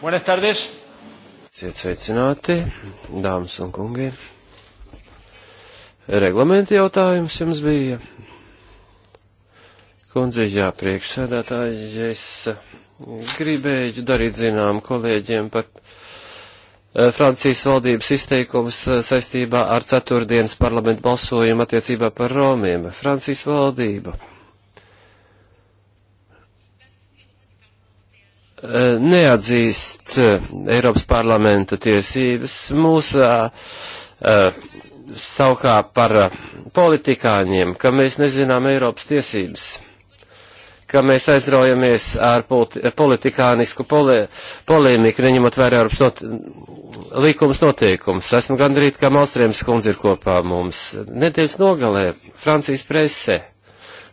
Buenas tardes. Esiet sveicināti, dāmas un kungi. Reglamenta jautājums jums bija. Kundze, jā, priekšsēdētāji, es gribēju darīt zinām kolēģiem par eh, Francijas valdības izteikumus eh, saistībā ar ceturtdienas parlamentu balsojumu attiecībā par Romiem. Francijas valdība neatzīst eh, Eiropas parlamenta tiesības mūs eh, saukā par eh, politikāņiem, ka mēs nezinām Eiropas tiesības, ka mēs aizraujamies ar politikānisku poli, polēmiku, neņemot vērā Eiropas not, līkumus noteikumus. Esmu gandrīz kā Malstrēms kundze ir kopā mums. Nedēļas nogalē Francijas presē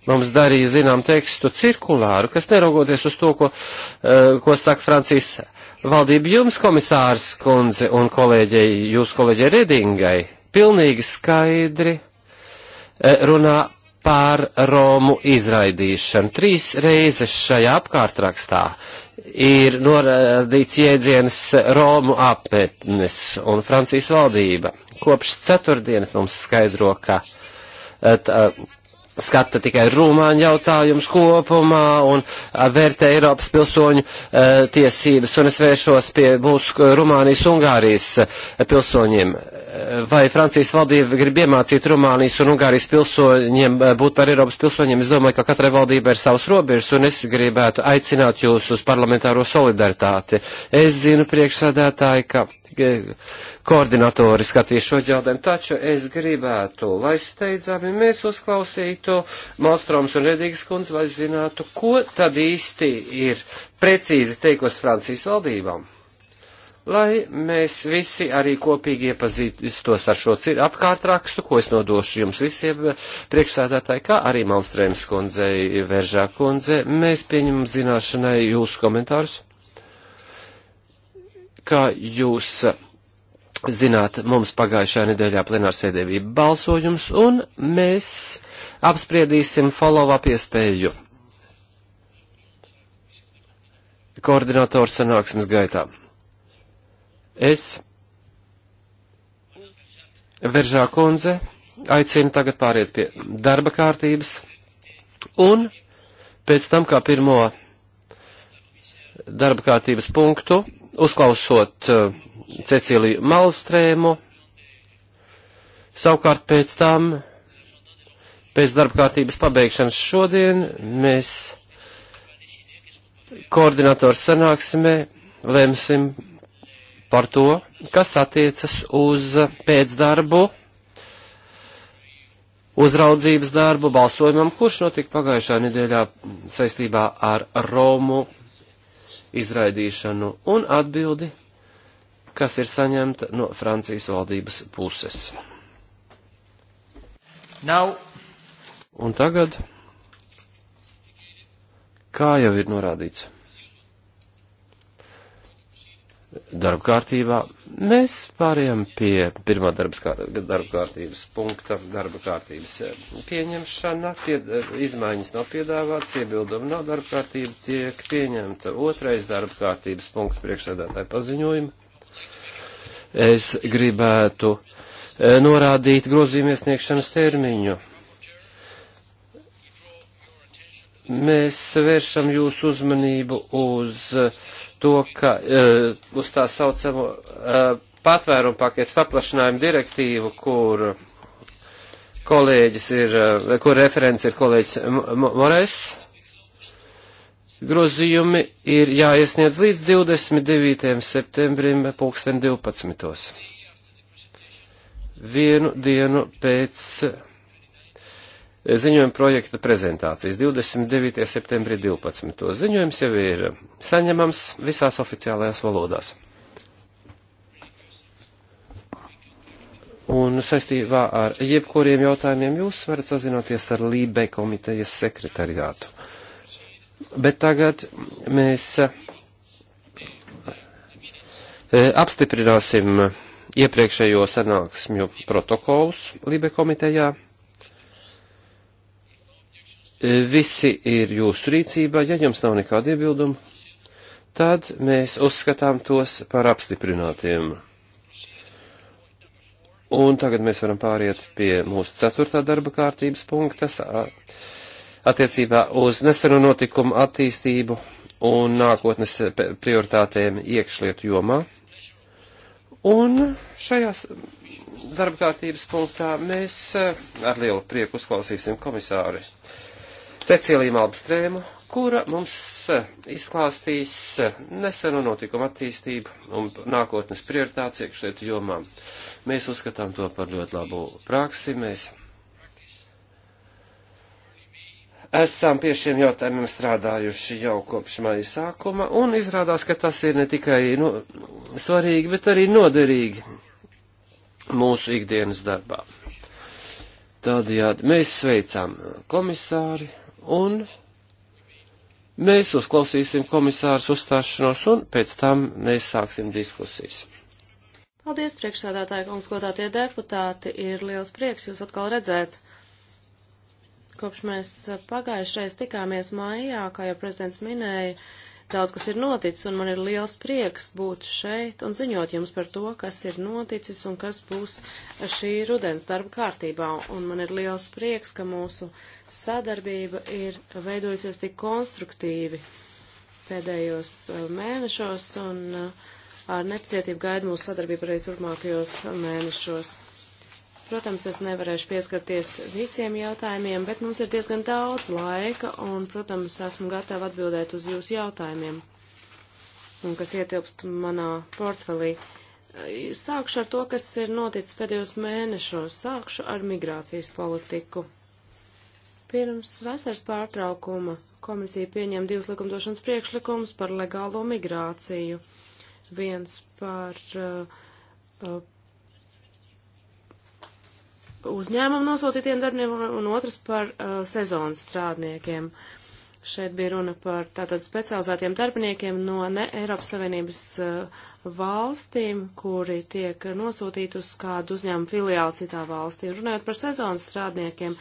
mums darīja zinām tekstu cirkulāru, kas neraugoties uz to, ko, eh, ko saka Francijas valdība jums, komisārs kundze un kolēģei, jūs kolēģei Redingai, pilnīgi skaidri eh, runā par Romu izraidīšanu. Trīs reizes šajā apkārtrakstā ir norādīts jēdziens Romu apmetnes un Francijas valdība. Kopš ceturtdienas mums skaidro, ka eh, tā, skata tikai Rumāņu jautājumus kopumā un vērtē Eiropas pilsoņu e, tiesības, un es vēršos pie mūsu Rumānijas, Ungārijas e, pilsoņiem. E, vai Francijas valdība grib iemācīt Rumānijas un Ungārijas pilsoņiem e, būt par Eiropas pilsoņiem? Es domāju, ka katrai valdībai ir savs robežas, un es gribētu aicināt jūs uz parlamentāro solidaritāti. Es zinu priekšsādātāji, ka E, koordinatori skatīs šo ģeldēm, taču es gribētu, lai steidzami mēs uzklausītu Malstroms un Redīgas kundze, lai zinātu, ko tad īsti ir precīzi teikos Francijas valdībām. Lai mēs visi arī kopīgi iepazīstos ar šo apkārtrakstu, ko es nodošu jums visiem priekšsēdētāji, kā arī Malmstrēms kundzei, Veržā kundze, mēs pieņemam zināšanai jūsu komentārus kā jūs zināt, mums pagājušajā nedēļā plenārsēdē bija balsojums, un mēs apspriedīsim follow-up iespēju koordinatoru sanāksmes gaitā. Es, Veržā kundze, aicinu tagad pāriet pie darba kārtības, un pēc tam, kā pirmo darba kārtības punktu, uzklausot eh, Ceciliju Malstrēmu, savukārt pēc tam, pēc darba kārtības pabeigšanas šodien, mēs koordinatoru sanāksmē lemsim par to, kas attiecas uz pēcdarbu, uzraudzības darbu, balsojumam, kurš notika pagājušā nedēļā saistībā ar Romu izraidīšanu un atbildi, kas ir saņemta no Francijas valdības puses. Now. Un tagad, kā jau ir norādīts. darba kārtībā. Mēs pārējām pie pirmā darba kārtības punkta, darba kārtības eh, pieņemšana. Pie, eh, izmaiņas nav piedāvāts, iebildumi nav darba kārtība, tiek pieņemta otrais darba kārtības punkts priekšsēdētāja paziņojuma. Es gribētu eh, norādīt grozījuma iesniegšanas termiņu. Mēs vēršam jūsu uzmanību uz uh, to, ka uh, uz tā saucamo uh, patvērumu paketes paplašinājumu direktīvu, kur kolēģis ir, uh, kur referents ir kolēģis Morais, grozījumi ir jāiesniedz līdz 29. septembrim 2012. Vienu dienu pēc ziņojuma projekta prezentācijas 29. septembrī 12. Ziņojums jau ir saņemams visās oficiālajās valodās. Un saistībā ar jebkuriem jautājumiem jūs varat sazināties ar Lībe komitejas sekretariātu. Bet tagad mēs eh, apstiprināsim iepriekšējo sanāksmju protokolus Lībe komitejā. E, visi ir jūsu rīcībā, ja jums nav nekāda iebilduma, tad mēs uzskatām tos par apstiprinātiem. Un tagad mēs varam pāriet pie mūsu ceturtā darba kārtības punkta attiecībā uz nesenu notikumu attīstību un nākotnes prioritātēm iekšlietu jomā. Un šajās darba kārtības punktā mēs ar lielu prieku uzklausīsim komisāri Cecīliju Malmstrēmu, kura mums eh, izklāstīs eh, neseno notikumu attīstību un nākotnes prioritātes iekšlietu jomām. Mēs uzskatām to par ļoti labu praksi. Mēs esam pie šiem jautājumiem strādājuši jau kopš maija sākuma, un izrādās, ka tas ir ne tikai nu, svarīgi, bet arī noderīgi mūsu ikdienas darbā. Tādējādi mēs sveicam komisāri un mēs uzklausīsim komisārus uzstāšanos, un pēc tam mēs sāksim diskusijas. Paldies, priekšsādātāji, kungs, godātie deputāti, ir liels prieks jūs atkal redzēt. Kopš mēs pagājušreiz tikāmies mājā, kā jau prezidents minēja, Daudz kas ir noticis, un man ir liels prieks būt šeit un ziņot jums par to, kas ir noticis un kas būs šī rudens darba kārtībā. Un man ir liels prieks, ka mūsu sadarbība ir veidojusies tik konstruktīvi pēdējos eh, mēnešos, un eh, ar nepacietību gaidu mūsu sadarbību arī turpmākajos eh, mēnešos. Protams, es nevarēšu pieskarties visiem jautājumiem, bet mums ir diezgan daudz laika, un, protams, esmu gatava atbildēt uz jūsu jautājumiem, un kas ietilpst manā portfelī. Sākšu ar to, kas ir noticis pēdējos mēnešos. Sākšu ar migrācijas politiku. Pirms vasaras pārtraukuma komisija pieņem divus likumdošanas priekšlikumus par legālo migrāciju. Viens par uh, uh, uzņēmumu nosūtītiem darbiniekiem un otrs par uh, sezonas strādniekiem. Šeit bija runa par tātad specializētiem darbiniekiem no ne Eiropas Savienības uh, valstīm, kuri tiek nosūtīti uz kādu uzņēmumu filiālu citā valstī. Runājot par sezonas strādniekiem,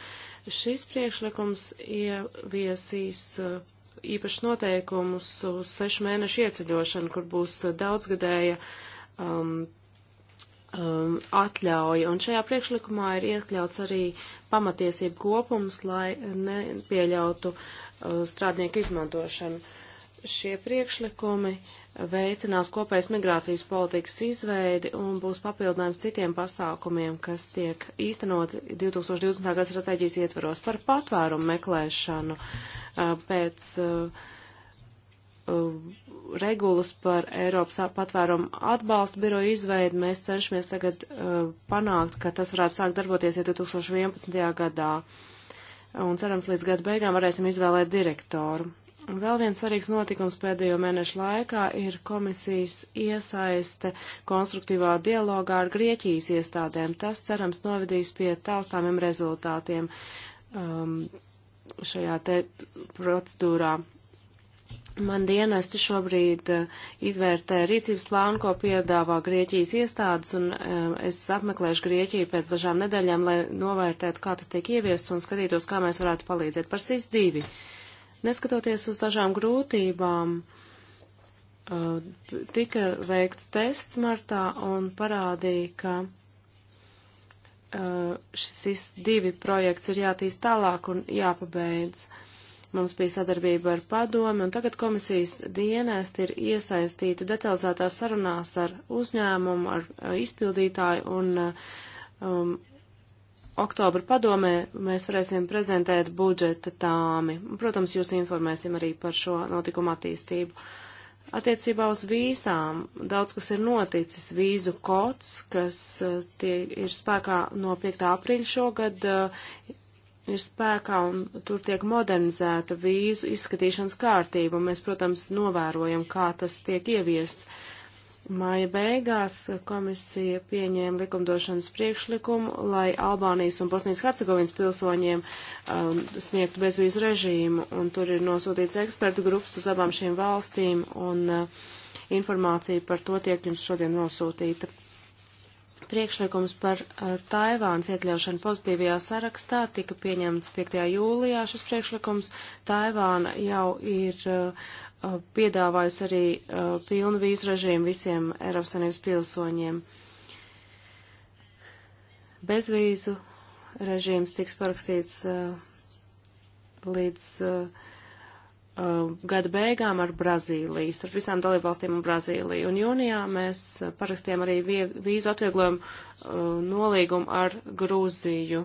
šis priekšlikums ieviesīs uh, īpašs noteikumus uz sešu mēnešu ieceļošanu, kur būs uh, daudzgadēja um, um, atļauja. Un šajā priekšlikumā ir iekļauts arī pamatiesību kopums, lai nepieļautu uh, strādnieku izmantošanu. Šie priekšlikumi veicinās kopējas migrācijas politikas izveidi un būs papildinājums citiem pasākumiem, kas tiek īstenot 2020. gada stratēģijas ietvaros par patvērumu meklēšanu uh, pēc uh, Uh, regulas par Eiropas patvērumu atbalstu biroju izveidu mēs cenšamies tagad uh, panākt, ka tas varētu sākt darboties jau 2011. gadā. Un cerams, līdz gada beigām varēsim izvēlēt direktoru. Un vēl viens svarīgs notikums pēdējo mēnešu laikā ir komisijas iesaiste konstruktīvā dialogā ar Grieķijas iestādēm. Tas, cerams, novedīs pie taustāmiem rezultātiem um, šajā te procedūrā Man dienesti šobrīd eh, izvērtē rīcības plānu, ko piedāvā Grieķijas iestādes, un eh, es apmeklēšu Grieķiju pēc dažām nedēļām, lai novērtētu, kā tas tiek ieviests un skatītos, kā mēs varētu palīdzēt par SIS-2. Neskatoties uz dažām grūtībām, eh, tika veikts tests martā un parādīja, ka šis SIS-2 projekts ir jātīst tālāk un jāpabeidz. Mums bija sadarbība ar padomi, un tagad komisijas dienesti ir iesaistīti detalizētās sarunās ar uzņēmumu, ar izpildītāju, un um, oktobra padomē mēs varēsim prezentēt budžeta tāmi. Protams, jūs informēsim arī par šo notikumu attīstību. Attiecībā uz vīzām daudz kas ir noticis. Vīzu kods, kas uh, tie ir spēkā no 5. aprīļa šogad, uh, ir spēkā un tur tiek modernizēta vīzu izskatīšanas kārtība, un mēs, protams, novērojam, kā tas tiek ieviests. Māja beigās komisija pieņēma likumdošanas priekšlikumu, lai Albānijas un Bosnijas Hercegovinas pilsoņiem um, sniegtu bezvīzu režīmu, un tur ir nosūtīts ekspertu grupas uz abām šīm valstīm, un uh, informācija par to tiek jums šodien nosūtīta. Priekšlikums par uh, eh, Taivānas iekļaušanu pozitīvajā sarakstā tika pieņemts 5. jūlijā. Šis priekšlikums Taivāna jau ir uh, piedāvājusi arī uh, pilnu vīzu režīmu visiem Eiropas Savienības pilsoņiem. Bezvīzu režīms tiks parakstīts līdz Um, gada beigām ar Brazīliju, ar visām dalībvalstīm un Brazīliju. Un jūnijā mēs uh, parakstījām arī vīzu atvieglojumu uh, nolīgumu ar Grūziju.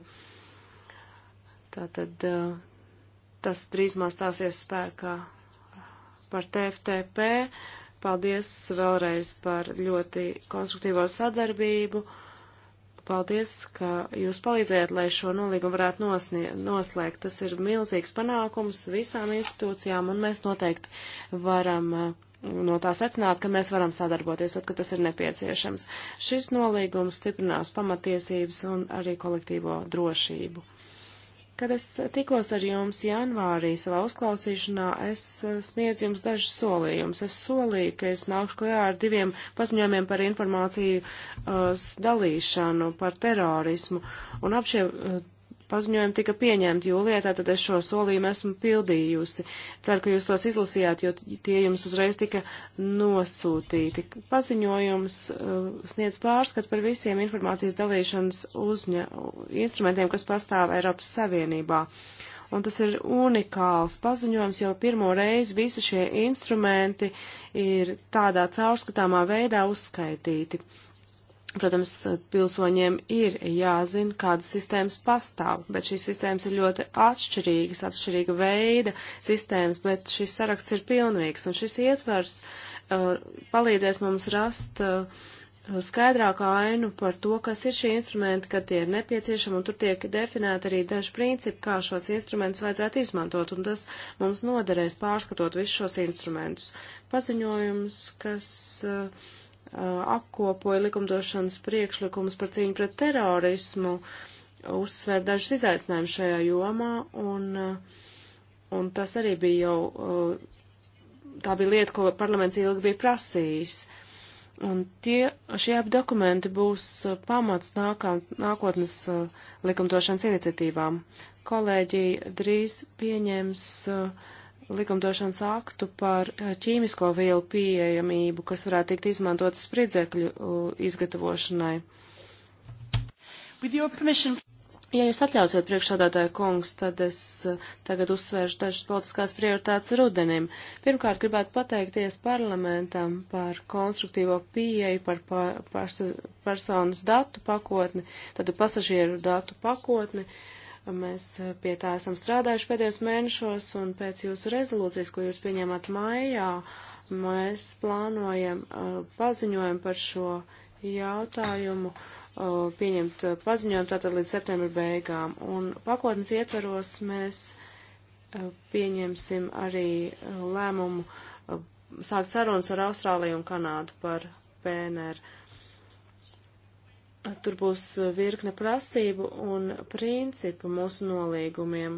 Tātad uh, tas drīzumā stāsies spēkā par TFTP. Paldies vēlreiz par ļoti konstruktīvo sadarbību. Uh, Paldies, ka jūs palīdzējāt, lai šo nolīgumu varētu nosnie, noslēgt. Tas ir milzīgs panākums visām institūcijām, un mēs noteikti varam uh, no tā secināt, ka mēs varam sadarboties, tad, kad tas ir nepieciešams. Šis nolīgums stiprinās pamatiesības un arī kolektīvo drošību. Kad es tikos ar jums janvārī savā uzklausīšanā, es eh, sniedzu jums dažus solījumus. Es solīju, ka es nākšu klajā ar diviem paziņojumiem par informāciju uh, dalīšanu, par terorismu, un ap šie uh, eh, paziņojumi tika pieņemti jūlijā, tātad es šo solījumu esmu pildījusi. Ceru, ka jūs tos izlasījāt, jo tie jums uzreiz tika nosūtīti. Paziņojums uh, sniedz pārskatu par visiem informācijas dalīšanas uzņa, instrumentiem, kas pastāv Eiropas Savienībā. Un tas ir unikāls paziņojums, jo pirmo reizi visi šie instrumenti ir tādā caurskatāmā veidā uzskaitīti. Protams, pilsoņiem ir jāzina, kādas sistēmas pastāv, bet šīs sistēmas ir ļoti atšķirīgas, atšķirīga veida sistēmas, bet šis saraksts ir pilnīgs, un šis ietvers uh, palīdzēs mums rast uh, skaidrāku ainu par to, kas ir šie instrumenti, kad tie ir nepieciešami, un tur tiek definēti arī daži principi, kā šos instrumentus vajadzētu izmantot, un tas mums noderēs pārskatot visus šos instrumentus. Paziņojums, kas. Uh, apkopoja likumdošanas priekšlikumus par cīņu pret terorismu, uzsver dažas izaicinājumus šajā jomā, un, un tas arī bija jau, tā bija lieta, ko parlaments ilgi bija prasījis. Un tie, šie ap dokumenti būs pamats nākā, nākotnes likumdošanas iniciatīvām. Kolēģi drīz pieņems uh, likumdošanas aktu par eh, ķīmisko vielu pieejamību, kas varētu tikt izmantot spridzekļu eh, izgatavošanai. Ja jūs atļausiet priekšsādātāju kungs, tad es eh, tagad uzsvēršu dažas politiskās prioritātes rudenim. Pirmkārt, gribētu pateikties parlamentam par konstruktīvo pieeju, par pa, pers personas datu pakotni, tad pasažieru datu pakotni. Uh, Mēs eh, pie tā esam strādājuši pēdējos mēnešos, un pēc jūsu rezolūcijas, ko jūs pieņemat maijā, mēs plānojam eh, paziņojumu par šo jautājumu eh, pieņemt paziņojumu tātad līdz septembra beigām. Un pakotnes ietveros mēs pieņemsim arī lēmumu sākt sarunas ar Austrāliju un Kanādu par PNR. Uh, tur būs uh, virkne prasību un principu mūsu nolīgumiem.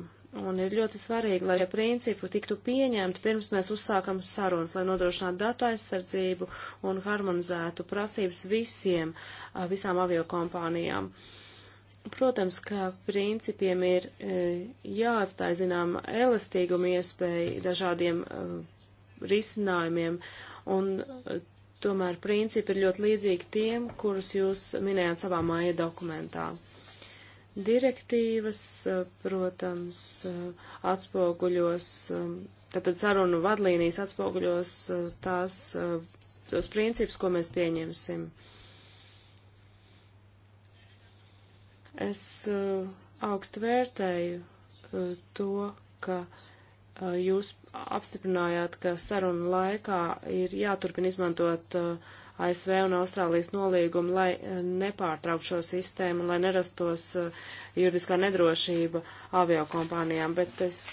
Un ir ļoti svarīgi, lai principu tiktu pieņemti pirms mēs uzsākam sarunas, lai nodrošinātu datu aizsardzību un harmonizētu prasības visiem, uh, visām aviokompānijām. Protams, ka principiem ir uh, jāatstāj zinām elastīguma iespēja dažādiem risinājumiem, un Tomēr principi ir ļoti līdzīgi tiem, kurus jūs minējāt savā māja dokumentā. Direktīvas, eh, protams, eh, atspoguļos, eh, tātad sarunu vadlīnijas atspoguļos tās, tos principus, ko mēs pieņemsim. Es augstu vērtēju to, ka uh, jūs apstiprinājāt, ka sarunu laikā ir jāturpina izmantot ASV un Austrālijas nolīgumu, lai nepārtrauktu šo sistēmu, lai nerastos juridiskā nedrošība aviokompānijām, bet es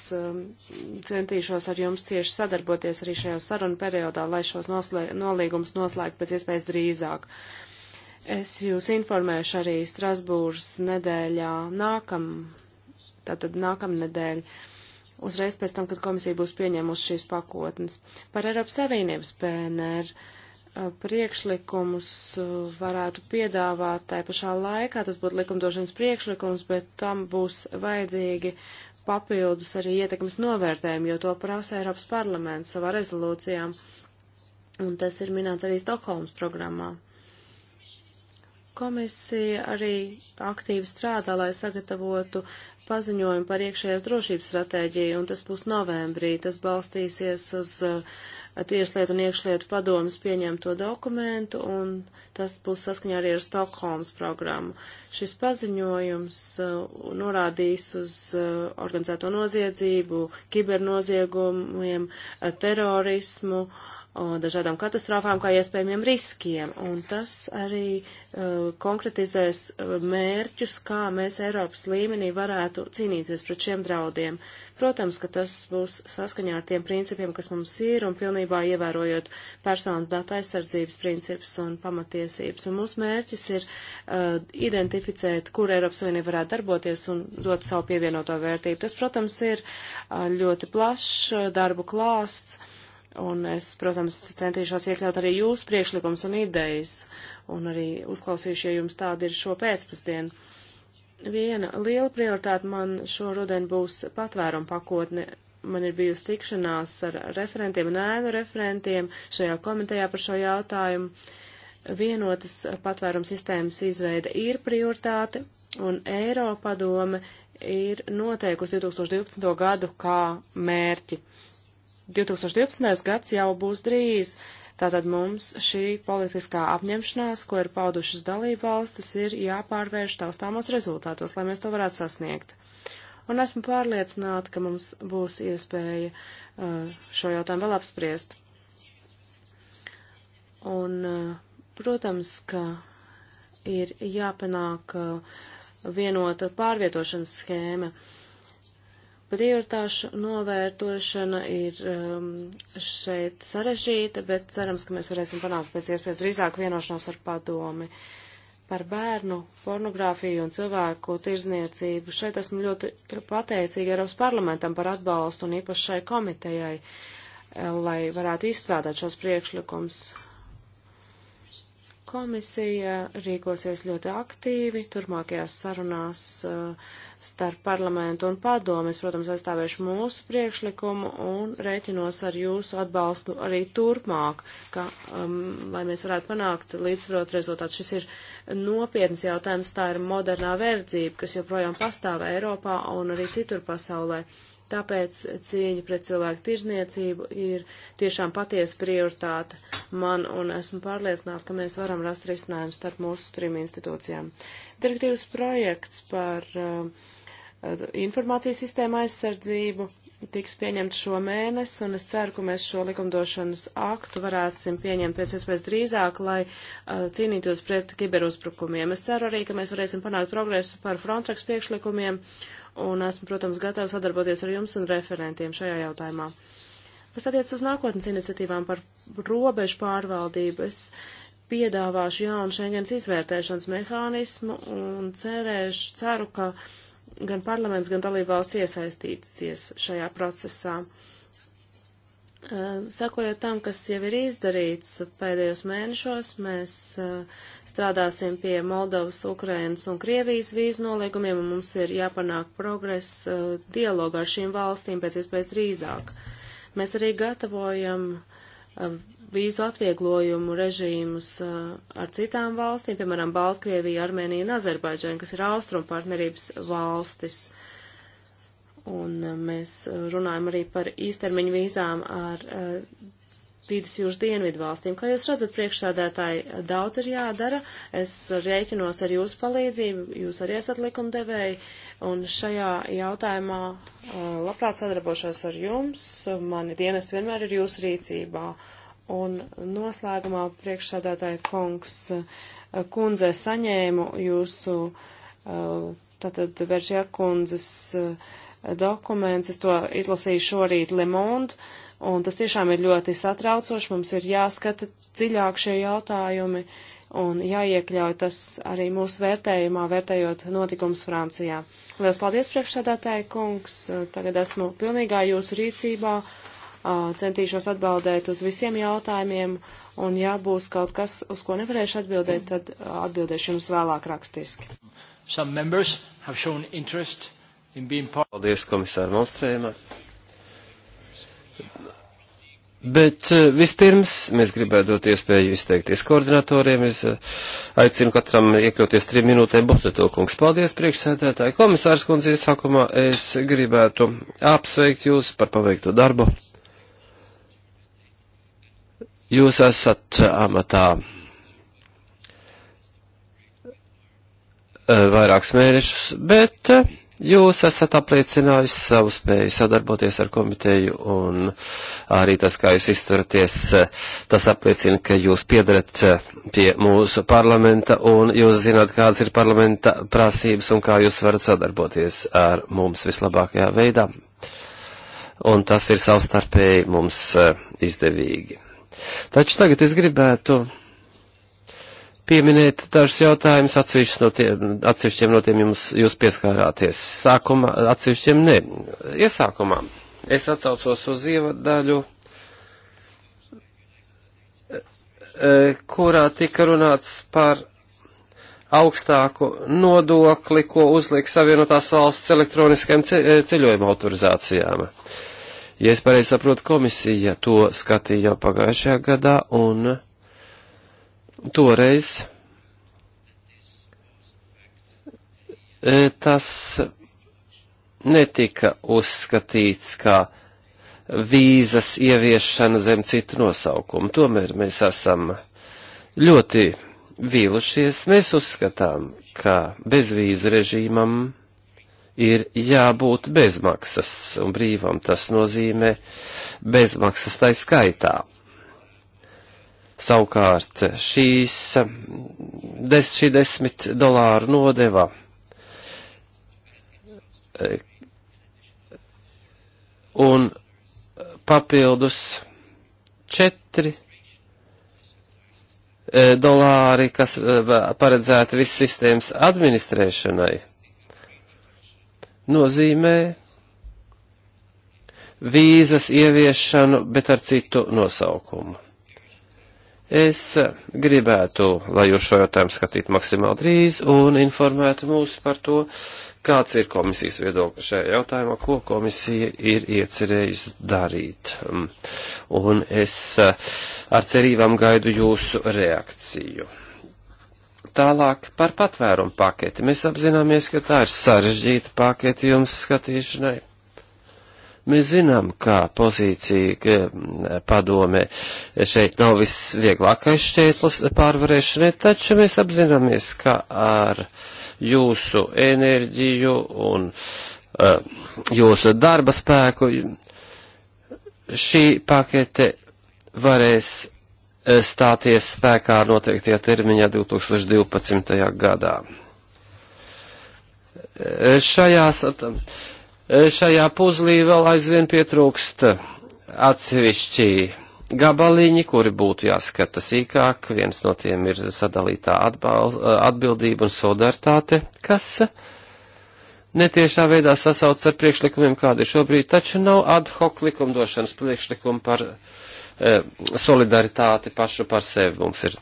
centīšos ar jums cieši sadarboties arī šajā sarunu periodā, lai šos nolīgumus noslēgtu pēc iespējas drīzāk. Es jūs informēšu arī Strasbūras nedēļā nākam, tātad nākamnedēļ. Uh, uzreiz pēc tam, kad komisija būs pieņēmusi šīs pakotnes. Par Eiropas Savienības PNR uh, priekšlikumus uh, varētu piedāvāt tai pašā laikā, tas būtu likumdošanas priekšlikums, bet tam būs vajadzīgi papildus arī ietekmes novērtējumi, jo to prasa Eiropas parlaments savā rezolūcijām, un tas ir minēts arī Stokholmas programmā. Komisija arī aktīvi strādā, lai sagatavotu paziņojumu par iekšējās drošības stratēģiju, un tas būs novembrī. Tas balstīsies uz uh, Tieslietu un iekšlietu padomas pieņemto dokumentu, un tas būs saskaņā arī ar Stokholmas programmu. Šis paziņojums uh, norādīs uz uh, organizēto noziedzību, kibernoziegumu, terorismu, uh, dažādām katastrofām kā iespējamiem riskiem, un tas arī uh, konkretizēs mērķus, kā mēs Eiropas līmenī varētu cīnīties pret šiem draudiem. Protams, ka tas būs saskaņā ar tiem principiem, kas mums ir, un pilnībā ievērojot personas datu aizsardzības principus un pamatiesības. Un mūsu mērķis ir uh, identificēt, kur Eiropas Savienība varētu darboties un dot savu pievienoto vērtību. Tas, protams, ir uh, ļoti plašs darbu klāsts Un es, protams, centīšos iekļaut arī jūsu priekšlikums un idejas, un arī uzklausīšu, ja jums tāda ir šo pēcpusdienu. Viena liela prioritāte man šo rudenu būs patvērumu pakotne. Man ir bijusi tikšanās ar referentiem un ēnu referentiem šajā komitejā par šo jautājumu. Vienotas patvērums sistēmas izveida ir prioritāte, un Eiropadome ir noteikusi 2012. gadu kā mērķi. Uh, 2012. gads jau būs drīz. Tātad mums šī politiskā apņemšanās, ko ir paudušas dalība valstis, ir jāpārvērš taustāmos rezultātos, lai mēs to varētu sasniegt. Un esmu pārliecināta, ka mums būs iespēja uh, šo jautājumu vēl apspriest. Un, uh, protams, ka ir jāpanāk uh, vienota pārvietošanas schēma. Uh, Prioritāšu novērtošana ir um, šeit sarežģīta, bet cerams, ka mēs varēsim panākt pēc iespējas drīzāk vienošanos ar padomi par bērnu pornogrāfiju un cilvēku tirzniecību. Šeit esmu ļoti pateicīga Eiropas parlamentam par atbalstu un īpašai komitejai, lai varētu izstrādāt šos priekšlikums Komisija rīkosies ļoti aktīvi turpmākajās sarunās uh, starp parlamentu un padomu. Es, protams, aizstāvēšu mūsu priekšlikumu un rēķinos ar jūsu atbalstu arī turpmāk, ka, um, lai mēs varētu panākt līdzsvarot rezultātu. Šis ir nopietns jautājums, tā ir modernā verdzība, kas joprojām pastāv Eiropā un arī citur pasaulē. Uh, Tāpēc cieņa pret cilvēku tirzniecību ir tiešām patiesa prioritāte man, un esmu pārliecināta, ka mēs varam rast risinājumu starp mūsu trim institūcijām. Direktīvas projekts par uh, informācijas sistēmu aizsardzību tiks pieņemts šo mēnesi, un es ceru, ka mēs šo likumdošanas aktu varēsim pieņemt pēc iespējas drīzāk, lai uh, cīnītos pret kiberuzbrukumiem. Es ceru arī, ka mēs varēsim panākt progresu par Frontex priekšlikumiem. Uh, un esmu, protams, gatava sadarboties ar jums un referentiem šajā jautājumā. Kas attiecas uz nākotnes iniciatīvām par robežu pārvaldību, es piedāvāšu jaunu Schengens izvērtēšanas mehānismu un cerēšu, ceru, ka gan parlaments, gan dalībvalsts iesaistīsies šajā procesā. Eh, Sakojot tam, kas jau ir izdarīts pēdējos mēnešos, mēs eh, strādāsim pie Moldovas, Ukrainas un Krievijas vīzu noliegumiem, un mums ir jāpanāk progress uh, dialogā ar šīm valstīm pēc iespējas drīzāk. Mēs arī gatavojam uh, vīzu atvieglojumu režīmus uh, ar citām valstīm, piemēram, Baltkrievija, Armēnija un Azerbaidžana, kas ir austrum partnerības valstis. Un uh, mēs uh, runājam arī par īstermiņu vīzām ar uh, vidusjūras dienvidu valstīm. Kā jūs redzat, priekšsādētāji, daudz ir jādara. Es rēķinos ar jūsu palīdzību, jūs arī esat likumdevēji, un šajā jautājumā uh, labprāt sadarbošos ar jums. Mani dienesti vienmēr ir jūsu rīcībā. Un noslēgumā priekšsādētāji kungs uh, kundze saņēmu jūsu uh, tātad Veržjā kundzes dokuments. Es to izlasīju šorīt Lemond. Uh, Un tas tiešām ir ļoti satraucoši, mums ir jāskata dziļāk šie jautājumi un jāiekļauj tas arī mūsu vērtējumā, vērtējot notikums Francijā. Lielas paldies priekšsādātāji, kungs, tagad esmu pilnīgā jūsu rīcībā, centīšos atbildēt uz visiem jautājumiem, un ja būs kaut kas, uz ko nevarēšu atbildēt, tad atbildēšu jums vēlāk rakstiski. Paldies, komisāra Monstrēma. Bet eh, vispirms mēs gribētu dot iespēju izteikties koordinatoriem. Es eh, aicinu katram iekļauties trim minūtēm. Busetulkungs, paldies priekšsēdētāji. Komisārs kundze, sākumā es gribētu apsveikt jūs par paveikto darbu. Jūs esat eh, amatā vairākus mēnešus, bet Jūs esat apliecinājis savu spēju sadarboties ar komiteju un arī tas, kā jūs izturaties, tas apliecina, ka jūs piedarat pie mūsu parlamenta un jūs zināt, kādas ir parlamenta prasības un kā jūs varat sadarboties ar mums vislabākajā veidā. Un tas ir savstarpēji mums eh, izdevīgi. Taču tagad es gribētu pieminēt dažus jautājumus, atsevišķiem no tiem, atsevišķiem no tiem jums, jūs pieskārāties. Sākumā, atsevišķiem ne. Iesākumā es atsaucos uz ievadaļu, kurā tika runāts par augstāku nodokli, ko uzliek Savienotās valsts elektroniskajām ceļojuma autorizācijām. Ja es pareizi saprotu, komisija to skatīja jau pagājušajā gadā un toreiz e, tas netika uzskatīts kā vīzas ieviešana zem citu nosaukumu. Tomēr mēs esam ļoti vīlušies. Mēs uzskatām, ka bezvīzu režīmam ir jābūt bezmaksas un brīvam. Tas nozīmē bezmaksas tai skaitā. Savukārt šīs, des, šī desmit dolāru nodeva, un papildus četri e, dolāri, kas e, paredzēti viss sistēmas administrēšanai, nozīmē vīzas ieviešanu, bet ar citu nosaukumu. Es gribētu, lai jūs šo jautājumu skatītu maksimāli drīz un informētu mūs par to, kāds ir komisijas viedoklis šajā jautājumā, ko komisija ir iecerējusi darīt. Mm. Un es eh, ar cerībām gaidu jūsu reakciju. Tālāk par patvērumu paketi. Mēs apzināmies, ka tā ir sarežģīta paketi jums skatīšanai. Mēs zinām, kā pozīcija mm, padome šeit nav visvieglākais šķērslis pārvarēšanai, taču mēs apzināmies, ka ar jūsu enerģiju un uh, jūsu darba spēku šī pakete varēs eh, stāties spēkā noteiktajā termiņā 2012. gadā. Eh, šajās šajā puzlī vēl aizvien pietrūkst atsevišķi gabaliņi, kuri būtu jāskata sīkāk. Viens no tiem ir sadalītā atbal, atbildība un solidaritāte, kas netiešā veidā sasauc ar priekšlikumiem, kādi šobrīd, taču nav ad hoc likumdošanas priekšlikumu par uh, Eh, solidaritāti pašu par sevi. Mums ir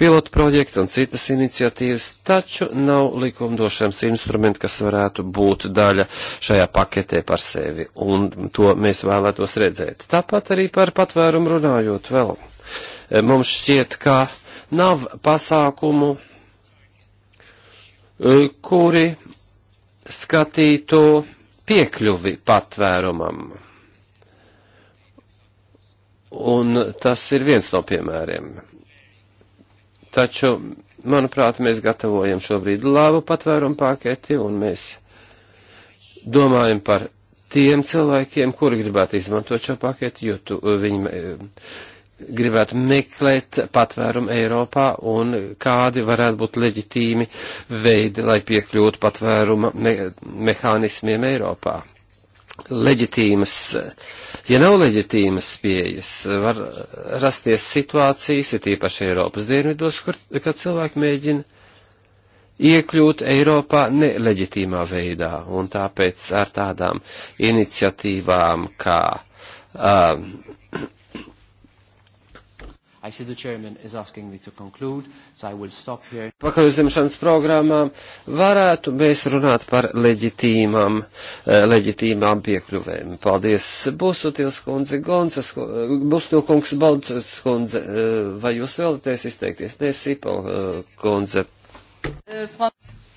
pilotu projekti un citas iniciatīvas, taču nav likumdošanas instrumenti, kas varētu būt daļa šajā paketē par sevi, un to mēs vēlētos redzēt. Tāpat arī par patvērumu runājot vēl. Eh, mums šķiet, ka nav pasākumu, eh, kuri skatītu piekļuvi patvērumam Un tas ir viens no piemēriem. Taču, manuprāt, mēs gatavojam šobrīd labu patvērumu paketi un mēs domājam par tiem cilvēkiem, kuri gribētu izmantot šo paketi, jo tu, viņi eh, gribētu meklēt patvērumu Eiropā un kādi varētu būt leģitīmi veidi, lai piekļūtu patvēruma me mehānismiem Eiropā leģitīmas, ja nav leģitīmas pieejas, var rasties situācijas, ir tīpaši Eiropas dienvidos, kur, kad cilvēki mēģina iekļūt Eiropā neleģitīmā veidā, un tāpēc ar tādām iniciatīvām kā um, I see the chairman is asking me to conclude, so I will stop here. Pakaļuzņemšanas programmām varētu mēs runāt par leģitīmām, eh, leģitīmām piekļuvēm. Paldies, Busutils kundze, Gonsas, Bustilkungs, Balcas kundze, vai jūs vēlaties izteikties? Nē, Sipo eh, kundze.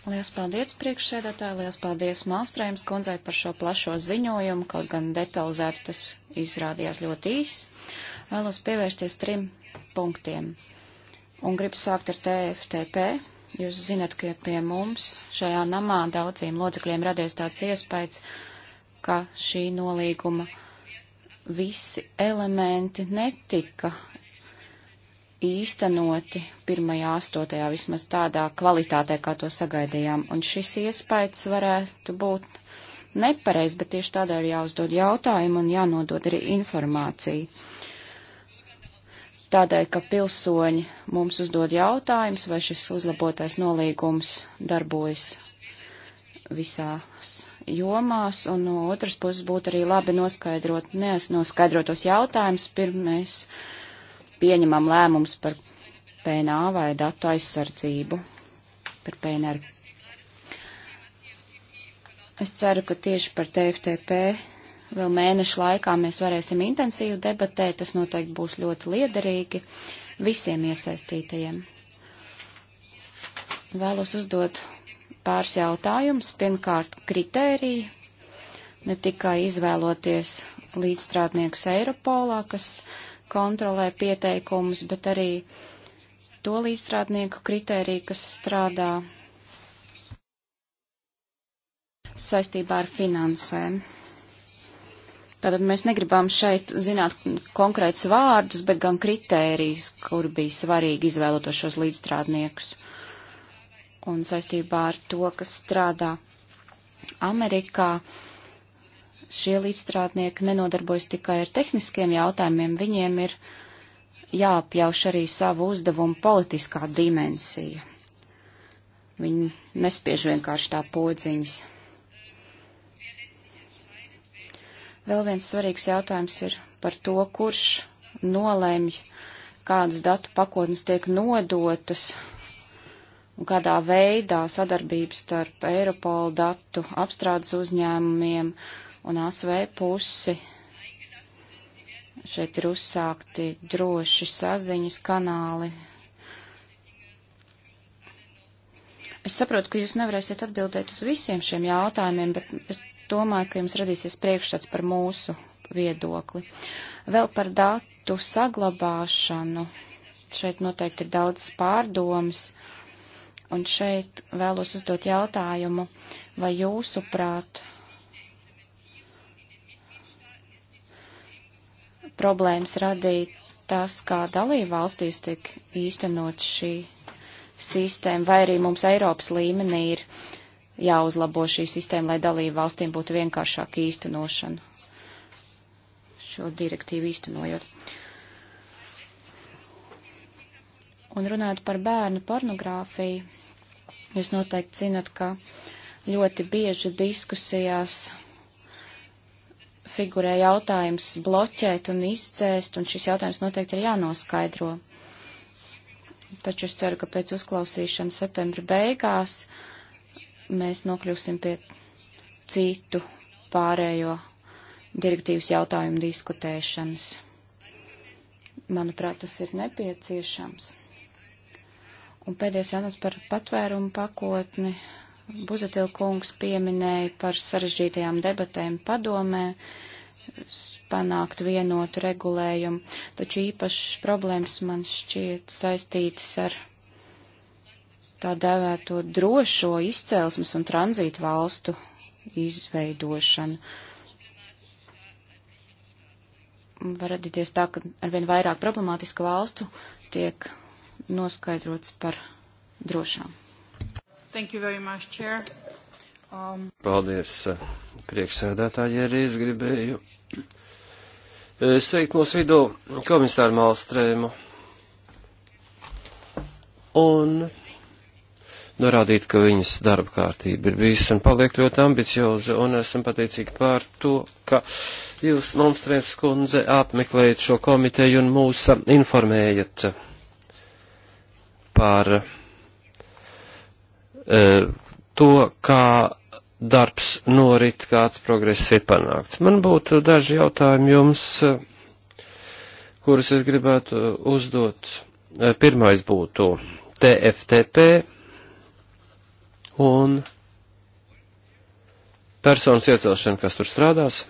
Lielas paldies priekšsēdētāji, lielas paldies Malstrēms kundzei par šo plašo ziņojumu, kaut gan detalizēti tas izrādījās ļoti īss. Vēlos pievērsties trim punktiem. Un gribu sākt ar TFTP. Jūs zinat, ka pie mums šajā namā daudziem locekļiem radies tāds iespējas, ka šī nolīguma visi elementi netika īstenoti pirmajā astotajā, vismaz tādā kvalitātē, kā to sagaidījām. Un šis iespējas varētu būt nepareiz, bet tieši tādēļ jāuzdod jautājumu un jānodod arī informācija tādēļ, ka pilsoņi mums uzdod jautājumus, vai šis uzlabotais nolīgums darbojas visās jomās, un no otras puses būtu arī labi noskaidrot neaiznoskaidrotos jautājumus, pirms mēs pieņemam lēmums par PNA vai datu aizsardzību par PNR. Es ceru, ka tieši par TFTP vēl mēnešu laikā mēs varēsim intensīvi debatēt, tas noteikti būs ļoti liederīgi visiem iesaistītajiem. Vēlos uzdot pāris jautājumus. Pirmkārt, kritēriji, ne tikai izvēloties līdzstrādniekus Eiropolā, kas kontrolē pieteikumus, bet arī to līdzstrādnieku kritēriju, kas strādā saistībā ar finansēm. Tātad mēs negribam šeit zināt konkrētus vārdus, bet gan kritērijas, kur bija svarīgi izvēlotos šos līdzstrādniekus. Un saistībā ar to, kas strādā Amerikā, šie līdzstrādnieki nenodarbojas tikai ar tehniskiem jautājumiem, viņiem ir jāapjauš arī savu uzdevumu politiskā dimensija. Viņi nespiež vienkārši tā podziņas. Vēl viens svarīgs jautājums ir par to, kurš nolemj, kādas datu pakotnes tiek nodotas un kādā veidā sadarbības starp Eiropola datu apstrādes uzņēmumiem un ASV pusi. Šeit ir uzsākti droši saziņas kanāli. Es saprotu, ka jūs nevarēsiet atbildēt uz visiem šiem jautājumiem, bet es domāju, ka jums radīsies priekšstats par mūsu viedokli. Vēl par datu saglabāšanu. Šeit noteikti ir daudz pārdomas. Un šeit vēlos uzdot jautājumu, vai jūsuprāt problēmas radīja tas, kā dalībvalstīs tiek īstenot šī sistēma, vai arī mums Eiropas līmenī ir jāuzlabo šī sistēma, lai dalību valstīm būtu vienkāršāk īstenošana šo direktīvu īstenojot. Un runājot par bērnu pornogrāfiju, jūs noteikti zinat, ka ļoti bieži diskusijās figurē jautājums bloķēt un izcēst, un šis jautājums noteikti ir jānoskaidro. Taču es ceru, ka pēc uzklausīšanas septembra beigās uh, mēs nokļūsim pie citu pārējo direktīvas jautājumu diskutēšanas. Manuprāt, tas ir nepieciešams. Un pēdējais jautājums par patvērumu pakotni. Buzetil kungs pieminēja par sarežģītajām debatēm padomē panākt vienotu regulējumu, taču īpašas problēmas man šķiet saistītas ar tā dēvēto drošo izcēlesmes un tranzītu valstu izveidošanu. Var radīties tā, ka arvien vairāk problemātiska valstu tiek noskaidrots par drošām. Thank you very much, Chair. Um... Paldies, priekšsēdētāji, arī es gribēju eh, sveikt mūsu vidū komisāru Malstrēmu. Un norādīt, ka viņas darba kārtība ir bijusi un paliek ļoti ambicioza, un esam pateicīgi par to, ka jūs, Malmstrēms kundze, apmeklējat šo komiteju un mūs um, informējat uh, par e, to, kā darbs norit, kāds progress ir panākts. Man būtu daži jautājumi jums, uh, kurus es gribētu uzdot. Pirmais būtu TFTP un personas iecelšana, kas tur strādās.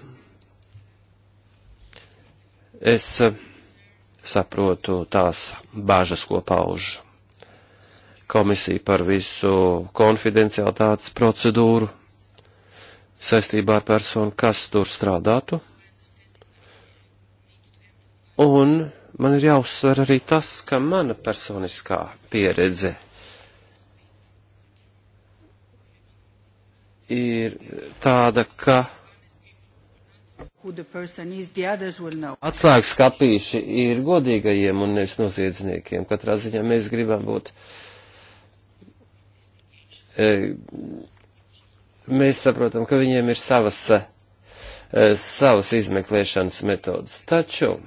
Es eh, saprotu tās bāžas, ko pauž komisija par visu konfidenciālitātes procedūru saistībā ar personu, kas tur strādātu. Un man ir jāuzsver arī tas, ka mana personiskā pieredze ir tāda, ka atslēgas kapīši ir godīgajiem un nevis noziedzniekiem. Katrā ziņā mēs gribam būt. E, mēs saprotam, ka viņiem ir savas, e, savas izmeklēšanas metodas. Taču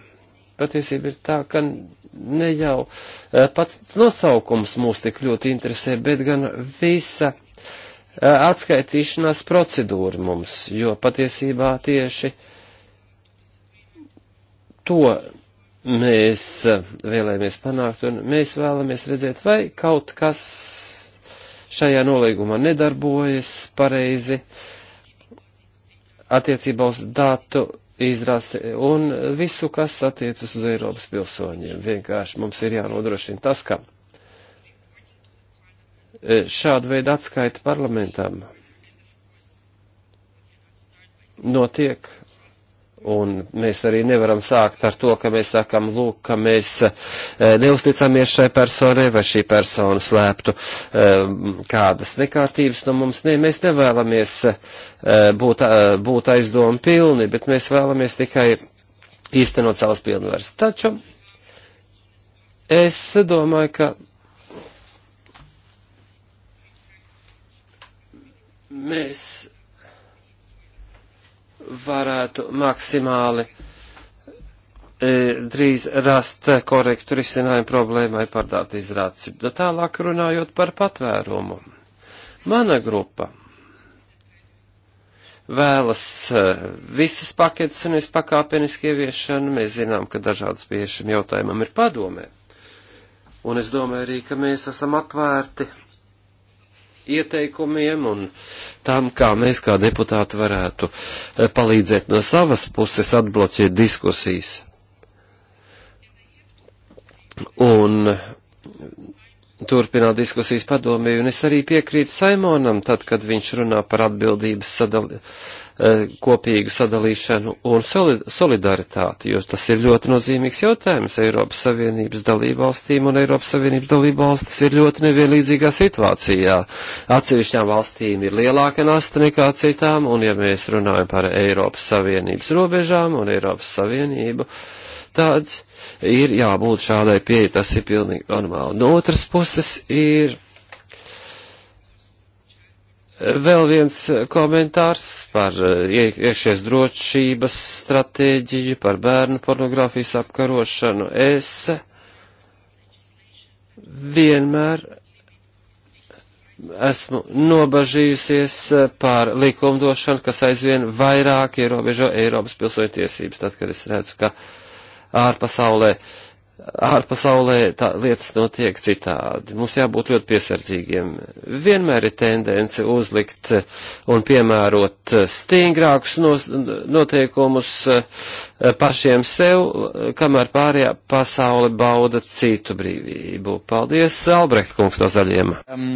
patiesība ir tā, ka ne jau e, pats nosaukums mūs tik ļoti interesē, bet gan visa Eh, atskaitīšanās procedūra mums, jo patiesībā tieši to mēs eh, vēlēmies panākt, un mēs vēlamies redzēt, vai kaut kas šajā nolīgumā nedarbojas pareizi attiecībā uz datu izrasi un visu, kas attiecas uz Eiropas pilsoņiem. Vienkārši mums ir jānodrošina tas, ka E, šāda veida atskaita parlamentam notiek. Un mēs arī nevaram sākt ar to, ka mēs sakam, lūk, ka mēs e, neusticamies šai personai vai šī persona slēptu e, kādas nekārtības no mums. Nē, mēs nevēlamies būt, būt aizdomu pilni, bet mēs vēlamies tikai īstenot savas pilnvaras. Taču es domāju, ka mēs varētu maksimāli e, drīz rast korektu risinājumu problēmai par datu izrāci. Tālāk runājot par patvērumu. Mana grupa vēlas e, visas paketes un es pakāpeniski ieviešanu. Mēs zinām, ka dažādas pie šim jautājumam ir padomē. Un es domāju arī, ka mēs esam atvērti ieteikumiem un tam, kā mēs kā deputāti varētu eh, palīdzēt no savas puses atbloķēt diskusijas. Un turpināt diskusijas padomē, un es arī piekrītu Saimonam, tad, kad viņš runā par atbildības sadali, E, kopīgu sadalīšanu un solidaritāti, jo tas ir ļoti nozīmīgs jautājums Eiropas Savienības dalībvalstīm, un Eiropas Savienības dalībvalstis ir ļoti nevienlīdzīgā situācijā. Atsevišķām valstīm ir lielāka nasta nekā citām, un ja mēs runājam par Eiropas Savienības robežām un Eiropas Savienību, tad ir jābūt šādai pieeja, tas ir pilnīgi normāli. No otras puses ir Vēl viens komentārs par eh, iekšies drošības stratēģiju, par bērnu pornogrāfijas apkarošanu. Es vienmēr esmu nobažījusies par likumdošanu, kas aizvien vairāk ierobežo Eiropas pilsoņu tiesības, tad, kad es redzu, ka ārpasaulē uh, ārpasaulē tā, lietas notiek citādi. Mums jābūt ļoti piesardzīgiem. Vienmēr ir tendence uzlikt eh, un piemērot eh, stingrākus nos, noteikumus eh, pašiem sev, kamēr pārējā pasaule bauda citu brīvību. Paldies, Albrecht kungs no zaļiem. Um,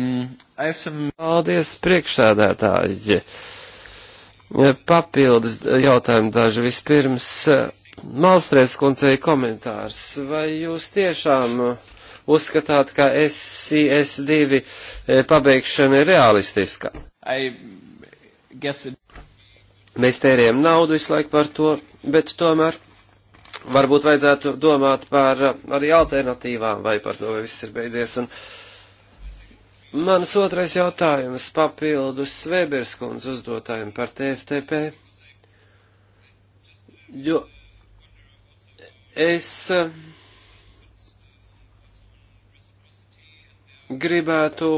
some... Paldies, priekšsēdētāji. Papildus jautājumi daži vispirms Malstrēs kundzei komentārs. Vai jūs tiešām uh, uzskatāt, ka SIS2 eh, pabeigšana ir realistiska? It... Mēs tērējam naudu visu laiku par to, bet tomēr varbūt vajadzētu domāt par uh, arī alternatīvām vai par to, vai viss ir beidzies. Un, uh, Mans otrais jautājums papildus Sveberskundas uzdotājiem par TFTP. Jo Es eh, gribētu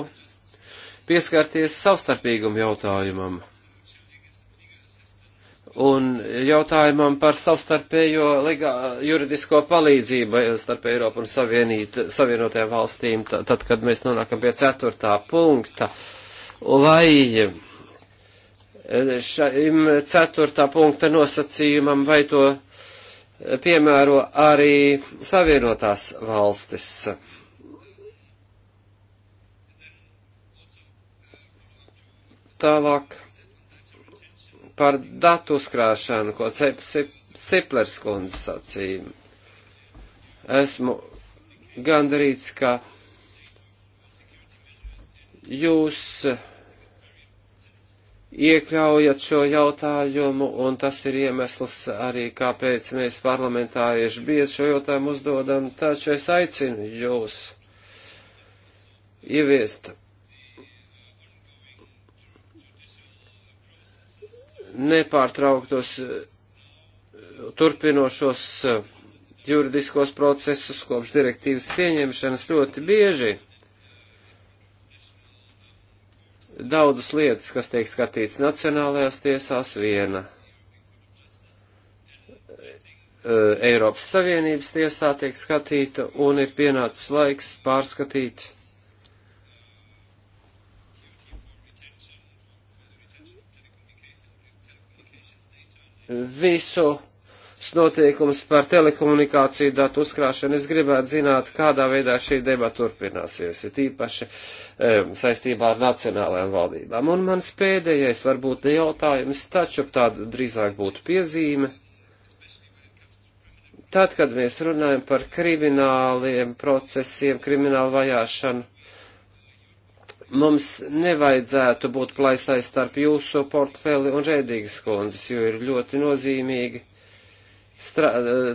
pieskarties savstarpīgumu jautājumam un jautājumam par savstarpējo legā, juridisko palīdzību starp Eiropu un savienīt, Savienotajām valstīm, tad, kad mēs nonākam pie ceturtā punkta, lai eh, šim ceturtā punkta nosacījumam vai to piemēro arī Savienotās valstis. Tālāk par datu uzkrāšanu, ko Cep Cep Ceplers kundze sacīja. Esmu gandarīts, ka jūs uh, iekļaujat šo jautājumu, un tas ir iemesls arī, kāpēc mēs parlamentārieši bieži šo jautājumu uzdodam, taču es aicinu jūs ieviest nepārtrauktos turpinošos juridiskos procesus kopš direktīvas pieņemšanas ļoti bieži Daudzas lietas, kas tiek skatīts nacionālajās tiesās, viena e, Eiropas Savienības tiesā tiek skatīta un ir pienācis laiks pārskatīt visu noteikums par telekomunikāciju datu uzkrāšanu. Es gribētu zināt, kādā veidā šī deba turpināsies, ir tīpaši um, saistībā ar nacionālajām valdībām. Un mans pēdējais varbūt ne jautājums, taču tāda drīzāk būtu piezīme. Tad, kad mēs runājam par krimināliem procesiem, kriminālu vajāšanu, mums nevajadzētu būt plaisai starp jūsu portfeli un rēdīgas kundzes, jo ir ļoti nozīmīgi strā,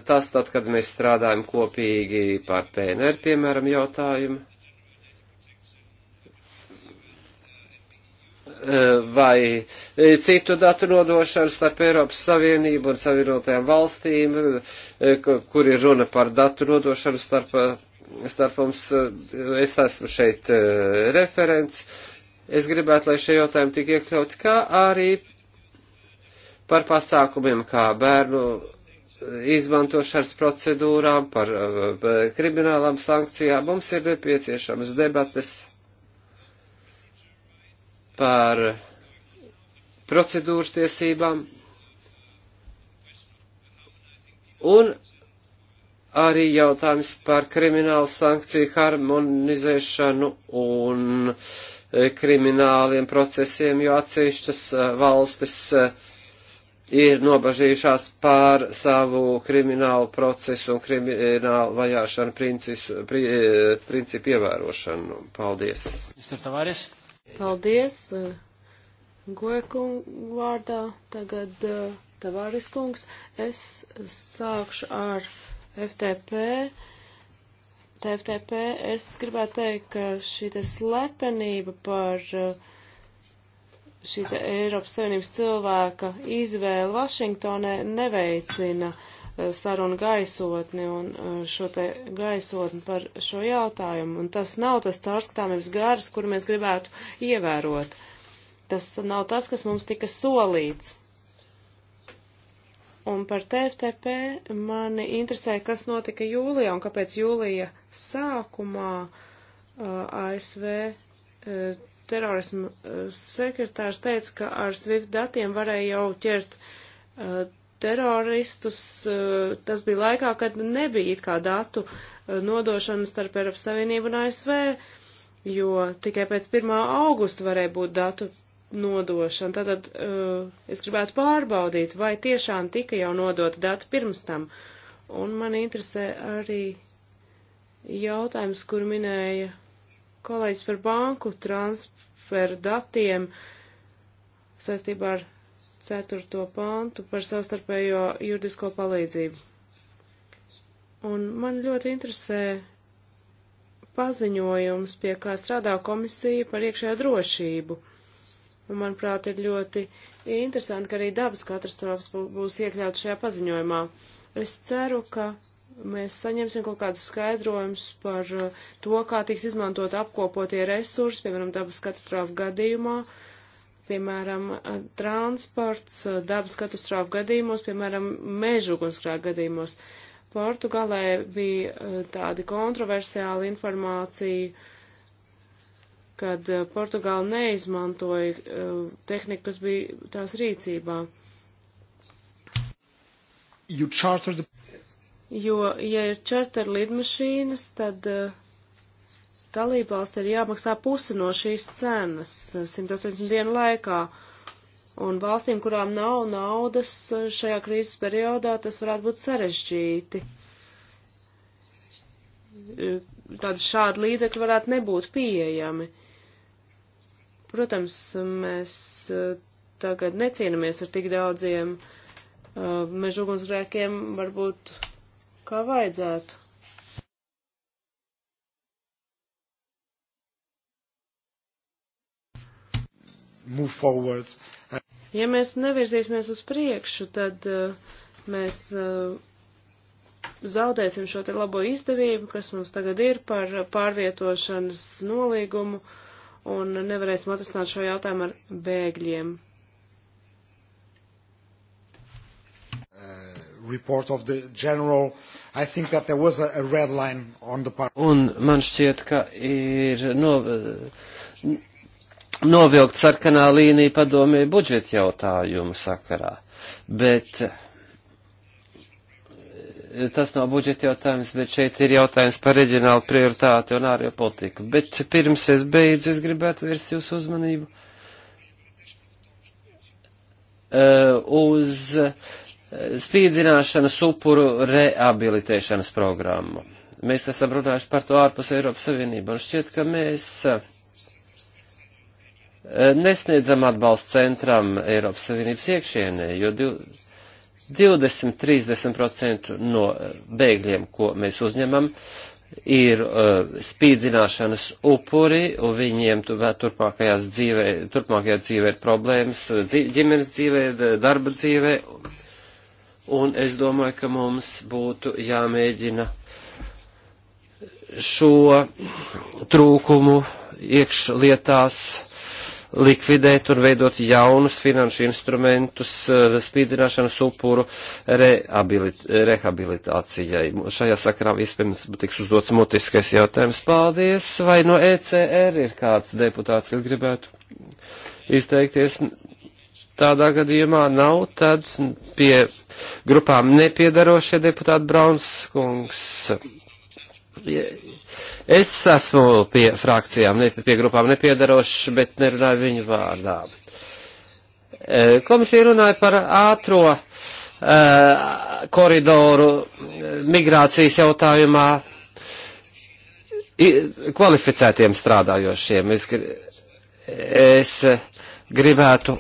tas, tad, kad mēs strādājam kopīgi par PNR, piemēram, jautājumu, vai citu datu nodošanu starp Eiropas Savienību un savienotajām valstīm, kur ir runa par datu nodošanu starp, starp mums. Es esmu šeit eh, referents. Es gribētu, lai šie jautājumi tik iekļauti, kā arī par pasākumiem, kā bērnu izmantošanas procedūrām, par eh, kriminālām sankcijām. Mums ir nepieciešamas debates par procedūras tiesībām un arī jautājums par kriminālu sankciju harmonizēšanu un eh, krimināliem procesiem, jo atsevišķas eh, valstis uh, ir nobažījušās pār savu kriminālu procesu un kriminālu vajāšanu principu, pri, e, principu ievērošanu. Paldies. Paldies. E, Goekungu vārdā tagad e, Tavāris kungs. Es sākšu ar FTP. TFTP es gribētu teikt, ka šī slepenība par uh, šī Eiropas Savienības cilvēka izvēle Vašingtonē neveicina eh, sarunu gaisotni un eh, šo te gaisotni par šo jautājumu. Un tas nav tas caurskatāmības gars, kur mēs gribētu ievērot. Tas nav tas, kas mums tika solīts. Un par TFTP mani interesē, kas notika jūlijā un kāpēc jūlija sākumā uh, eh, ASV uh, terorismu eh, sekretārs teica, ka ar SWIFT datiem varēja jau ķert uh, teroristus. Uh, tas bija laikā, kad nebija it kā datu uh, nodošana starp Eiropas Savienību un ASV, jo tikai pēc 1. augusta varēja būt datu nodošana. Tātad es gribētu pārbaudīt, vai tiešām tika jau nodota dati pirms tam. Un man interesē arī jautājums, kur minēja kolēģis par banku trans, transferu datiem saistībā ar 4. pāntu par savstarpējo juridisko palīdzību. Un man ļoti interesē paziņojums, pie kā strādā komisija par iekšējo drošību. Un, manuprāt, ir ļoti interesanti, ka arī dabas katastrofas būs iekļauts šajā paziņojumā. Es ceru, ka mēs saņemsim kaut kādus skaidrojumus par eh, to, kā tiks izmantot apkopotie resursi, piemēram, dabas katastrofu gadījumā, piemēram, eh, transports eh, dabas katastrofu gadījumos, piemēram, mežu ugunskrāk gadījumos. Portugālē bija tādi kontroversiāli informācija, kad Portugāla neizmantoja tehniku, kas bija tās rīcībā. You charter the jo, ja ir čarter lidmašīnas, tad uh, dalībvalsts ir jāmaksā pusi no šīs cenas 180 eh, dienu laikā. Un valstīm, kurām nav naudas eh, šajā krīzes periodā, tas varētu būt sarežģīti. Tad šādi līdzekļi varētu nebūt pieejami. Protams, mēs tagad necīnāmies ar tik daudziem uh, mežugunsgrēkiem, varbūt kā vajadzētu. Ja mēs nevirzīsimies uz priekšu, tad uh, mēs uh, zaudēsim šo te labo izdevību, kas mums tagad ir par pārvietošanas nolīgumu, un nevarēsim atrisināt šo jautājumu ar bēgļiem. report of the general, I think that there was a, a red line on the part. Un man šķiet, ka ir no, novilkt sarkanā līnija padomē budžeta jautājumu sakarā, bet eh, tas nav budžeta jautājums, bet šeit ir jautājums par reģionālu prioritāti un ārējo politiku. Bet pirms es beidzu, es gribētu vērst jūsu uzmanību uh, uz spīdzināšanas upuru reabilitēšanas programmu. Mēs esam runājuši par to ārpus Eiropas Savienību un šķiet, ka mēs eh, nesniedzam atbalstu centram Eiropas Savienības iekšienē, jo 20-30% no eh, bēgļiem, ko mēs uzņemam, ir uh, spīdzināšanas upuri, un viņiem tu, turpmākajās dzīvē, turpmākajā dzīvē ir problēmas dzīv, ģimenes dzīvē, darba dzīvē. Uh, un es domāju, ka mums būtu jāmēģina šo trūkumu iekšlietās likvidēt un veidot jaunus finanšu instrumentus eh, spīdzināšanas upuru reabilit, rehabilitācijai. Šajā sakarā vispirms tiks uzdots mutiskais jautājums. Paldies! Vai no ECR ir kāds deputāts, kas gribētu izteikties? tādā gadījumā nav, tad pie grupām nepiedarošie deputāti Braunskungs. Es esmu pie frakcijām, ne, pie grupām nepiedarošs, bet nerunāju viņu vārdā. E, komisija runāja par ātro uh, koridoru migrācijas jautājumā kvalificētiem strādājošiem. Es, es gribētu.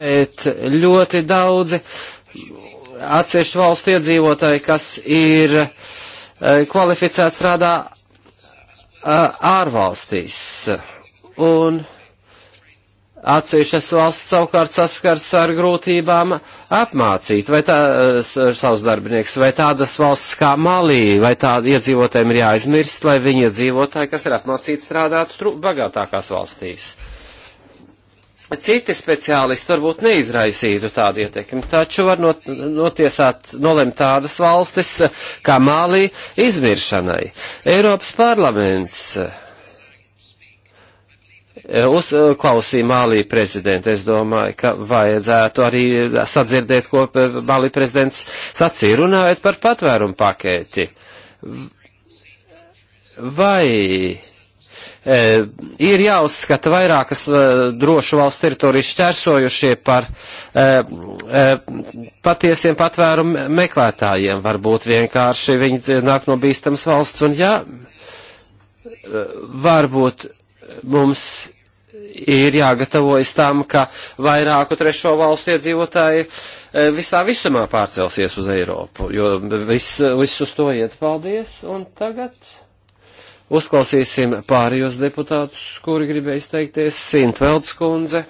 Bet ļoti daudzi atsevišķu valstu iedzīvotāji, kas ir e, kvalificēti strādā e, ārvalstīs. Un Atsevišķas valsts savukārt saskars ar grūtībām apmācīt vai tā, savus darbinieks, vai tādas valsts kā Malī, vai tādu iedzīvotājiem ir jāizmirst, lai viņi iedzīvotāji, kas ir apmācīti, strādātu bagātākās valstīs. Citi speciālisti varbūt neizraisītu tādu ietekmi, taču var not, notiesāt, nolemt tādas valstis kā Mālī izmiršanai. Eiropas parlaments uzklausīja eh, Mālī prezidentu. Es domāju, ka vajadzētu arī sadzirdēt, ko Mālī prezidents sacīja, runājot par patvērumu pakēti. Vai e, ir jāuzskata vairākas e, drošu valsts teritorijas šķērsojušie par e, e, patiesiem patvērumu meklētājiem. Varbūt vienkārši viņi nāk no bīstamas valsts un jā, e, varbūt mums ir jāgatavojas tam, ka vairāku trešo valstu iedzīvotāji e, visā visumā pārcelsies uz Eiropu, jo viss, viss uz to iet. Paldies, un tagad uzklausīsim pārējos deputātus, kuri gribēja izteikties. Sintvelds kundze,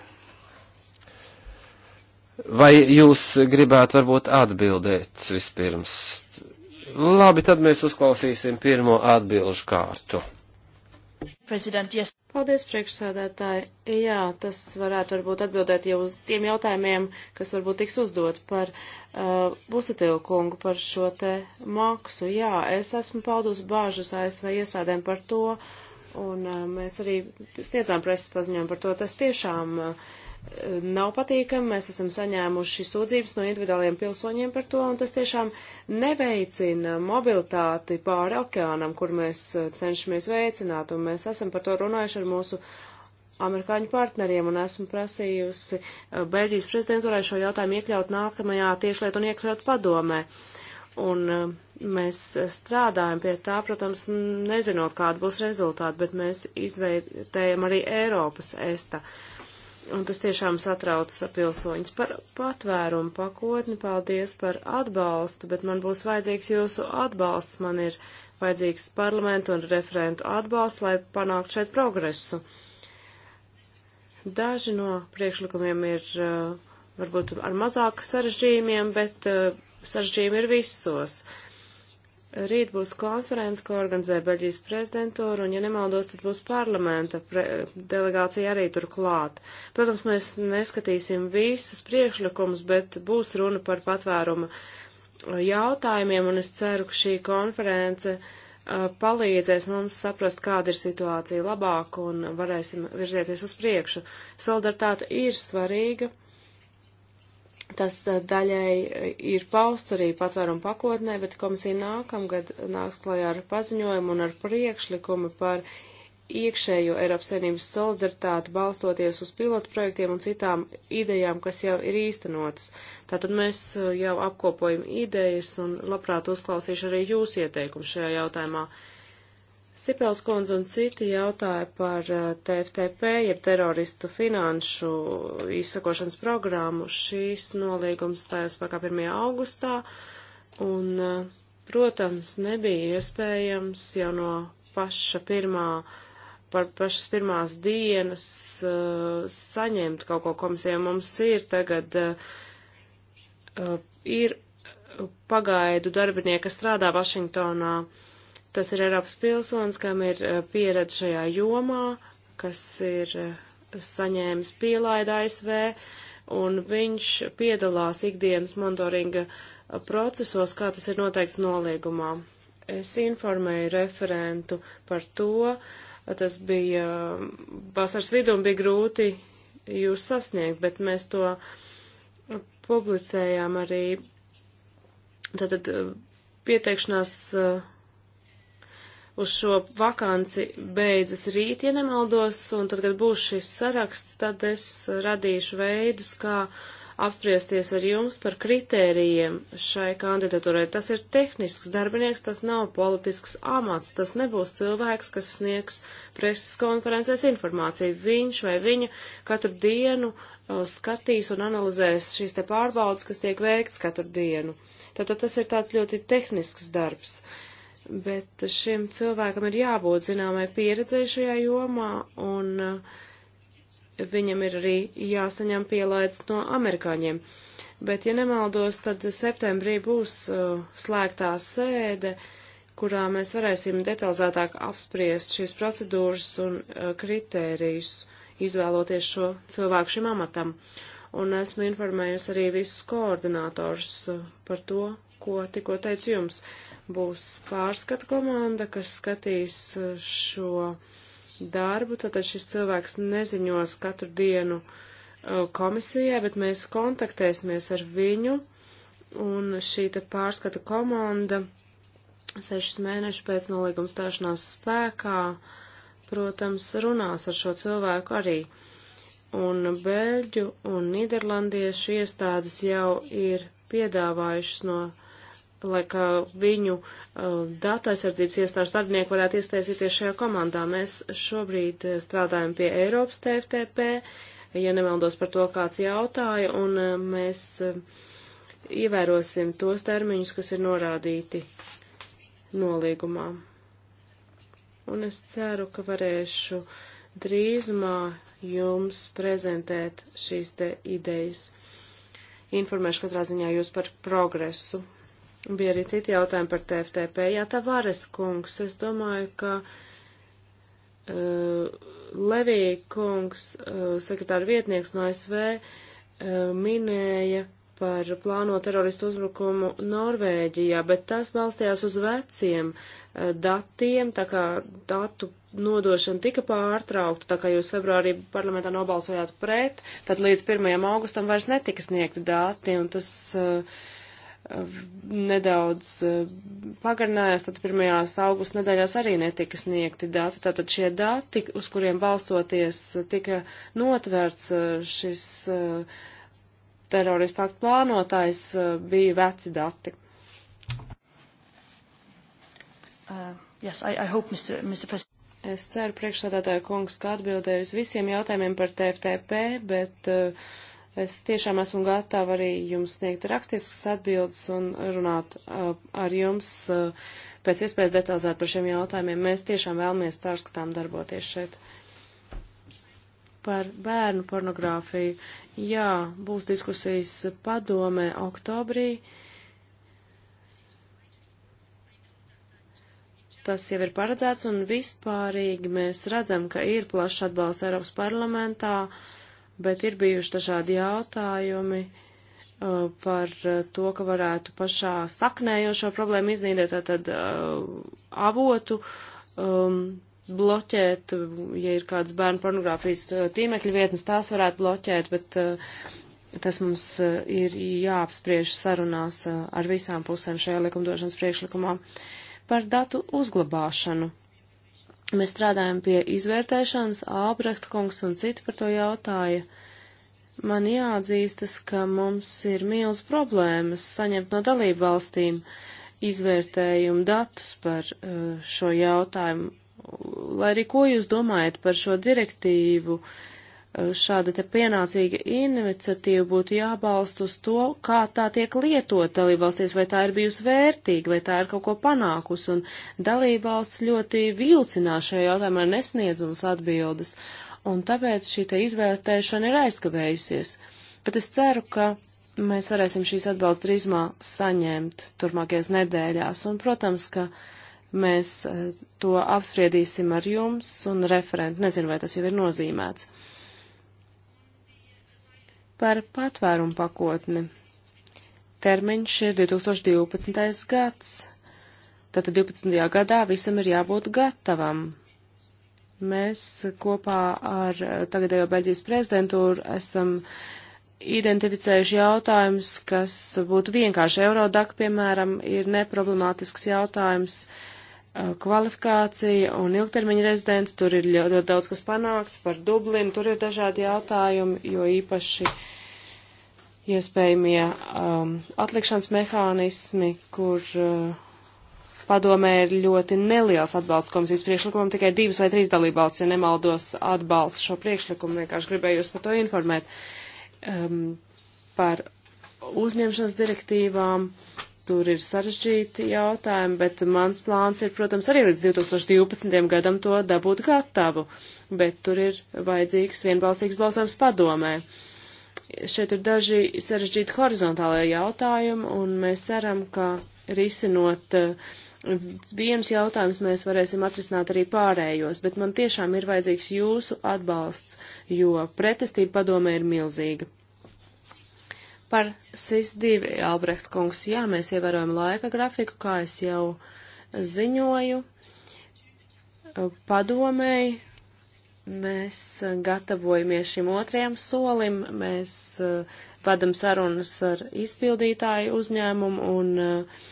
vai jūs gribētu varbūt atbildēt vispirms? Labi, tad mēs uzklausīsim pirmo atbilžu kārtu. Yes. Paldies, priekšsēdētāji. Jā, tas varētu varbūt atbildēt jau uz tiem jautājumiem, kas varbūt tiks uzdot par uh, Busatilu kungu, par šo te maksu. Jā, es esmu paudus bāžas ASV iestādēm par to, un uh, mēs arī sniedzām preses paziņojumu par to. Tas tiešām. Uh, nav patīkami, mēs esam saņēmuši sūdzības no individuāliem pilsoņiem par to, un tas tiešām neveicina mobilitāti pāri okeānam, kur mēs eh, cenšamies veicināt, un mēs esam par to runājuši ar mūsu amerikāņu partneriem, un esmu prasījusi eh, Beļģijas prezidentūrai šo jautājumu iekļaut nākamajā tiešlietu un iekļaut padomē. Un eh, mēs strādājam pie tā, protams, nezinot, kāda būs rezultāta, bet mēs izveidējam arī Eiropas esta. Uh, un tas tiešām satrauc pilsoņus par patvērumu pakotni. Paldies par atbalstu, bet man būs vajadzīgs jūsu atbalsts. Man ir vajadzīgs parlamentu un referentu atbalsts, lai panāktu šeit progresu. Daži no priekšlikumiem ir uh, varbūt ar mazāku sarežģījumiem, bet uh, sarežģījumi ir visos. Uh, Rīt būs konference, ko organizē Beļģijas prezidentūra, un, ja nemaldos, tad būs parlamenta pre, delegācija arī turklāt. Protams, mēs neskatīsim visus priekšlikumus, bet būs runa par patvērumu uh, jautājumiem, un es ceru, ka šī konference uh, palīdzēs mums saprast, kāda ir situācija labāk, un varēsim virzieties uz priekšu. Solidaritāte ir svarīga Tas eh, daļai eh, ir pausts arī patvērumu pakotnē, bet komisija nākamgad nāks klajā ar paziņojumu un ar priekšlikumu par iekšējo Eiropas Savienības solidaritāti balstoties uz pilotu projektiem un citām idejām, kas jau ir īstenotas. Tātad mēs eh, jau apkopojam idejas un labprāt uzklausīšu arī jūsu ieteikumu šajā jautājumā. Uh, Sipels kundze un citi jautāja par uh, TFTP, jeb teroristu finanšu izsakošanas programmu. Šīs nolīgums stājās pakā 1. augustā, un, uh, protams, nebija iespējams jau no paša pirmā, par pašas pirmās dienas uh, saņemt kaut ko komisijai. Mums ir tagad, ir pagaidu darbinieki, kas strādā Vašingtonā Tas ir Eiropas pilsonis, kam ir eh, pieredze šajā jomā, kas ir eh, saņēmis pielaidu ASV, un viņš piedalās ikdienas monitoringa eh, procesos, kā tas ir noteikts noliegumā. Es informēju referentu par to, tas bija mm, vasaras vidū un bija grūti jūs sasniegt, bet mēs to publicējām arī tātad pieteikšanās uh, uz šo vakanci beidzas rīt, ja nemaldos, un tad, kad būs šis saraksts, tad es radīšu veidus, kā apspriesties ar jums par kritērijiem šai kandidatūrai. Tas ir tehnisks darbinieks, tas nav politisks amats, tas nebūs cilvēks, kas sniegs preses konferencēs informāciju. Viņš vai viņa katru dienu uh, skatīs un analizēs šīs te pārbaudas, kas tiek veikts katru dienu. Tātad tas ir tāds ļoti tehnisks darbs. Uh, bet šim cilvēkam ir jābūt zināmai pieredzei šajā jomā, un eh, viņam ir arī jāsaņem pielaids no amerikāņiem. Bet, ja nemaldos, tad septembrī būs uh, slēgtā sēde, kurā mēs varēsim detalizētāk apspriest šīs procedūras un uh, kritērijus, izvēloties šo cilvēku šim amatam. Un esmu informējusi arī visus koordinātors uh, par to, ko tikko teicu jums. Uh, būs pārskata komanda, kas skatīs uh, šo darbu, tātad šis cilvēks neziņos katru dienu uh, komisijai, bet mēs kontaktēsimies ar viņu, un šī tad pārskata komanda sešus mēnešus pēc nolīguma stāšanās spēkā, protams, runās ar šo cilvēku arī. Un Beļģu un Nīderlandiešu iestādes jau ir piedāvājušas no lai kā viņu uh, datu aizsardzības iestāžu darbinieki varētu iesaistīties šajā komandā. Mēs šobrīd uh, strādājam pie Eiropas TFTP, ja nemaldos par to kāds jautāja, un uh, mēs uh, ievērosim tos termiņus, kas ir norādīti nolīgumā. Un es ceru, ka varēšu drīzumā jums prezentēt šīs te idejas. Informēšu katrā ziņā jūs par progresu Bija arī citi jautājumi par TFTP. Jā, tā varas kungs. Es domāju, ka uh, eh, Levija kungs, uh, sekretāra vietnieks no SV, uh, eh, minēja par plāno teroristu uzbrukumu Norvēģijā, bet tas balstījās uz veciem datiem, tā kā datu nodošana tika pārtraukta, tā kā jūs februārī parlamentā nobalsojāt pret, tad līdz 1. augustam vairs netika sniegti dati, un tas uh, nedaudz e, pagarinājās, tad pirmajās augusta nedēļās arī netika sniegti dati. Tātad šie dati, uz kuriem balstoties tika notverts e, šis e, terorista aktu plānotājs, bija veci dati. Uh, yes, I, I hope, Mr. Mr. President. Es ceru, priekšsādātāja kungs, ka atbildēju uz visiem jautājumiem par TFTP, bet uh, Es tiešām esmu gatava arī jums sniegt rakstiskas atbildes un runāt uh, ar jums uh, pēc iespējas detalizēt par šiem jautājumiem. Mēs tiešām vēlamies caurskatām darboties šeit. Par bērnu pornogrāfiju. Jā, būs diskusijas padome oktobrī. tas jau ir paredzēts, un vispārīgi mēs redzam, ka ir plašs atbalsts Eiropas parlamentā bet ir bijuši dažādi jautājumi uh, par uh, to, ka varētu pašā saknē jau šo problēmu iznīdēt, tātad uh, avotu um, bloķēt, ja ir kādas bērnu pornogrāfijas tīmekļa vietnes, tās varētu bloķēt, bet uh, tas mums ir jāapspriež sarunās ar visām pusēm šajā likumdošanas priekšlikumā par datu uzglabāšanu. Mēs strādājam pie izvērtēšanas, Ābrecht kungs un citi par to jautāja. Man jāatzīstas, ka mums ir mīls problēmas saņemt no dalību valstīm izvērtējumu datus par uh, šo jautājumu. Lai arī ko jūs domājat par šo direktīvu, uh, šāda te pienācīga iniciatīva būtu jābalst uz to, kā tā tiek lietot dalībvalstīs, vai tā ir bijusi vērtīga, vai tā ir kaut ko panākusi, un dalībvalsts ļoti vilcinās šajā jautājumā nesniedz mums atbildes, un tāpēc šī te izvērtēšana ir aizkavējusies. Bet es ceru, ka mēs varēsim šīs atbalsts drīzumā saņemt turmākajās nedēļās, un, protams, ka mēs eh, to apspriedīsim ar jums un referentu. Nezinu, vai tas jau ir nozīmēts. Par patvērumu pakotni. Termiņš ir 2012. gads. Tātad 12. gadā visam ir jābūt gatavam. Mēs kopā ar tagadējo Beļģijas prezidentūru esam identificējuši jautājumus, kas būtu vienkārši. Eurodak, piemēram, ir neproblemātisks jautājums. Uh, Uh, kvalifikācija un ilgtermiņa rezidents, tur ir ļoti daudz kas panākts par Dublinu, tur ir dažādi jautājumi, jo īpaši iespējamie um, atlikšanas mehānismi, kur uh, padomē ir ļoti neliels atbalsts komisijas priekšlikumam, tikai divas vai trīs dalībvalsts, ja nemaldos, atbalsta šo priekšlikumu, vienkārši gribēju jūs par to informēt, um, par uzņemšanas direktīvām. Uh, Tur ir sarežģīti jautājumi, bet mans plāns ir, protams, arī līdz 2012. gadam to dabūt gatavu, bet tur ir vajadzīgs vienbalsīgs balsojums padomē. Šeit ir daži sarežģīti horizontālajie jautājumi, un mēs ceram, ka risinot uh, vienus jautājumus mēs varēsim atrisināt arī pārējos, bet man tiešām ir vajadzīgs jūsu atbalsts, jo pretestība padomē ir milzīga. Par SIS-2, Albrecht kungs, jā, mēs ievērojam laika grafiku, kā es jau ziņoju padomēji. Mēs gatavojamies šim otrajam solim, mēs eh, vadam sarunas ar izpildītāju uzņēmumu un eh,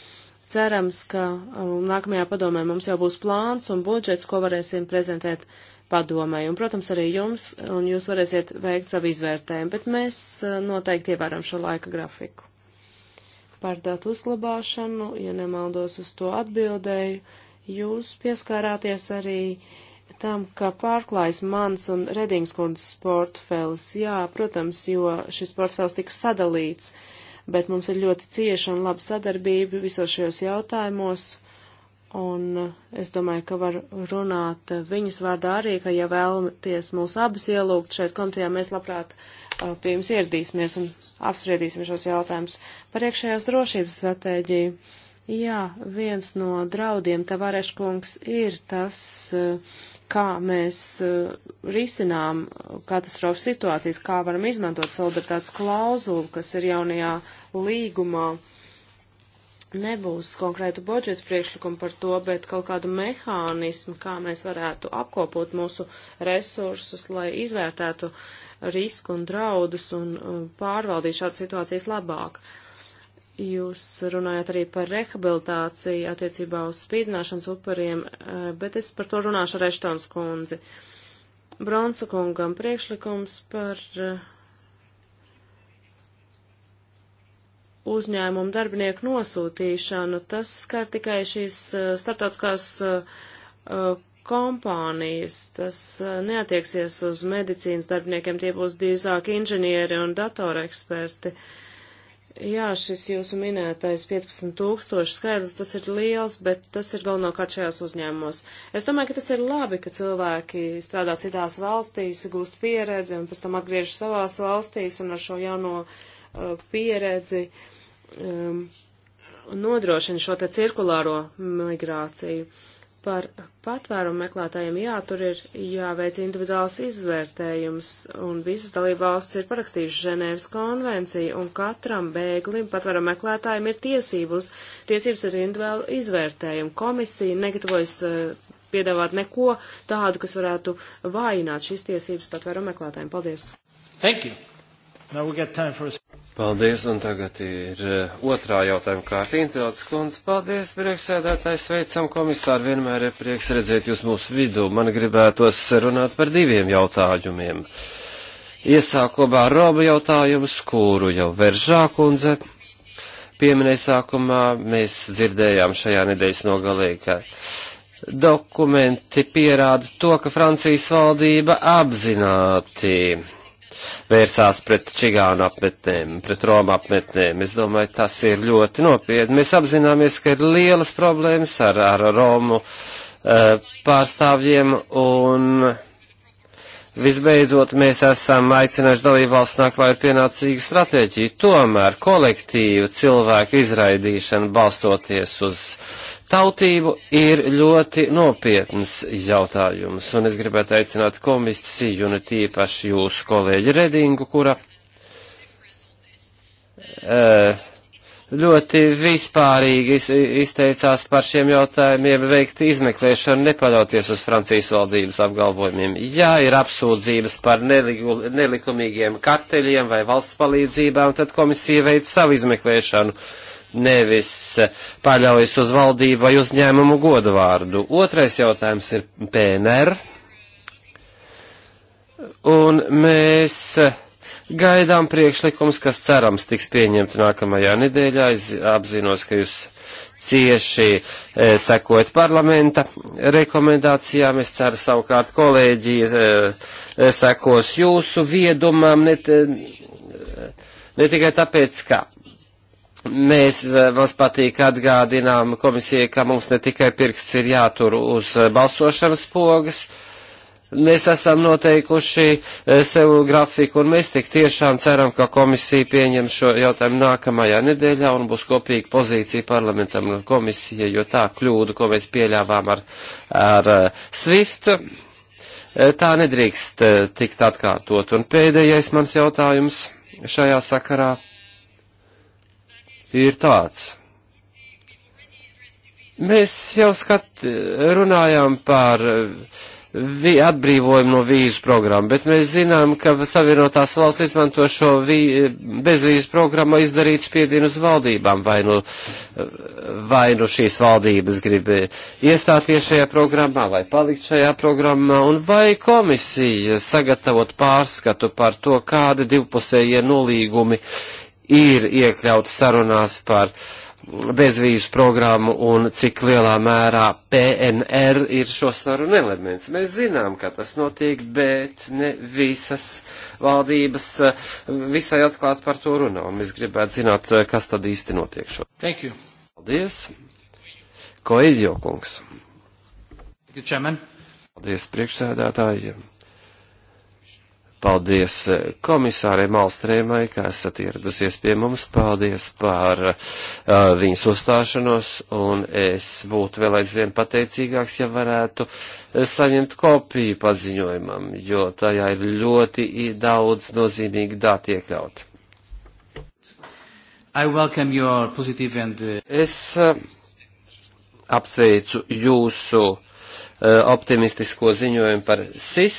cerams, ka eh, nākamajā padomē mums jau būs plāns un budžets, ko varēsim prezentēt uh, padomai, un, protams, arī jums, un jūs varēsiet veikt savu izvērtējumu, bet mēs eh, noteikti ievēram šo laika grafiku. Par datu uzglabāšanu, ja nemaldos uz to atbildēju, jūs pieskārāties arī tam, ka pārklājas mans un Redingskundas portfels. Jā, protams, jo šis portfels tika sadalīts, bet mums ir ļoti cieša un laba sadarbība visos šajos jautājumos, Un es domāju, ka var runāt viņas vārdā arī, ka ja vēlaties mūs abas ielūgt šeit komitejā, mēs labprāt uh, pie jums ieradīsimies un apspriedīsim šos jautājumus par iekšējās drošības stratēģiju. Jā, viens no draudiem, Tavareškungs, ir tas, uh, kā mēs uh, risinām katastrofas situācijas, kā varam izmantot solidaritātes klauzulu, kas ir jaunajā līgumā. Uh, nebūs konkrētu budžetu priekšlikumu par to, bet kaut kādu mehānismu, kā mēs varētu apkopot mūsu resursus, lai izvērtētu risku un draudus un uh, pārvaldītu šādas situācijas labāk. Jūs runājat arī par rehabilitāciju attiecībā uz spīdzināšanas upuriem, uh, bet es par to runāšu ar Eštons kundzi. Bronsa kungam priekšlikums par uh, uzņēmumu darbinieku nosūtīšanu, tas skar tikai šīs eh, starptautiskās eh, eh, kompānijas, tas neatieksies uz medicīnas darbiniekiem, tie būs drīzāk inženieri un datoreksperti. Jā, šis jūsu minētais 15 tūkstoši skaidrs, tas ir liels, bet tas ir galvenokārt šajās uzņēmumos. Es domāju, ka tas ir labi, ka cilvēki strādā citās valstīs, gūst pieredzi un pēc tam atgriežas savās valstīs un ar šo jauno uh, pieredzi uh, um, nodrošina šo te cirkulāro migrāciju. Par patvērumu meklētājiem jā, tur ir jāveic individuāls izvērtējums, un visas dalībvalstis ir parakstījušas Ženēvas konvenciju, un katram bēglim patvērumu meklētājiem ir tiesības, tiesības ir individuāli izvērtējumi. Komisija negatavojas uh, piedāvāt neko tādu, kas varētu vājināt šīs tiesības patvērumu meklētājiem. Paldies! Thank you! Paldies, un tagad ir eh, otrā jautājuma kārta. Intelētas kundze, paldies, priekšsēdētājs, sveicam komisāru, vienmēr ir prieks redzēt jūs mūsu vidū. Man gribētos runāt par diviem jautājumiem. Iesākumā Roma jautājums, kuru jau veržā kundze pieminēja sākumā, mēs dzirdējām šajā nedēļas nogalē, ka dokumenti pierāda to, ka Francijas valdība apzināti vērsās pret čigānu apmetnēm, pret Roma apmetnēm. Es domāju, tas ir ļoti nopietni. Mēs apzināmies, ka ir lielas problēmas ar, ar Romu uh, pārstāvjiem un Visbeidzot, mēs esam aicinājuši dalībvalsts nākt klāt ar pienācīgu stratēģiju. Tomēr kolektīvu cilvēku izraidīšana balstoties uz tautību ir ļoti nopietns jautājums. Un es gribētu aicināt komisiju un tīpaši jūsu kolēģi Redingu, kura. Uh, ļoti vispārīgi izteicās par šiem jautājumiem, veikt izmeklēšanu, nepaļauties uz Francijas valdības apgalvojumiem. Ja ir apsūdzības par neligu, nelikumīgiem karteļiem vai valsts palīdzībām, tad komisija veic savu izmeklēšanu, nevis paļaujas uz valdību vai uzņēmumu godvārdu. Otrais jautājums ir PNR. Un mēs gaidām priekšlikums, kas cerams tiks pieņemt nākamajā nedēļā. Es apzinos, ka jūs cieši e, sekot parlamenta rekomendācijām. Es ceru savukārt kolēģi e, e sekos jūsu viedumam, ne, ne tikai tāpēc, ka Mēs e, mums patīk atgādinām komisijai, ka mums ne tikai pirksts ir jātur uz e, balsošanas pogas, uh, mēs esam noteikuši eh, sev grafiku, un mēs tik tiešām ceram, ka komisija pieņem šo jautājumu nākamajā nedēļā un būs kopīga pozīcija parlamentam un komisijai, jo tā kļūda, ko mēs pieļāvām ar, ar eh, SWIFT, eh, tā nedrīkst tikt atkārtot. Un pēdējais mans jautājums šajā sakarā ir tāds. Mēs jau skat, runājām par uh, atbrīvojumu no vīzu programmu, bet mēs zinām, ka Savienotās valsts izmanto šo bezvīzu programmu izdarīt spiedienu uz valdībām, vai nu, vai nu šīs valdības grib iestāties šajā programmā, vai palikt šajā programmā, un vai komisija sagatavot pārskatu par to, kādi divpusējie nolīgumi ir iekļauti sarunās par uh, bezvīzu programmu un cik lielā mērā PNR ir šo sarunu elements. Mēs zinām, ka tas notiek, bet ne visas valdības eh, visai atklāti par to runā, un mēs gribētu zināt, eh, kas tad īsti notiek šo. Thank you. Paldies. Koiļo kungs. Paldies priekšsēdētājiem. Paldies eh, komisārai Malstrēmai, ka esat ieradusies pie mums. Paldies par uh, viņas uzstāšanos, un es būtu vēl aizvien pateicīgāks, ja varētu eh, saņemt kopiju paziņojumam, jo tajā ir ļoti daudz nozīmīgi dati iekļaut. And... Es uh, apsveicu jūsu Uh, optimistisko ziņojumu par SIS,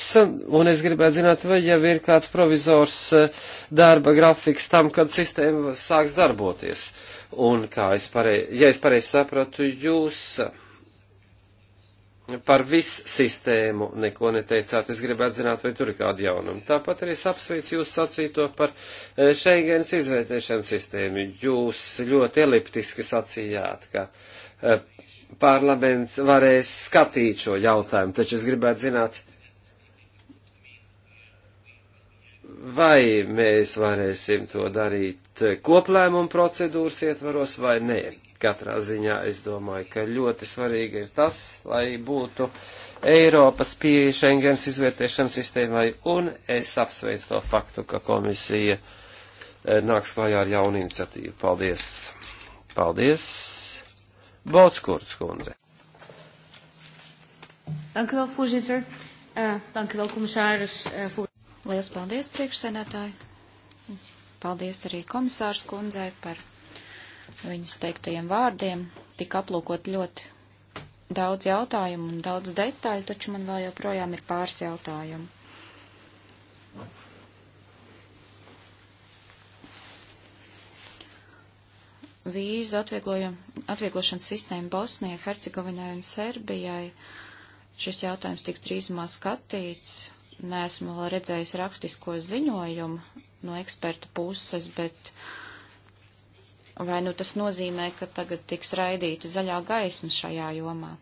un es gribētu zināt, vai jau ir kāds provizors uh, darba grafiks tam, kad sistēma sāks darboties. Un kā es pareizi, ja es pareizi sapratu, jūs uh, par visu sistēmu neko neteicāt. Es gribētu zināt, vai tur ir kāda jaunuma. Tāpat arī es apsveicu jūs sacīto par Schengens izvērtēšanas sistēmu. Jūs ļoti eliptiski sacījāt, ka parlaments varēs skatīt šo jautājumu, taču es gribētu zināt, vai mēs varēsim to darīt koplēmumu procedūras ietvaros vai nē. Katrā ziņā es domāju, ka ļoti svarīgi ir tas, lai būtu Eiropas pieeja Schengens izvērtēšanas sistēmai, un es apsveicu to faktu, ka komisija eh, nāks klajā ar jaunu iniciatīvu. Paldies! Paldies! Botskurts kundze. Dank u wel, voorzitter. Uh, dank u wel, commissaris. Uh, voor... Lielas paldies, priekšsēdētāji. Paldies arī komisārs kundzei par viņas teiktajiem vārdiem. Tik aplūkot ļoti daudz jautājumu un daudz detaļu, taču man vēl joprojām ir pāris jautājumu. vīzu atvieglošanas sistēmu Bosnijai, Hercegovinai un Serbijai. Šis jautājums tiks drīzumā skatīts. Nesmu vēl redzējis rakstisko ziņojumu no ekspertu puses, bet vai nu tas nozīmē, ka tagad tiks raidīta zaļā gaisma šajā jomā?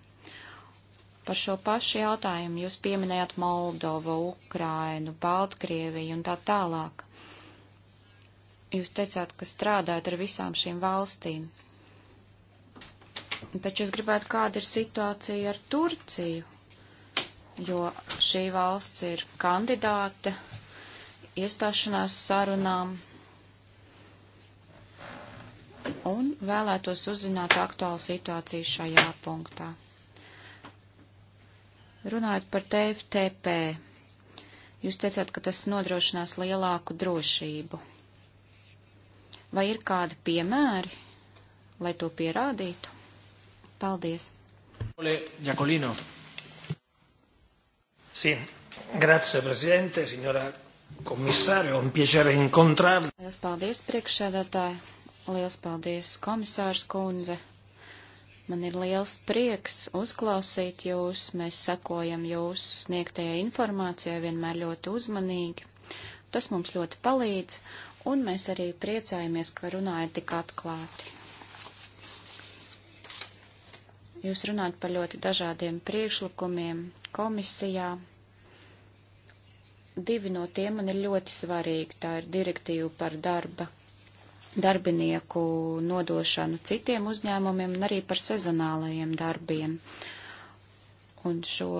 Par šo pašu jautājumu jūs pieminējat Moldovu, Ukrainu, Baltkrieviju un tā tālāk. Jūs teicāt, ka strādājat ar visām šīm valstīm. Taču es gribētu, kāda ir situācija ar Turciju, jo šī valsts ir kandidāte iestāšanās sarunām un vēlētos uzzināt aktuālu situāciju šajā punktā. Runājot par TFTP, jūs teicāt, ka tas nodrošinās lielāku drošību. Vai ir kādi piemēri, lai to pierādītu? Paldies. Ole Jakolino. Sì, grazie Presidente, signora Komisāri, un piešķēra inkontrāli. Lielas paldies, priekšsēdētāji. Lielas paldies, komisārs kundze. Man ir liels prieks uzklausīt jūs. Mēs sekojam jūsu sniegtajai informācijai vienmēr ļoti uzmanīgi. Tas mums ļoti palīdz, un mēs arī priecājamies, ka runājat tik atklāti. Jūs runājat par ļoti dažādiem priekšlikumiem komisijā. Divi no tiem man ir ļoti svarīgi. Tā ir direktīva par darba darbinieku nodošanu citiem uzņēmumiem un arī par sezonālajiem darbiem. Un šo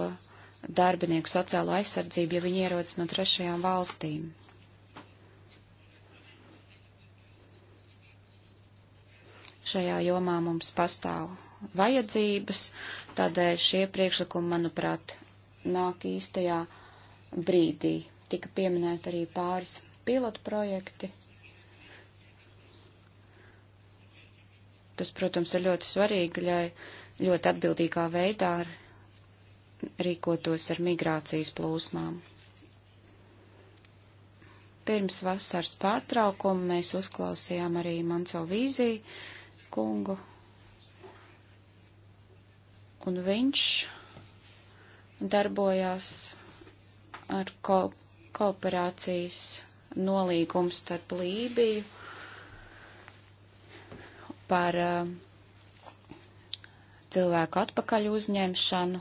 darbinieku sociālo aizsardzību, ja viņi ierodas no trešajām valstīm. Šajā jomā mums pastāv vajadzības, tādēļ šie priekšlikumi, manuprāt, nāk īstajā brīdī. Tika pieminēt arī pāris pilotu projekti. Tas, protams, ir ļoti svarīgi, lai ļoti atbildīgā veidā rīkotos ar migrācijas plūsmām. Pirms vasaras pārtraukuma mēs uzklausījām arī Manco vīziju, kungu. Un viņš darbojās ar ko kooperācijas nolīgumu starp Lībiju par uh, cilvēku atpakaļ uzņemšanu.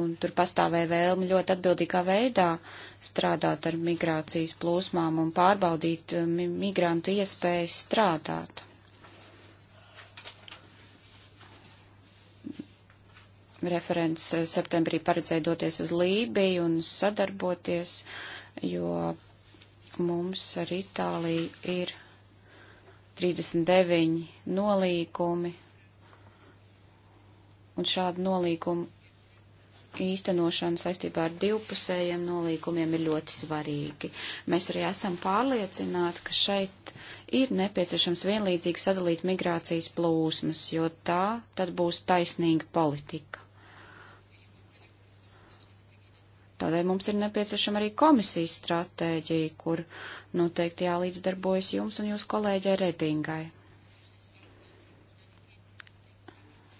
Un tur pastāvēja vēlme ļoti atbildīgā veidā uh, strādāt ar migrācijas plūsmām un pārbaudīt uh, mi migrantu iespējas strādāt. Referents uh, septembrī paredzēja doties uz Lībiju un sadarboties, jo mums ar Itāliju ir 39 nolīkumi, un šādu nolīkumu īstenošana saistībā ar divpusējiem nolīgumiem ir ļoti svarīgi. Mēs arī esam pārliecināti, ka šeit ir nepieciešams vienlīdzīgi sadalīt migrācijas plūsmas, jo tā tad būs taisnīga politika. Tādēļ mums ir nepieciešama arī komisijas stratēģija, kur noteikti jālīdzdarbojas jums un jūsu kolēģai Redingai.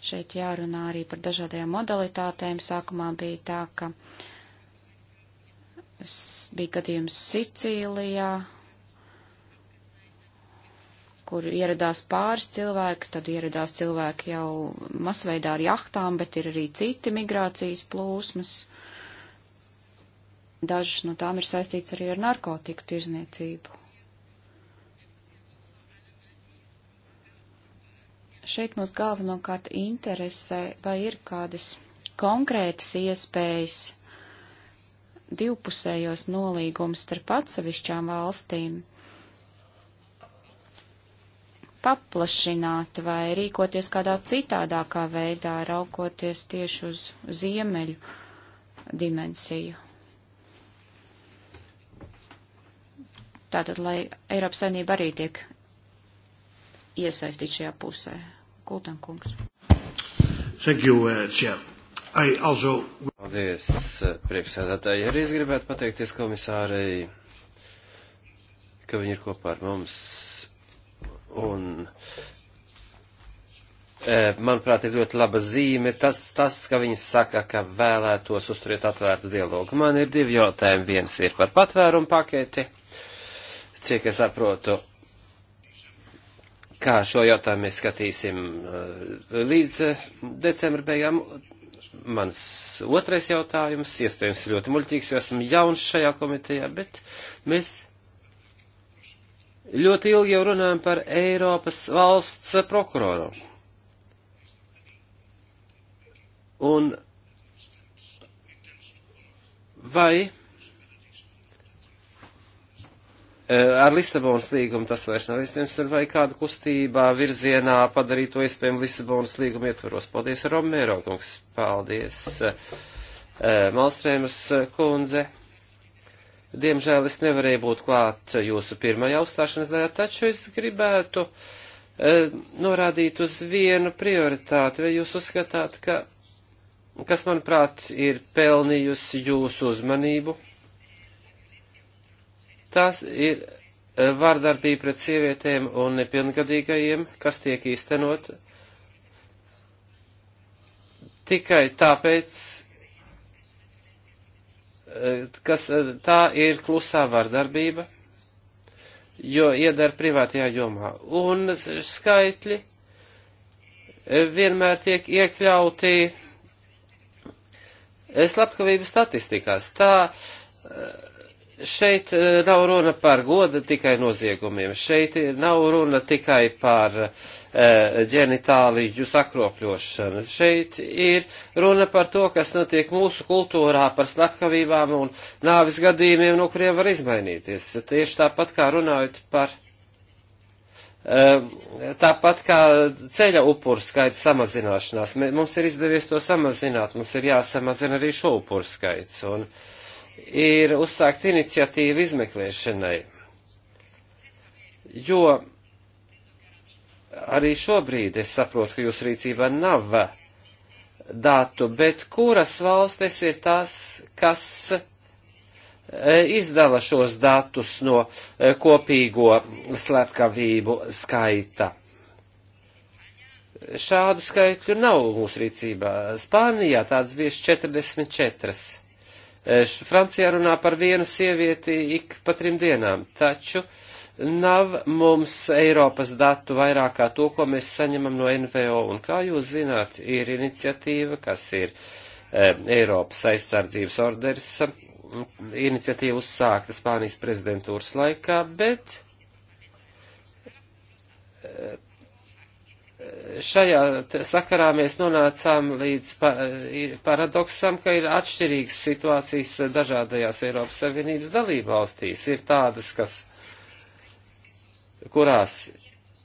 Šeit jārunā arī par dažādajām modalitātēm. Sākumā bija tā, ka bija gadījums Sicīlijā, kur ieradās pāris cilvēki, tad ieradās cilvēki jau masveidā ar jahtām, bet ir arī citi migrācijas plūsmas. Dažas no tām ir saistīts arī ar narkotiku tirzniecību. Šeit mums galvenokārt interesē, vai ir kādas konkrētas iespējas divpusējos nolīgumus starp atsevišķām valstīm paplašināt vai rīkoties kādā citādākā veidā, raukoties tieši uz ziemeļu dimensiju. Tātad, lai Eiropas saimnība arī tiek iesaistīta šajā pusē. Kultankungs. Thank you, uh, Chair. I also... Paldies, uh, priekšsēdētāji. Arī es gribētu pateikties komisārei, ka viņi ir kopā ar mums. Un, e, manuprāt, ir ļoti laba zīme tas, tas, ka viņi saka, ka vēlētos uzturēt atvērtu dialogu. Man ir divi jautājumi. Viens ir par patvērumu paketi. Cik es saprotu, kā šo jautājumu mēs skatīsim eh, līdz eh, decembra beigām. Mans otrais jautājums, iespējams, ļoti muļķīgs, jo esmu jauns šajā komitejā, bet mēs ļoti ilgi jau runājam par Eiropas valsts prokuroru. Un vai Eh, ar Lisabonas līgumu tas vairs nav iespējams, un vai kāda kustībā virzienā padarīt to iespējamu Lisabonas līgumu ietvaros. Paldies, Romero kungs, paldies, eh, Malstrēmas kundze. Diemžēl es nevarēju būt klāt jūsu pirmajā uzstāšanas daļā, taču es gribētu eh, norādīt uz vienu prioritāti, vai jūs uzskatāt, ka, kas manuprāt ir pelnījusi jūsu uzmanību Tās ir eh, vārdarbība pret sievietēm un nepilngadīgajiem, kas tiek īstenot tikai tāpēc, eh, kas eh, tā ir klusā vardarbība, jo iedara privātajā jomā. Un skaitļi vienmēr tiek iekļauti slepkavību statistikās. Tā Šeit eh, nav runa par goda tikai noziegumiem, šeit nav runa tikai par e, ģenitāliju sakropļošanu, šeit ir runa par to, kas notiek mūsu kultūrā, par slepkavībām un nāvis gadījumiem, no kuriem var izmainīties. Tieši tāpat kā runājot par, e, tāpat kā ceļa upuru skaita samazināšanās, mums ir izdevies to samazināt, mums ir jāsamazina arī šo upuru skaits. Un, e, ir uzsākt iniciatīvu izmeklēšanai. Jo arī šobrīd es saprotu, ka jūs rīcībā nav datu, bet kuras valstis ir tās, kas e, izdala šos datus no e, kopīgo slepkavību skaita? Šādu skaitļu nav mūsu rīcībā. Spānijā tāds bija 44 Francijā runā par vienu sievieti ik pa trim dienām, taču nav mums Eiropas datu vairāk kā to, ko mēs saņemam no NVO. Un kā jūs zināt, ir iniciatīva, kas ir e, Eiropas aizsardzības orders, iniciatīva uzsākta Spānijas prezidentūras laikā, bet. E, šajā sakarā mēs nonācām līdz pa, paradoksam, ka ir atšķirīgas situācijas dažādajās Eiropas Savienības dalībvalstīs. Ir tādas, kas, kurās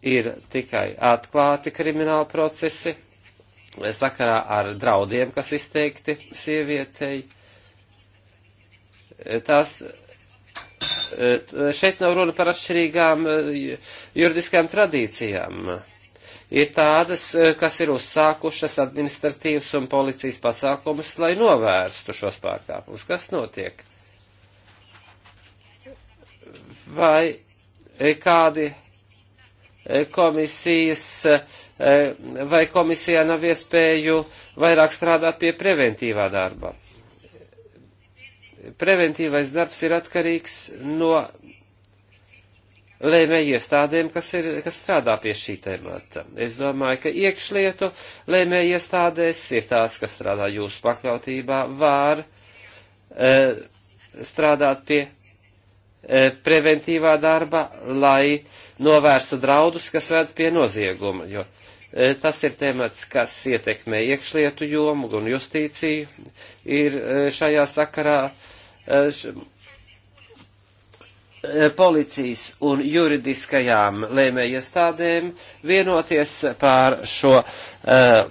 ir tikai atklāti krimināli procesi sakarā ar draudiem, kas izteikti sievietei. Tās šeit nav runa par atšķirīgām e, juridiskām tradīcijām ir tādas, eh, kas ir uzsākušas administratīvas un policijas pasākumus, lai novērstu šos pārkāpumus. Kas notiek? Vai eh, kādi eh, komisijas, vai komisijā nav iespēju vairāk strādāt pie preventīvā darba? Preventīvais darbs ir atkarīgs no lēmēju iestādēm, kas, ir, kas strādā pie šī temata. Es domāju, ka iekšlietu lēmēju iestādēs ir tās, kas strādā jūsu pakļautībā, var e, strādāt pie e, preventīvā darba, lai novērstu draudus, kas ved pie nozieguma, jo e, tas ir temats, kas ietekmē iekšlietu jomu un justīciju, ir e, šajā sakarā. E, š, Eh, policijas un juridiskajām lēmējiestādēm vienoties pār šo, eh,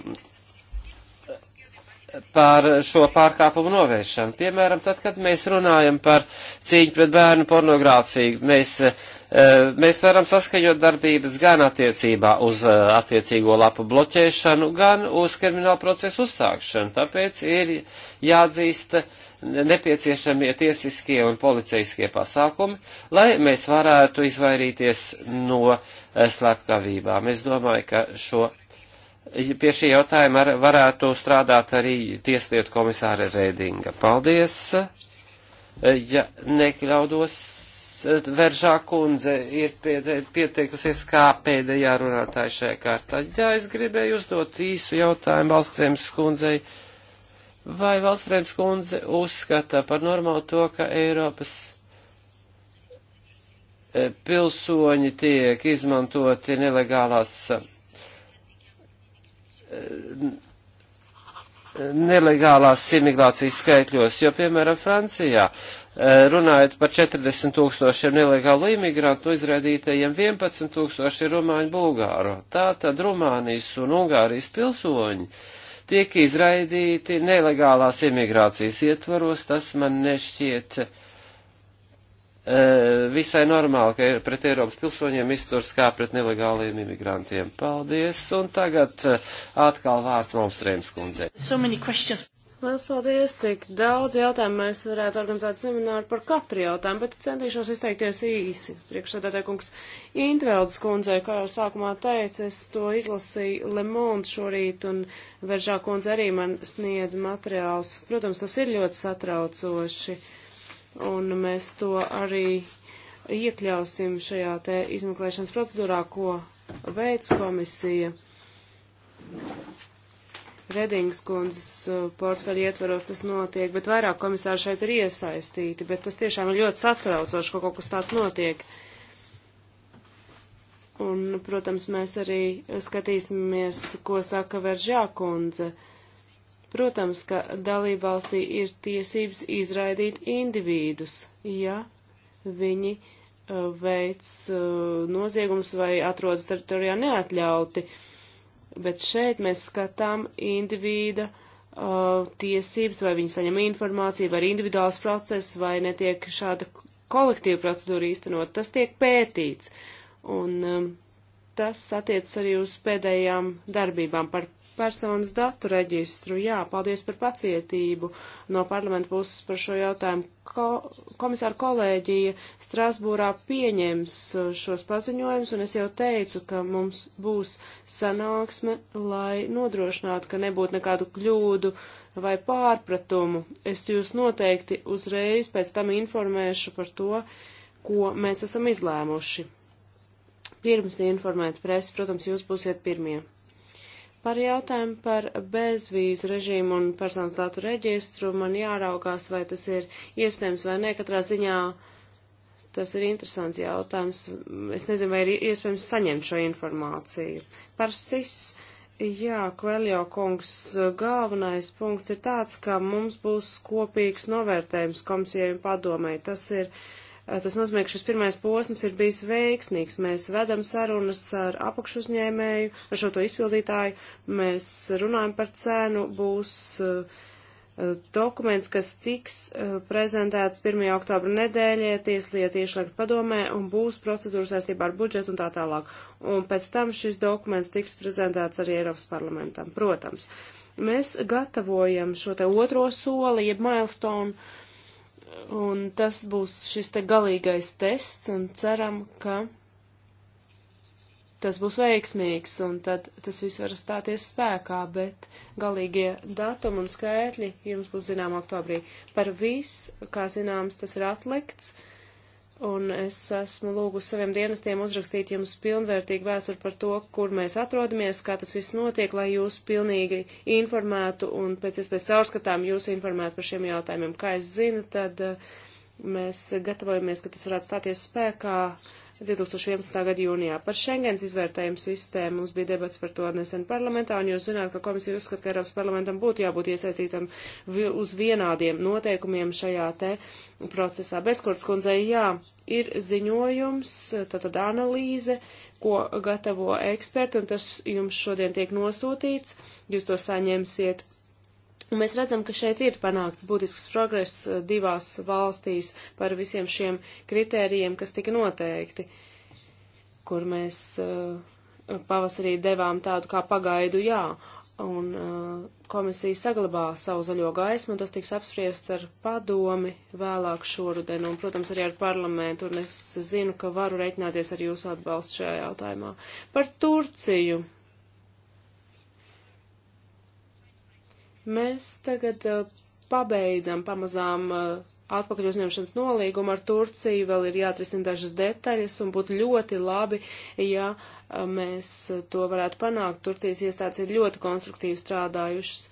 pār šo pārkāpumu novēršanu. Piemēram, tad, kad mēs runājam par cīņu pret bērnu pornogrāfiju, mēs, eh, mēs varam saskaņot darbības gan attiecībā uz attiecīgo lapu bloķēšanu, gan uz kriminālu procesu uzsākšanu. Tāpēc ir jāatzīst, nepieciešamie tiesiskie un policijskie pasākumi, lai mēs varētu izvairīties no eh, slepkavībām. Es domāju, ka šo, pie šī jautājuma ar, varētu strādāt arī tieslietu komisāra Rēdinga. Paldies! Ja nekļaudos, Veržā kundze ir pieteikusies kā pēdējā runātāja šajā kārtā. Jā, es gribēju uzdot īsu jautājumu Valstrēmas kundzei. Uh, Vai Valstrēms kundze uzskata par normālu to, ka Eiropas e, pilsoņi tiek izmantoti nelegālās, e, nelegālās imigrācijas skaitļos, jo, piemēram, Francijā, e, runājot par 40 tūkstošiem nelegālu imigrantu, izraidītajiem 11 tūkstoši ir rumāņu bulgāru. Tā tad Rumānijas un Ungārijas pilsoņi tiek izraidīti nelegālās imigrācijas ietvaros, tas man nešķiet e, visai normāli, ka pret Eiropas pilsoņiem izturs kā pret nelegāliem imigrantiem. Paldies, un tagad eh, atkal vārds Malmstrēms kundzei. So Lielas paldies, tik daudz jautājumu mēs varētu organizēt semināru par katru jautājumu, bet centīšos izteikties īsi. Priekšsēdētāj kungs Intveldes kundzei, kā jau sākumā teicu, es to izlasīju Lemont šorīt un Veržā kundze arī man sniedz materiālus. Protams, tas ir ļoti satraucoši un mēs to arī iekļausim šajā te izmeklēšanas procedūrā, ko veids komisija. Redingas kundzes uh, portfeļa ietvaros tas notiek, bet vairāk komisāri šeit ir iesaistīti, bet tas tiešām ir ļoti satraucoši, ka kaut kas tāds notiek. Un, protams, mēs arī skatīsimies, ko saka Veržā kundze. Protams, ka dalībvalstī ir tiesības izraidīt individus, ja viņi uh, veids uh, noziegumus vai atrodas teritorijā neatļauti. Uh, bet šeit mēs skatām individa uh, tiesības, vai viņi saņem informāciju, vai ir individuāls process, vai netiek šāda kolektīva procedūra īstenot. Tas tiek pētīts. Un um, tas attiecas arī uz pēdējām darbībām par personas datu reģistru. Jā, paldies par pacietību no parlamenta puses par šo jautājumu. Ko, komisāra kolēģija Strasbūrā pieņems uh, šos paziņojumus, un es jau teicu, ka mums būs sanāksme, lai nodrošinātu, ka nebūtu nekādu kļūdu vai pārpratumu. Es jūs noteikti uzreiz pēc tam informēšu par to, ko mēs esam izlēmuši. Pirms informēt presi, protams, jūs būsiet pirmie. Par jautājumu par bezvīzu režīmu un personas datu reģistru man jāraugās, vai tas ir iespējams vai nē. Katrā ziņā tas ir interesants jautājums. Es nezinu, vai ir iespējams saņemt šo informāciju. Par SIS, jā, Kveljo kungs, galvenais punkts ir tāds, ka mums būs kopīgs novērtējums komisijai un padomēji. Tas ir. Uh, Tas nozīmē, ka šis pirmais posms ir bijis veiksmīgs. Mēs vedam sarunas ar apakšuzņēmēju, ar šo to izpildītāju, mēs runājam par cenu, būs dokuments, kas tiks prezentēts 1. oktobra nedēļē, tieslietu iešliegt padomē un būs procedūra saistībā ar budžetu un tā tālāk. Un pēc tam šis dokuments tiks prezentēts arī Eiropas parlamentam, protams. Mēs gatavojam šo te otro soli, jeb milestone, Un tas būs šis te galīgais tests, un ceram, ka tas būs veiksmīgs, un tad tas viss var stāties spēkā, bet galīgie datumi un skaitļi jums būs zinām oktobrī. Par visu, kā zināms, tas ir atlikts. Uh, un es esmu lūgusi saviem dienestiem uzrakstīt jums pilnvērtīgu vēsturi par to, kur mēs atrodamies, kā tas viss notiek, lai jūs pilnīgi informētu un pēc iespējas caurskatām jūs informētu par šiem jautājumiem. Kā es zinu, tad eh, mēs gatavojamies, ka tas varētu stāties spēkā 2011. gada jūnijā. Par Schengens izvērtējumu sistēmu mums bija debats par to nesen parlamentā, un jūs zināt, ka komisija uzskata, ka Eiropas parlamentam būtu jābūt iesaistītam vi uz vienādiem noteikumiem šajā te procesā. Bezkurts kundzei, jā, ir ziņojums, tātad analīze, ko gatavo eksperti, un tas jums šodien tiek nosūtīts. Jūs to saņemsiet Un mēs redzam, ka šeit ir panākts būtisks progress eh, divās valstīs par visiem šiem kritērijiem, kas tika noteikti, kur mēs uh, pavasarī devām tādu kā pagaidu jā, un uh, komisija saglabā savu zaļo gaismu, un tas tiks apspriests ar padomi vēlāk šoruden, un, protams, arī ar parlamentu, un es zinu, ka varu reiķināties ar jūsu atbalstu šajā jautājumā. Par Turciju Mēs tagad uh, pabeidzam pamazām uh, atpakaļ uzņemšanas nolīgumu ar Turciju, vēl ir jāatrisina dažas detaļas un būtu ļoti labi, ja uh, mēs to varētu panākt. Turcijas iestādes ir ļoti konstruktīvi strādājušas.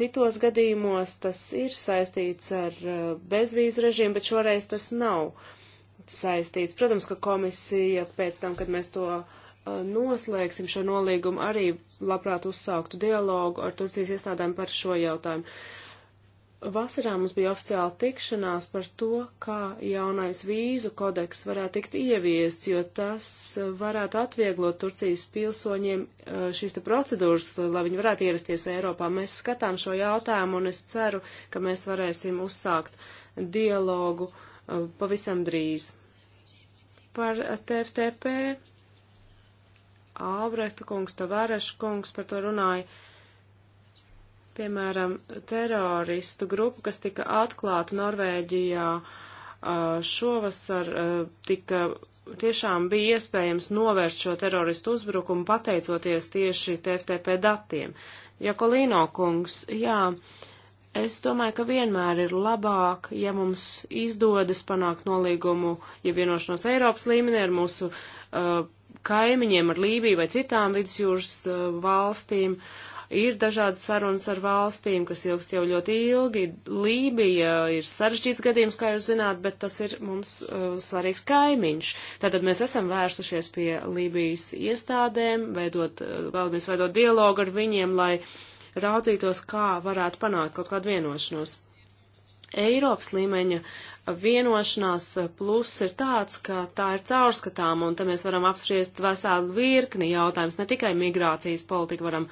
Citos gadījumos tas ir saistīts ar bezvīzu režīmu, bet šoreiz tas nav saistīts. Protams, ka komisija pēc tam, kad mēs to uh, Uh, noslēgsim šo nolīgumu, arī labprāt uzsāktu dialogu ar Turcijas iestādēm par šo jautājumu. Vasarā mums bija oficiāla tikšanās par to, kā jaunais vīzu kodeks varētu tikt ieviests, jo tas varētu atvieglot Turcijas pilsoņiem uh, šīs te procedūras, lai viņi varētu ierasties Eiropā. Mēs skatām šo jautājumu un es ceru, ka mēs varēsim uzsākt dialogu uh, pavisam drīz. Par TFTP Ābrehta kungs, Tavareša kungs par to runāja. Piemēram, teroristu grupa, kas tika atklāta Norvēģijā šovasar, tika tiešām bija iespējams novērst šo teroristu uzbrukumu pateicoties tieši TFTP datiem. Jakolīno kungs, jā. Es domāju, ka vienmēr ir labāk, ja mums izdodas panākt nolīgumu, ja vienošanos Eiropas līmenī ar mūsu uh, kaimiņiem ar Lībiju vai citām vidusjūras uh, valstīm. Ir dažādas sarunas ar valstīm, kas ilgst jau ļoti ilgi. Lībija ir sarežģīts gadījums, kā jūs zināt, bet tas ir mums uh, svarīgs kaimiņš. Tātad mēs esam vērsušies pie Lībijas iestādēm, veidot, uh, vēlamies veidot dialogu ar viņiem, lai raudzītos, kā varētu panākt kaut kādu vienošanos. Eiropas līmeņa vienošanās pluss ir tāds, ka tā ir caurskatām, un te mēs varam apspriest veselu virkni jautājums, ne tikai migrācijas politiku, varam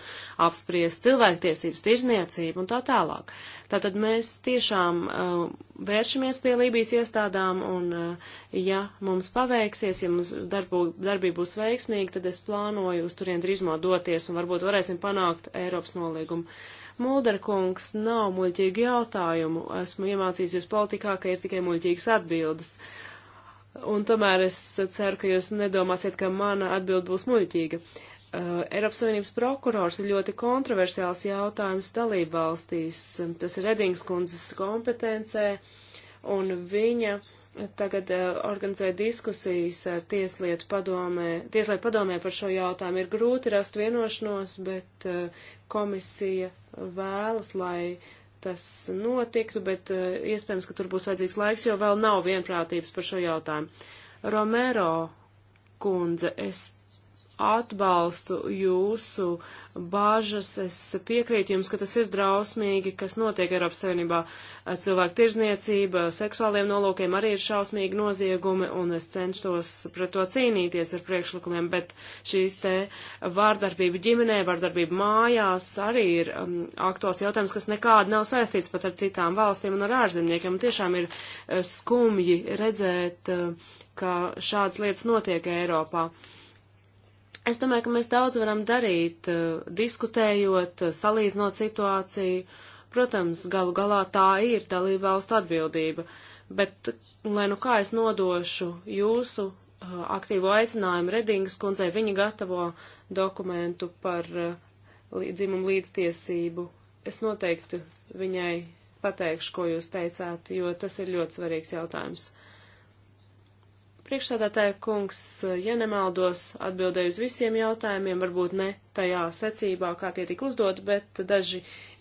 apspriest cilvēktiesības, tirzniecību un tā tālāk. Tātad mēs tiešām uh, vēršamies pie Lībijas iestādām, un uh, ja mums paveiksies, ja mums darbu, darbība būs veiksmīga, tad es plānoju uz turien drīzumā doties, un varbūt varēsim panākt Eiropas nolīgumu. Uh, Mulderkungs, nav muļķīgu jautājumu. Esmu iemācījusies politikā, ka ir tikai muļķīgas atbildes. Un tomēr es ceru, ka jūs nedomāsiet, ka mana atbild būs muļķīga. Uh, Eiropas Savienības prokurors ir ļoti kontroversiāls jautājums dalību valstīs. Tas ir Redings kundzes kompetencē, un viņa tagad uh, organizē diskusijas ar Tieslietu padomē. Tieslietu padomē par šo jautājumu ir grūti rast vienošanos, bet uh, komisija vēlas, lai tas notiktu, bet eh, iespējams, ka tur būs vajadzīgs laiks, jo vēl nav vienprātības par šo jautājumu. Romero kundze, es atbalstu jūsu bāžas. Es piekrītu jums, ka tas ir drausmīgi, kas notiek Eiropas Savienībā. Cilvēku tirzniecība, seksuāliem nolūkiem arī ir šausmīgi noziegumi, un es cenšos pret to cīnīties ar priekšlikumiem, bet šīs te vārdarbība ģimenē, vārdarbība mājās arī ir um, aktuāls jautājums, kas nekādi nav saistīts pat ar citām valstīm un ar ārzemniekiem. Un tiešām ir uh, skumji redzēt, uh, ka šādas lietas notiek Eiropā. Uh, Es domāju, ka mēs daudz varam darīt, eh, diskutējot, eh, salīdzinot situāciju. Protams, galu galā tā ir dalība valstu atbildība, bet lai nu kā es nodošu jūsu eh, aktīvo aicinājumu Redingas kundzei, viņa gatavo dokumentu par dzimumu līdztiesību. Es noteikti viņai pateikšu, ko jūs teicāt, jo tas ir ļoti svarīgs jautājums. Priekšsādātāja kungs, ja nemaldos, atbildēju uz visiem jautājumiem, varbūt ne tajā secībā, kā tie tika uzdoti, bet daži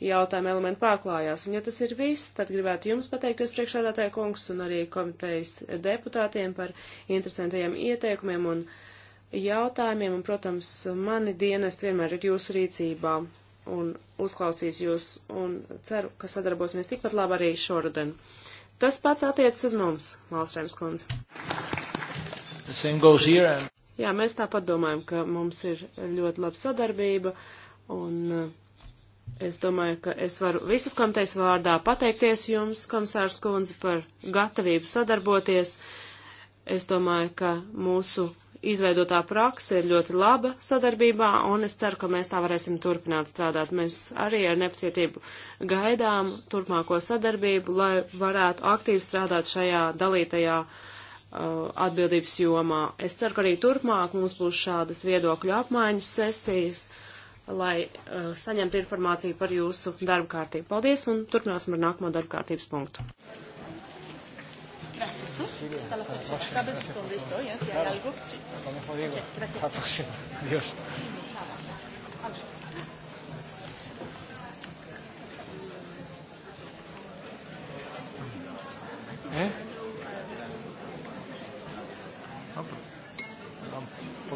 jautājumi elementi pārklājās. Un ja tas ir viss, tad gribētu jums pateikties priekšsādātāja kungs un arī komitejas deputātiem par interesantajiem ieteikumiem un jautājumiem. Un, protams, mani dienest vienmēr ir jūsu rīcībā un uzklausīs jūs un ceru, ka sadarbosimies tikpat labi arī šoruden. Tas pats attiecas uz mums, Malstrēms kundze. And... Jā, mēs tāpat domājam, ka mums ir ļoti laba sadarbība, un eh, es domāju, ka es varu visas komitejas vārdā pateikties jums, komisārs Kunze, par gatavību sadarboties. Es domāju, ka mūsu izveidotā praksa ir ļoti laba sadarbībā, un es ceru, ka mēs tā varēsim turpināt strādāt. Mēs arī ar nepacietību gaidām turpmāko sadarbību, lai varētu aktīvi strādāt šajā dalītajā Uh, atbildības jomā. Es ceru, ka arī turpmāk mums būs šādas viedokļu apmaiņas sesijas, lai uh, saņemtu informāciju par jūsu darba kārtību. Paldies un turpināsim ar nākamo darba kārtības punktu. ¿Eh?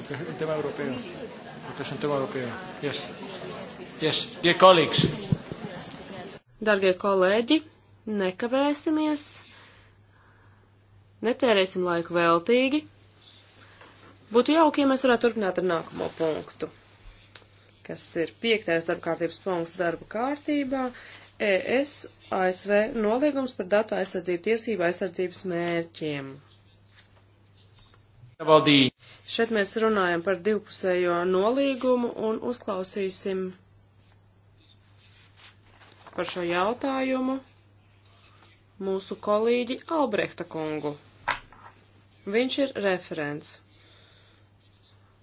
porque es un tema europeo. Porque es un tema europeo. Yes. Yes. Dear colleagues. Dargie kolēģi, nekavēsimies, netērēsim laiku veltīgi. Būtu jauki, ja mēs varētu turpināt ar nākamo punktu, kas ir piektais darba kārtības punkts darba kārtībā. ES ASV noliegums par datu aizsardzību tiesību aizsardzības mērķiem. Valdī. Šeit mēs runājam par divpusējo nolīgumu un uzklausīsim par šo jautājumu mūsu kolīģi Albrehta kungu. Viņš ir referents.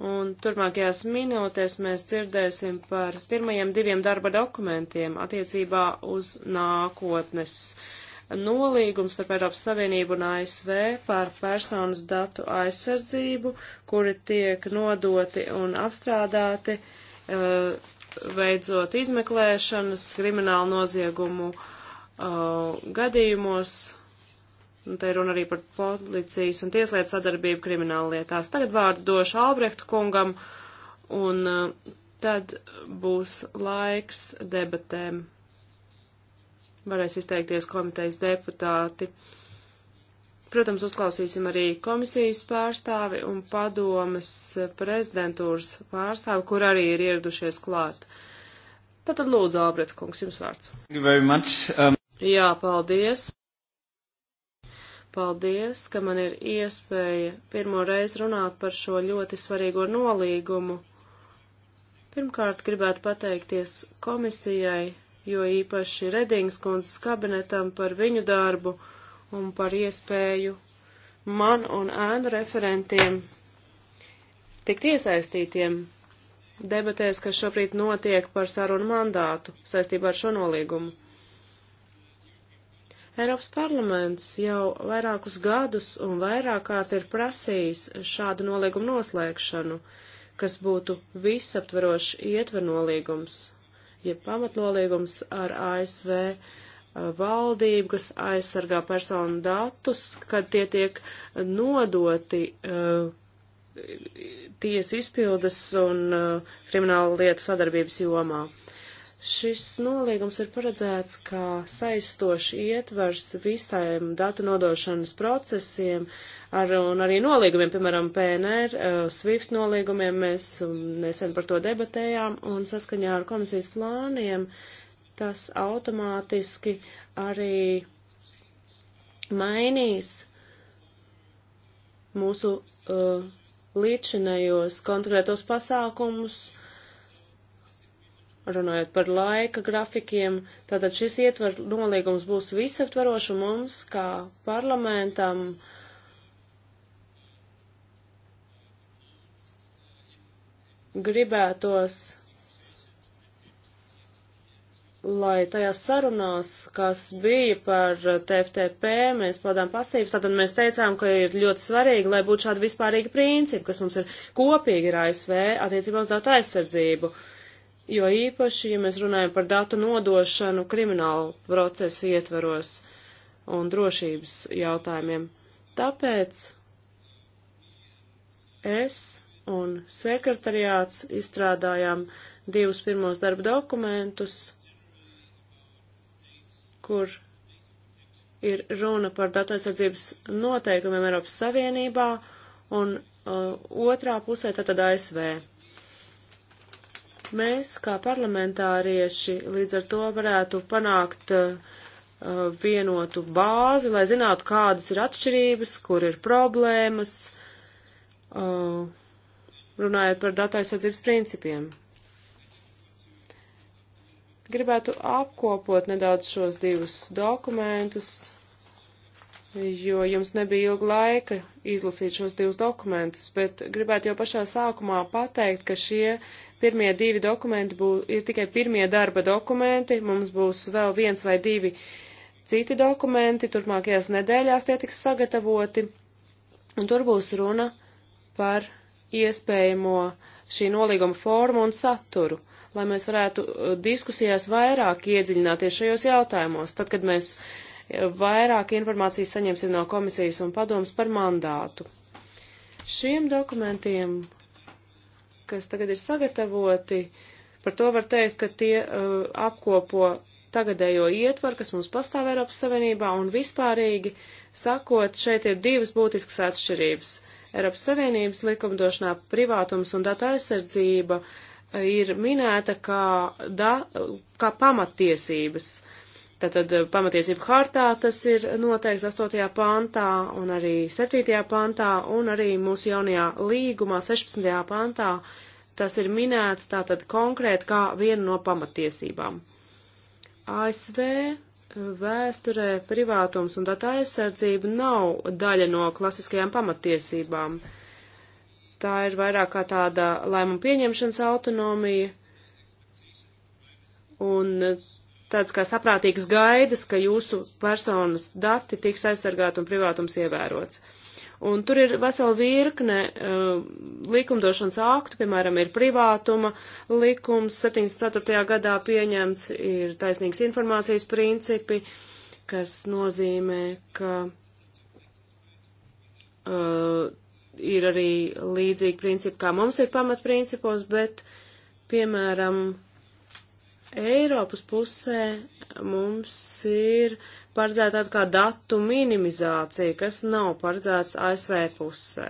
Un turpmākajās minūtēs mēs dzirdēsim par pirmajiem diviem darba dokumentiem attiecībā uz nākotnes nolīgums starp Eiropas Savienību un ASV par personas datu aizsardzību, kuri tiek nodoti un apstrādāti, eh, veidzot izmeklēšanas kriminālu noziegumu eh, gadījumos Un te runa arī par policijas un tieslietu sadarbību krimināla lietās. Tagad vārdu došu Albrehtu kungam, un uh, tad būs laiks debatēm. Varēs izteikties komitejas deputāti. Protams, uzklausīsim arī komisijas pārstāvi un padomas prezidentūras pārstāvi, kur arī ir ieradušies klāt. Tātad lūdzu, Albret kungs, jums vārds. Um... Jā, paldies. Paldies, ka man ir iespēja pirmo reizi runāt par šo ļoti svarīgo nolīgumu. Pirmkārt, gribētu pateikties komisijai, jo īpaši Redings kundzes kabinetam par viņu darbu un par iespēju man un ēnu referentiem tikt iesaistītiem debatēs, kas šobrīd notiek par sarunu mandātu saistībā ar šo nolīgumu. Eiropas parlaments jau vairākus gadus un vairāk kārt ir prasījis šādu nolīgumu noslēgšanu, kas būtu visaptverošs ietvernolīgums, jeb pamatnolīgums ar ASV valdību, kas aizsargā personu datus, kad tie tiek nodoti uh, tiesu izpildes un uh, krimināla lietu sadarbības jomā. Uh, Šis nolīgums ir paredzēts kā saistoši ietvars visiem datu nodošanas procesiem ar, un arī nolīgumiem, piemēram, PNR, eh, SWIFT nolīgumiem. Mēs um, nesen par to debatējām un saskaņā ar komisijas plāniem tas automātiski arī mainīs mūsu uh, līdzinējos konkrētos pasākumus runājot par laika grafikiem, tātad šis ietver nolīgums būs visaptvaroši mums, kā parlamentam. Gribētos, lai tajās sarunās, kas bija par TFTP, mēs padām pasīvas, tātad mēs teicām, ka ir ļoti svarīgi, lai būtu šādi vispārīgi principi, kas mums ir kopīgi ar ASV attiecībā uz datu aizsardzību. Uh, jo īpaši, ja mēs runājam par datu nodošanu kriminālu procesu ietveros un drošības jautājumiem. Tāpēc es un sekretariāts izstrādājām divus pirmos darba dokumentus, kur ir runa par datu aizsardzības noteikumiem Eiropas Savienībā un uh, otrā pusē tātad ASV. Mēs, kā parlamentārieši, līdz ar to varētu panākt uh, vienotu bāzi, lai zinātu, kādas ir atšķirības, kur ir problēmas, uh, runājot par datu aizsardzības principiem. Gribētu apkopot nedaudz šos divus dokumentus, jo jums nebija ilga laika izlasīt šos divus dokumentus, bet gribētu jau pašā sākumā pateikt, ka šie Pirmie divi dokumenti bū, ir tikai pirmie darba dokumenti, mums būs vēl viens vai divi citi dokumenti, turpmākajās nedēļās tie tiks sagatavoti, un tur būs runa par iespējamo šī nolīguma formu un saturu, lai mēs varētu uh, diskusijās vairāk iedziļināties šajos jautājumos, tad, kad mēs uh, vairāk informācijas saņemsim no komisijas un padomas par mandātu. Šiem dokumentiem kas tagad ir sagatavoti, par to var teikt, ka tie uh, apkopo tagadējo ietvaru, kas mums pastāv Eiropas Savienībā, un vispārīgi sakot, šeit ir divas būtiskas atšķirības. Eiropas Savienības likumdošanā privātums un datu aizsardzība uh, ir minēta kā, da, uh, kā pamattiesības. Uh, Tātad eh, pamatiesību hartā tas ir noteikts 8. pantā un arī 7. pantā un arī mūsu jaunajā līgumā 16. pantā tas ir minēts tātad konkrēti kā viena no pamatiesībām. ASV eh, vēsturē privātums un datu aizsardzība nav daļa no klasiskajām pamatiesībām. Tā ir vairāk kā tāda lēmuma pieņemšanas autonomija, un tāds kā saprātīgs gaidas, ka jūsu personas dati tiks aizsargāti un privātums ievērots. Un tur ir vesela virkne uh, likumdošanas aktu, piemēram, ir privātuma likums, 74. gadā pieņemts ir taisnīgs informācijas principi, kas nozīmē, ka uh, ir arī līdzīgi principi, kā mums ir pamatprincipos, bet, piemēram, Eiropas pusē mums ir paredzēta tāda kā datu minimizācija, kas nav paredzēts ASV pusē.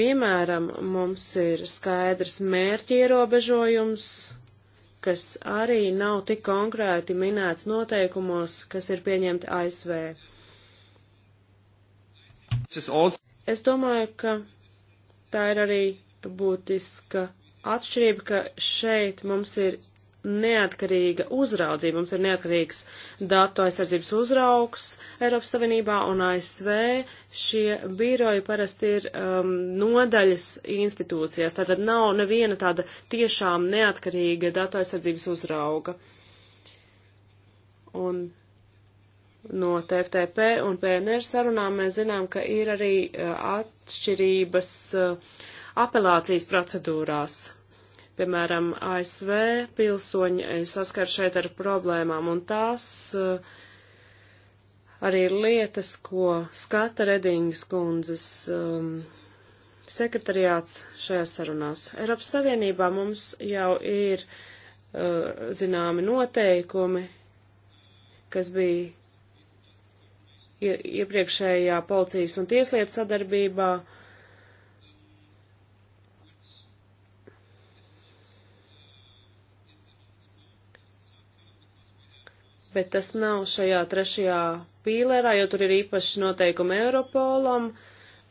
Piemēram, mums ir skaidrs mērķi ierobežojums, kas arī nav tik konkrēti minēts noteikumos, kas ir pieņemti ASV. Es domāju, ka tā ir arī būtiska atšķirība, ka šeit mums ir neatkarīga uzraudzība, mums ir neatkarīgs datu aizsardzības uzraugs Eiropas Savienībā un ASV. Šie biroji parasti ir um, nodaļas institūcijās, tātad nav neviena tāda tiešām neatkarīga datu aizsardzības uzrauga. Un no TFTP un PNR sarunām mēs zinām, ka ir arī uh, atšķirības uh, apelācijas procedūrās Piemēram, ASV pilsoņi eh, saskar šeit ar problēmām, un tās eh, arī ir lietas, ko skata Redingas kundzes um, sekretariāts šajās sarunās. Eiropas Savienībā mums jau ir uh, zināmi noteikumi, kas bija iepriekšējā policijas un tieslietu sadarbībā, bet tas nav šajā trešajā pīlērā, jo tur ir īpaši noteikumi Europolam,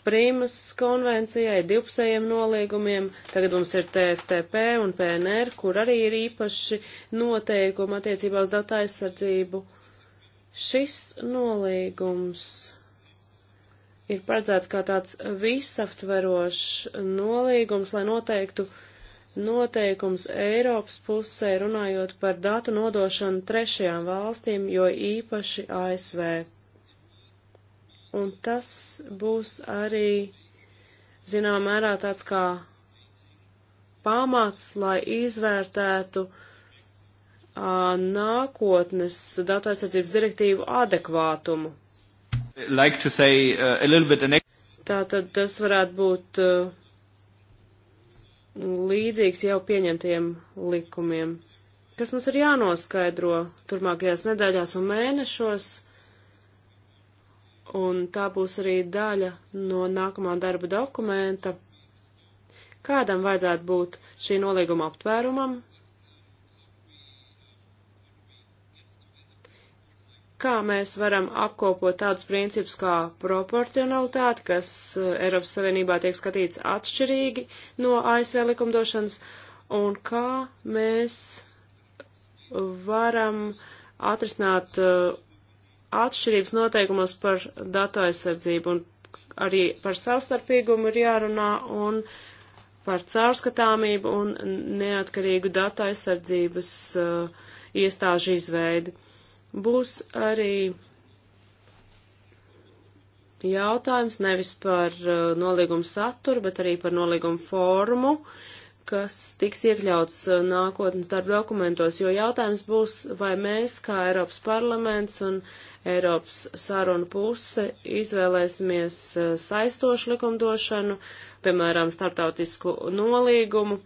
Prīmas konvencijai, divpusējiem nolīgumiem, tagad mums ir TFTP un PNR, kur arī ir īpaši noteikumi attiecībā uz datu aizsardzību. Šis nolīgums ir paredzēts kā tāds visaptverošs nolīgums, lai noteiktu, uh, noteikums Eiropas pusē runājot par datu nodošanu trešajām valstīm, jo īpaši ASV. Un tas būs arī, zinām, mērā tāds kā pamats, lai izvērtētu a, nākotnes datu aizsardzības direktīvu adekvātumu. Like say, uh, bit... Tātad tas varētu būt uh, līdzīgs jau pieņemtiem likumiem. Kas mums ir jānoskaidro turmākajās nedēļās un mēnešos, un tā būs arī daļa no nākamā darba dokumenta, kādam vajadzētu būt šī nolīguma aptvērumam, kā mēs varam apkopot tādus principus kā proporcionalitāte, kas eh, Eiropas Savienībā tiek skatīts atšķirīgi no ASV likumdošanas, un kā mēs varam atrisināt eh, atšķirības noteikumos par datu aizsardzību, un arī par savstarpīgumu ir jārunā, un par caurskatāmību un neatkarīgu datu aizsardzības uh, iestāžu izveidi. Uh, Būs arī jautājums nevis par uh, nolīgumu saturu, bet arī par nolīgumu formu, kas tiks iekļauts uh, nākotnes darba dokumentos, jo jautājums būs, vai mēs, kā Eiropas parlaments un Eiropas saruna puse, izvēlēsimies uh, saistošu likumdošanu, piemēram, starptautisku nolīgumu.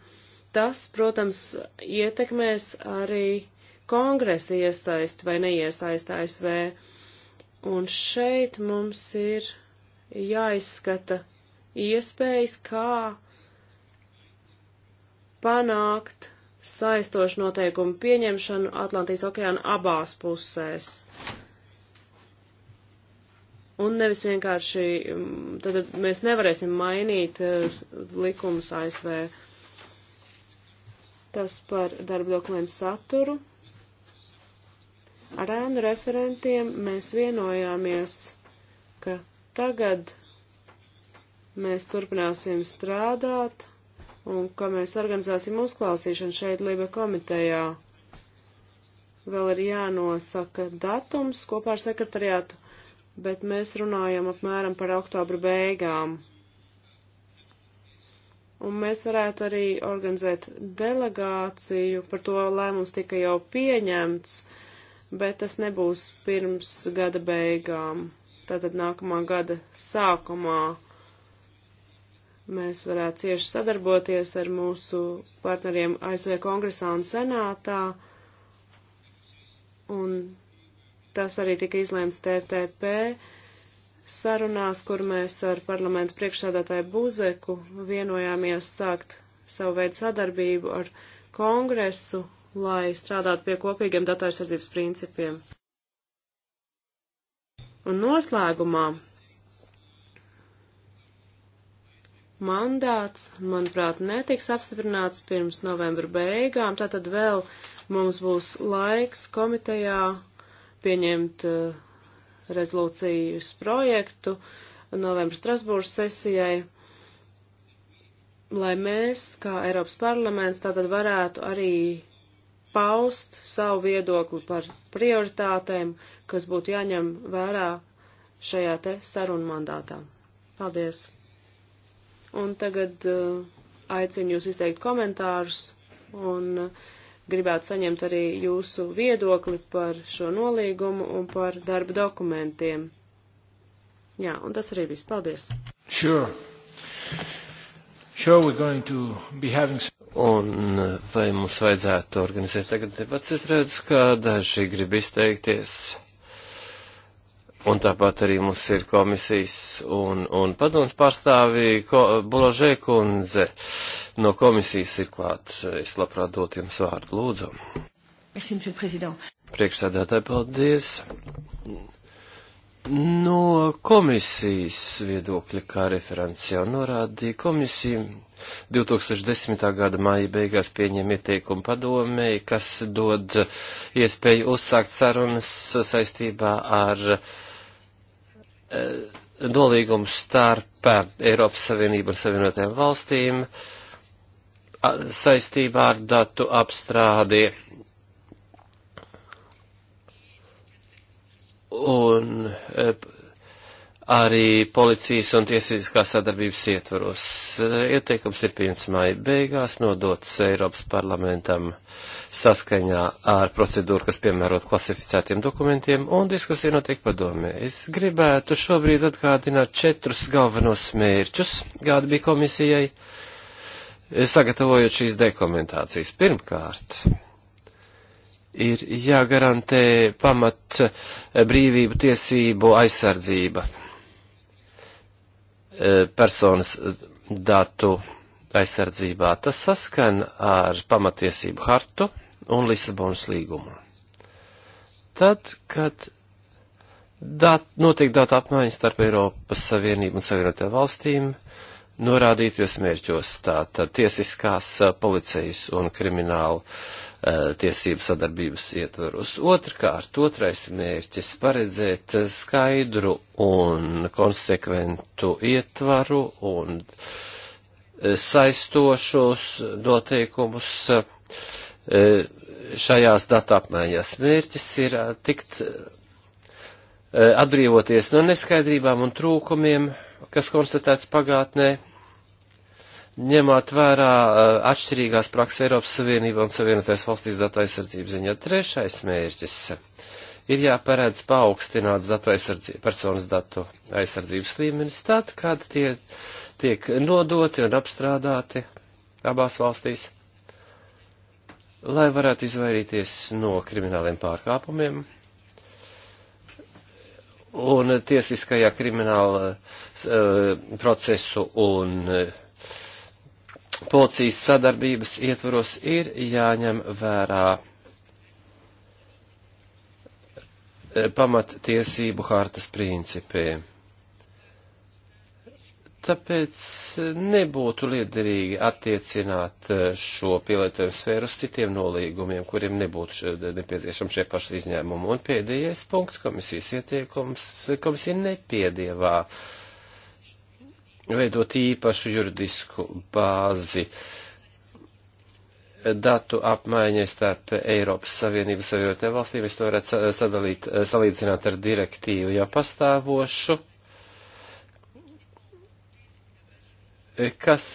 Tas, protams, ietekmēs arī kongresa iesaist vai neiesaist ASV. Un šeit mums ir jāizskata iespējas, kā panākt saistošu noteikumu pieņemšanu Atlantijas okeāna abās pusēs. Un nevis vienkārši, mm, tad mēs nevarēsim mainīt eh, likumus ASV. Tas par darba dokumentu saturu. Ar ēnu referentiem mēs vienojāmies, ka tagad mēs turpināsim strādāt un ka mēs organizēsim uzklausīšanu šeit Liba komitejā. Vēl ir jānosaka datums kopā ar sekretariātu, bet mēs runājam apmēram par oktobra beigām un mēs varētu arī organizēt delegāciju, par to lēmums tika jau pieņemts, bet tas nebūs pirms gada beigām. Tātad nākamā gada sākumā mēs varētu cieši sadarboties ar mūsu partneriem ASV kongresā un senātā. Un tas arī tika izlēmts TTP sarunās, kur mēs ar parlamentu priekšsādātāju Buzeku vienojāmies sākt savu veidu sadarbību ar kongresu lai strādātu pie kopīgiem datu aizsardzības principiem. Un noslēgumā mandāts, manuprāt, netiks apstiprināts pirms novembra beigām, tātad vēl mums būs laiks komitejā pieņemt uh, rezolūcijas projektu novembra Strasbūras sesijai, lai mēs, kā Eiropas parlaments, tātad varētu arī paust savu viedokli par prioritātēm, kas būtu jāņem vērā šajā te sarunu mandātā. Paldies! Un tagad uh, aicinu jūs izteikt komentārus un uh, gribētu saņemt arī jūsu viedokli par šo nolīgumu un par darba dokumentiem. Jā, un tas arī viss. Paldies! Sure. Sure, we're going to be having Un vai mums vajadzētu organizēt tagad debats? Es redzu, ka daži grib izteikties. Un tāpat arī mums ir komisijas un, un padoms pārstāvī ko, Buložē kundze no komisijas ir klāt. Es labprāt dot jums vārdu, lūdzu. Priekšsēdētāji, paldies. No komisijas viedokļa, kā referents jau norādīja, komisija 2010. gada māja beigās pieņēma ieteikumu padomēji, kas dod iespēju uzsākt sarunas saistībā ar e, nolīgumu starp Eiropas Savienību un Savienotajām valstīm a, saistībā ar datu apstrādi un arī policijas un tiesiskās sadarbības ietvaros. Ieteikums ir pieņemts māja beigās, nodots Eiropas parlamentam saskaņā ar procedūru, kas piemērot klasificētiem dokumentiem, un diskusija notiek padomē. Es gribētu šobrīd atgādināt četrus galvenos mērķus, kāda bija komisijai, sagatavojot šīs dekomentācijas. Pirmkārt, ir jāgarantē pamat eh, brīvību tiesību aizsardzība eh, personas eh, datu aizsardzībā. Tas saskan ar pamatiesību hartu un Lisabonas līgumu. Tad, kad dat, notiek datu apmaiņa starp Eiropas Savienību un Savienotiem valstīm, norādītajos mērķos, tātad tiesiskās, policijas un krimināla uh, Uh, tiesību sadarbības ietvaros. Otrkārt, otrais mērķis - paredzēt skaidru un konsekventu ietvaru un uh, saistošos noteikumus uh, šajās datu apmaiņās. Mērķis ir tikt atbrīvoties no neskaidrībām un trūkumiem, kas konstatēts pagātnē, ņemot vērā eh, atšķirīgās prakses Eiropas Savienībā un Savienotais valstīs datu aizsardzības ziņā. Trešais mērķis ir jāparedz paaugstināts datu aizsardzība, personas datu aizsardzības līmenis tad, kad tie tiek nodoti un apstrādāti abās valstīs, lai varētu izvairīties no krimināliem pārkāpumiem un tiesiskajā krimināla uh, procesu un uh, policijas sadarbības ietvaros ir jāņem vērā e, pamattiesību hartas principi. Tāpēc nebūtu liederīgi attiecināt e, šo pielietojumu sfēru uz citiem nolīgumiem, kuriem nebūtu nepieciešami šie paši izņēmumi. Un pēdējais punkts komisijas ieteikums komisija nepiedievā uh, veidot īpašu juridisku bāzi datu apmaiņai starp Eiropas Savienības savienotiem valstīm. Es to varētu sadalīt, salīdzināt ar direktīvu jau pastāvošu, kas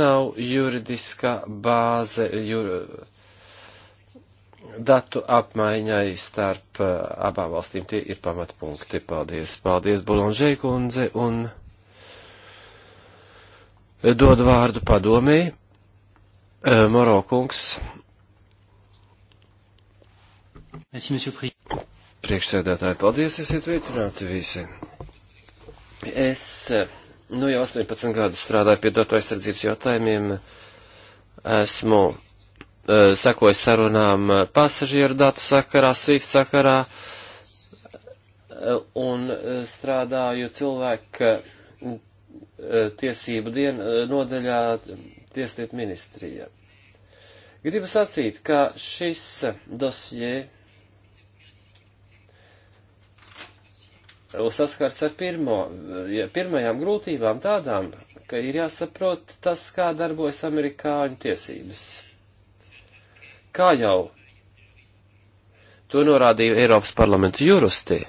nav juridiskā bāze jur, datu apmaiņai starp abām valstīm. Tie ir pamatpunkti. Paldies, paldies, Bulonžē kundze. Un dod vārdu padomē. E, Moro kungs. Priekšsēdētāji, paldies, esiet sveicināti visi. Es e, nu jau 18 gadus strādāju pie datu aizsardzības jautājumiem. Esmu e, sekojis sarunām pasažieru datu sakarā, SWIFT sakarā un strādāju cilvēku tiesību dien, nodaļā tieslietu ministrijā. Gribu sacīt, ka šis dosie saskars ar pirmo, pirmajām grūtībām tādām, ka ir jāsaprot tas, kā darbojas amerikāņu tiesības. Kā jau to norādīja Eiropas parlamenta juristi,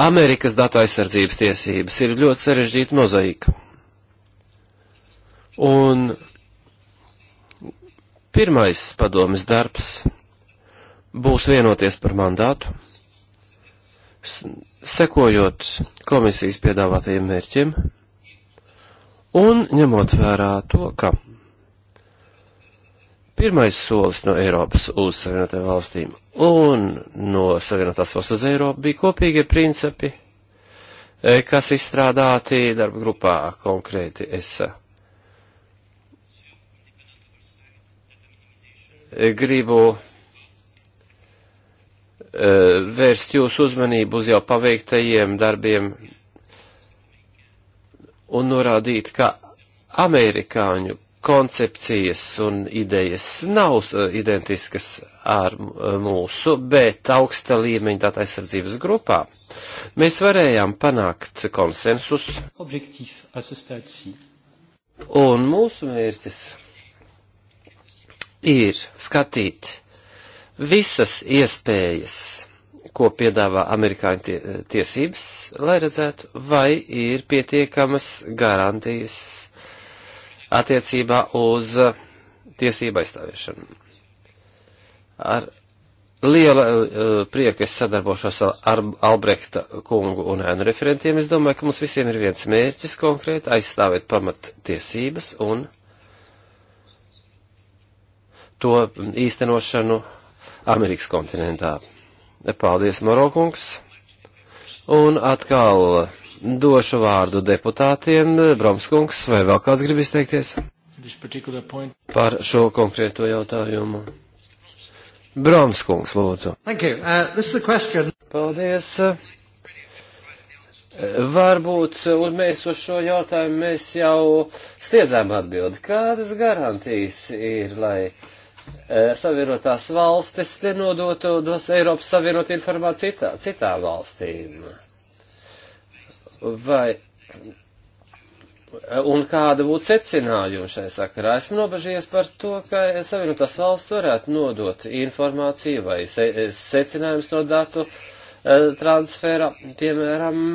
Amerikas datu aizsardzības tiesības ir ļoti sarežģīta mozaika. Un pirmais padomis darbs būs vienoties par mandātu, sekojot komisijas piedāvātajiem mērķiem un ņemot vērā to, ka pirmais solis no Eiropas uz Savienotām valstīm un no Savienotās valsts uz Eiropu bija kopīgie principi, e, kas izstrādāti darba grupā konkrēti ESA. E, gribu e, vērst jūsu uzmanību uz jau paveiktajiem darbiem un norādīt, ka amerikāņu koncepcijas un idejas nav uh, identiskas ar uh, mūsu, bet augsta līmeņa tāda aizsardzības grupā mēs varējām panākt konsensus. Un mūsu mērķis ir skatīt visas iespējas, ko piedāvā amerikāņu tie, tiesības, lai redzētu, vai ir pietiekamas garantijas attiecībā uz tiesību aizstāviešanu. Ar liela uh, eh, prieka es sadarbošos ar Albrehta kungu un ēnu referentiem. Es domāju, ka mums visiem ir viens mērķis konkrēti - aizstāvēt pamat tiesības un to īstenošanu Amerikas kontinentā. Paldies, Marokungs! Un atkal Došu vārdu deputātiem. Bromskungs, vai vēl kāds grib izteikties? Par šo konkrēto jautājumu. Bromskungs, lūdzu. Uh, Paldies. Varbūt mēs uz šo jautājumu mēs jau sniedzām atbildi. Kādas garantijas ir, lai eh, savienotās valstes nenodotu dos Eiropas Savienot informāciju citā, citām valstīm? vai un kāda būtu secinājuma šai sakarā. Esmu nobežies par to, ka Savienotās valsts varētu nodot informāciju vai se secinājums no datu e, transfera, piemēram,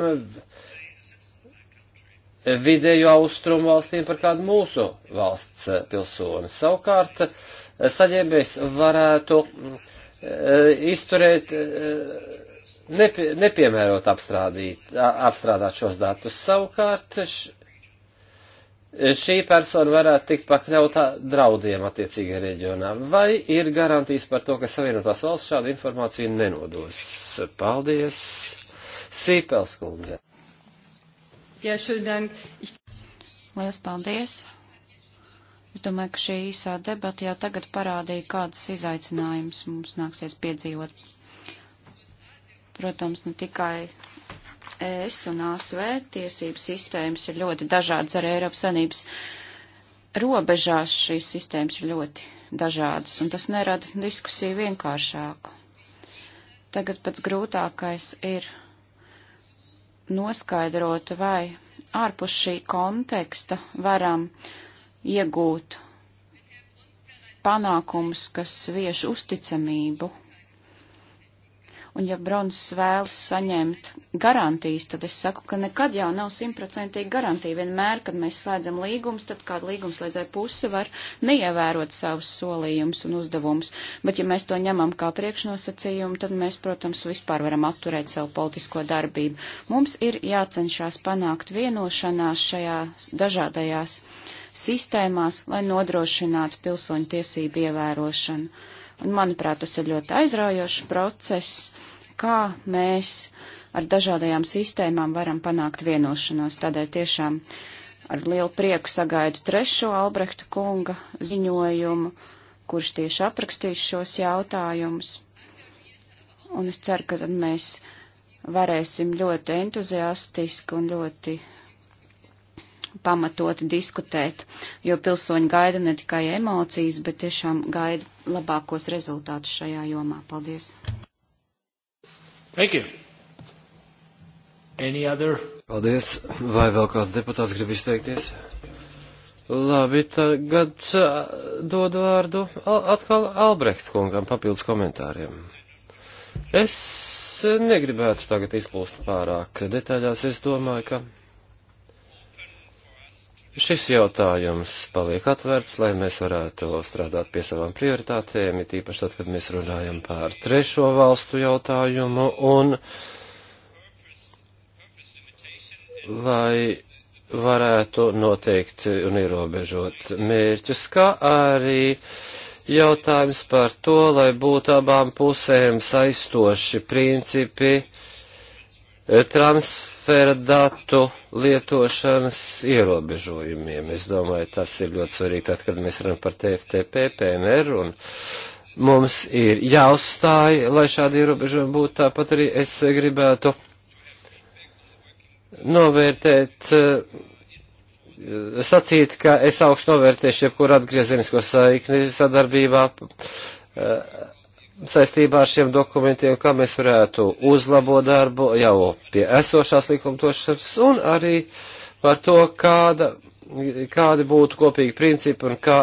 vidējo austrumu valstīm par kādu mūsu valsts e, pilsoni. Savukārt, e, saģēbēs varētu izturēt nepie, nepiemērot apstrādīt, apstrādāt šos datus. Savukārt š, šī persona varētu tikt pakļautā draudiem attiecīgajā reģionā. Vai ir garantijas par to, ka Savienotās valsts šādu informāciju nenodos? Paldies! Sīpels kundze. Jā, šodien. Lielas paldies! Es domāju, ka šī īsā debata jau tagad parādīja, kādas izaicinājumus mums nāksies piedzīvot Protams, ne tikai ES un ASV tiesības sistēmas ir ļoti dažādas ar Eiropas Sanības robežās. Šīs sistēmas ir ļoti dažādas, un tas nerada diskusiju vienkāršāku. Tagad pats grūtākais ir noskaidrot, vai ārpus šī konteksta varam iegūt panākumus, kas vieš uzticamību Un ja Brons vēlas saņemt garantijas, tad es saku, ka nekad jau nav simtprocentīgi garantija. Vienmēr, kad mēs slēdzam līgumus, tad kāda līgumslēdzēja puse var neievērot savus solījumus un uzdevumus. Bet ja mēs to ņemam kā priekšnosacījumu, tad mēs, protams, vispār varam apturēt savu politisko darbību. Mums ir jācenšas panākt vienošanās šajās dažādajās sistēmās, lai nodrošinātu pilsoņu tiesību ievērošanu. Un, manuprāt, tas ir ļoti aizraujošs process, kā mēs ar dažādajām sistēmām varam panākt vienošanos. Tādēļ tiešām ar lielu prieku sagaidu trešo Albrehta kunga ziņojumu, kurš tieši aprakstīs šos jautājumus. Un es ceru, ka tad mēs varēsim ļoti entuziastiski un ļoti pamatot diskutēt, jo pilsoņi gaida ne tikai emocijas, bet tiešām gaida labākos rezultātus šajā jomā. Paldies! Thank you. Any other? Paldies. Vai vēl kāds deputāts grib izteikties? Labi, tagad uh, dod vārdu atkal Albrecht kungam papildus komentāriem. Es negribētu tagad izplūst pārāk detaļās. Es domāju, ka Šis jautājums paliek atvērts, lai mēs varētu strādāt pie savām prioritātēm, it īpaši tad, kad mēs runājam par trešo valstu jautājumu, un lai varētu noteikt un ierobežot mērķus, kā arī jautājums par to, lai būtu abām pusēm saistoši principi eh, transfer transfera datu lietošanas ierobežojumiem. Es domāju, tas ir ļoti svarīgi, tad, kad mēs runājam par TFTP, PNR un mums ir jāuzstāj, lai šādi ierobežojumi būtu. Tāpat arī es gribētu novērtēt, eh, sacīt, ka es augstu novērtēšu jebkuru atgriezenisko saikni sadarbībā eh, saistībā ar šiem dokumentiem, kā mēs varētu uzlabot darbu jau pie esošās likumtošanas un arī par to, kāda, kādi būtu kopīgi principi un kā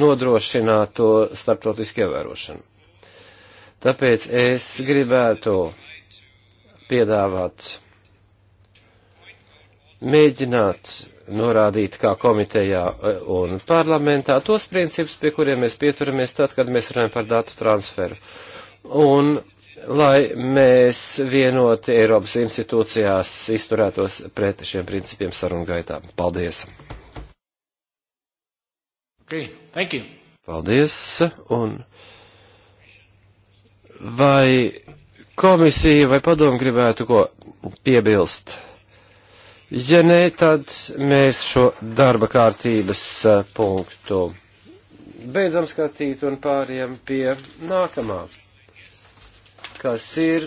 nodrošināt to starptautisku ievērošanu. Tāpēc es gribētu piedāvāt mēģināt norādīt kā komitejā e, un parlamentā tos principus, pie kuriem mēs pieturamies tad, kad mēs runājam par datu transferu. Un lai mēs vienoti Eiropas institūcijās izturētos pret šiem principiem sarunu gaitā. Paldies! Okay, thank you. Paldies! Un vai komisija vai padomu gribētu ko piebilst? Ja nē, tad mēs šo darba kārtības eh, punktu beidzam skatīt un pāriem pie nākamā, kas ir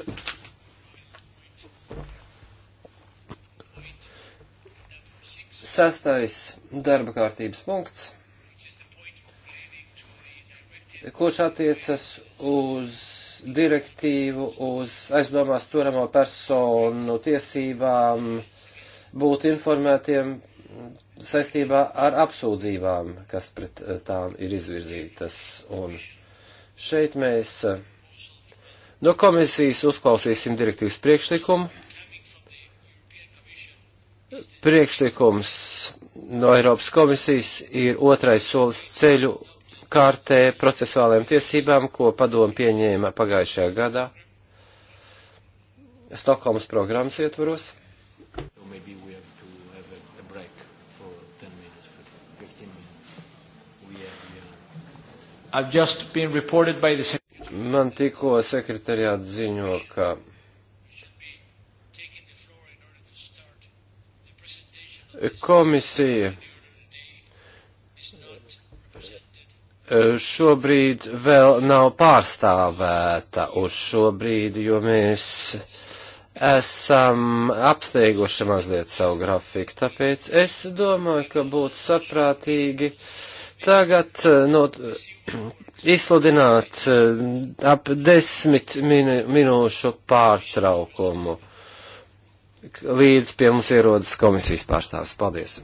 sastais darba kārtības punkts, kurš attiecas uz direktīvu uz aizdomās turamo personu tiesībām, uh, būt informētiem saistībā ar apsūdzībām, kas pret eh, tām ir izvirzītas. Un šeit mēs eh, no komisijas uzklausīsim direktīvas priekšlikumu. Priekšlikums no Eiropas komisijas ir otrais solis ceļu kārtē procesuālajām tiesībām, ko padomu pieņēma pagājušajā gadā Stokholmas programmas ietvaros. The... Man tikko sekretariāts ziņo, ka komisija e, šobrīd vēl nav pārstāvēta uz šo brīdi, jo mēs esam apsteiguši mazliet savu grafiku. Tāpēc es domāju, ka būtu saprātīgi uh, Tagad eh, no, eh, izsludināt eh, ap desmit minu, minūšu pārtraukumu, līdz pie mums ierodas komisijas pārstāvis. Paldies!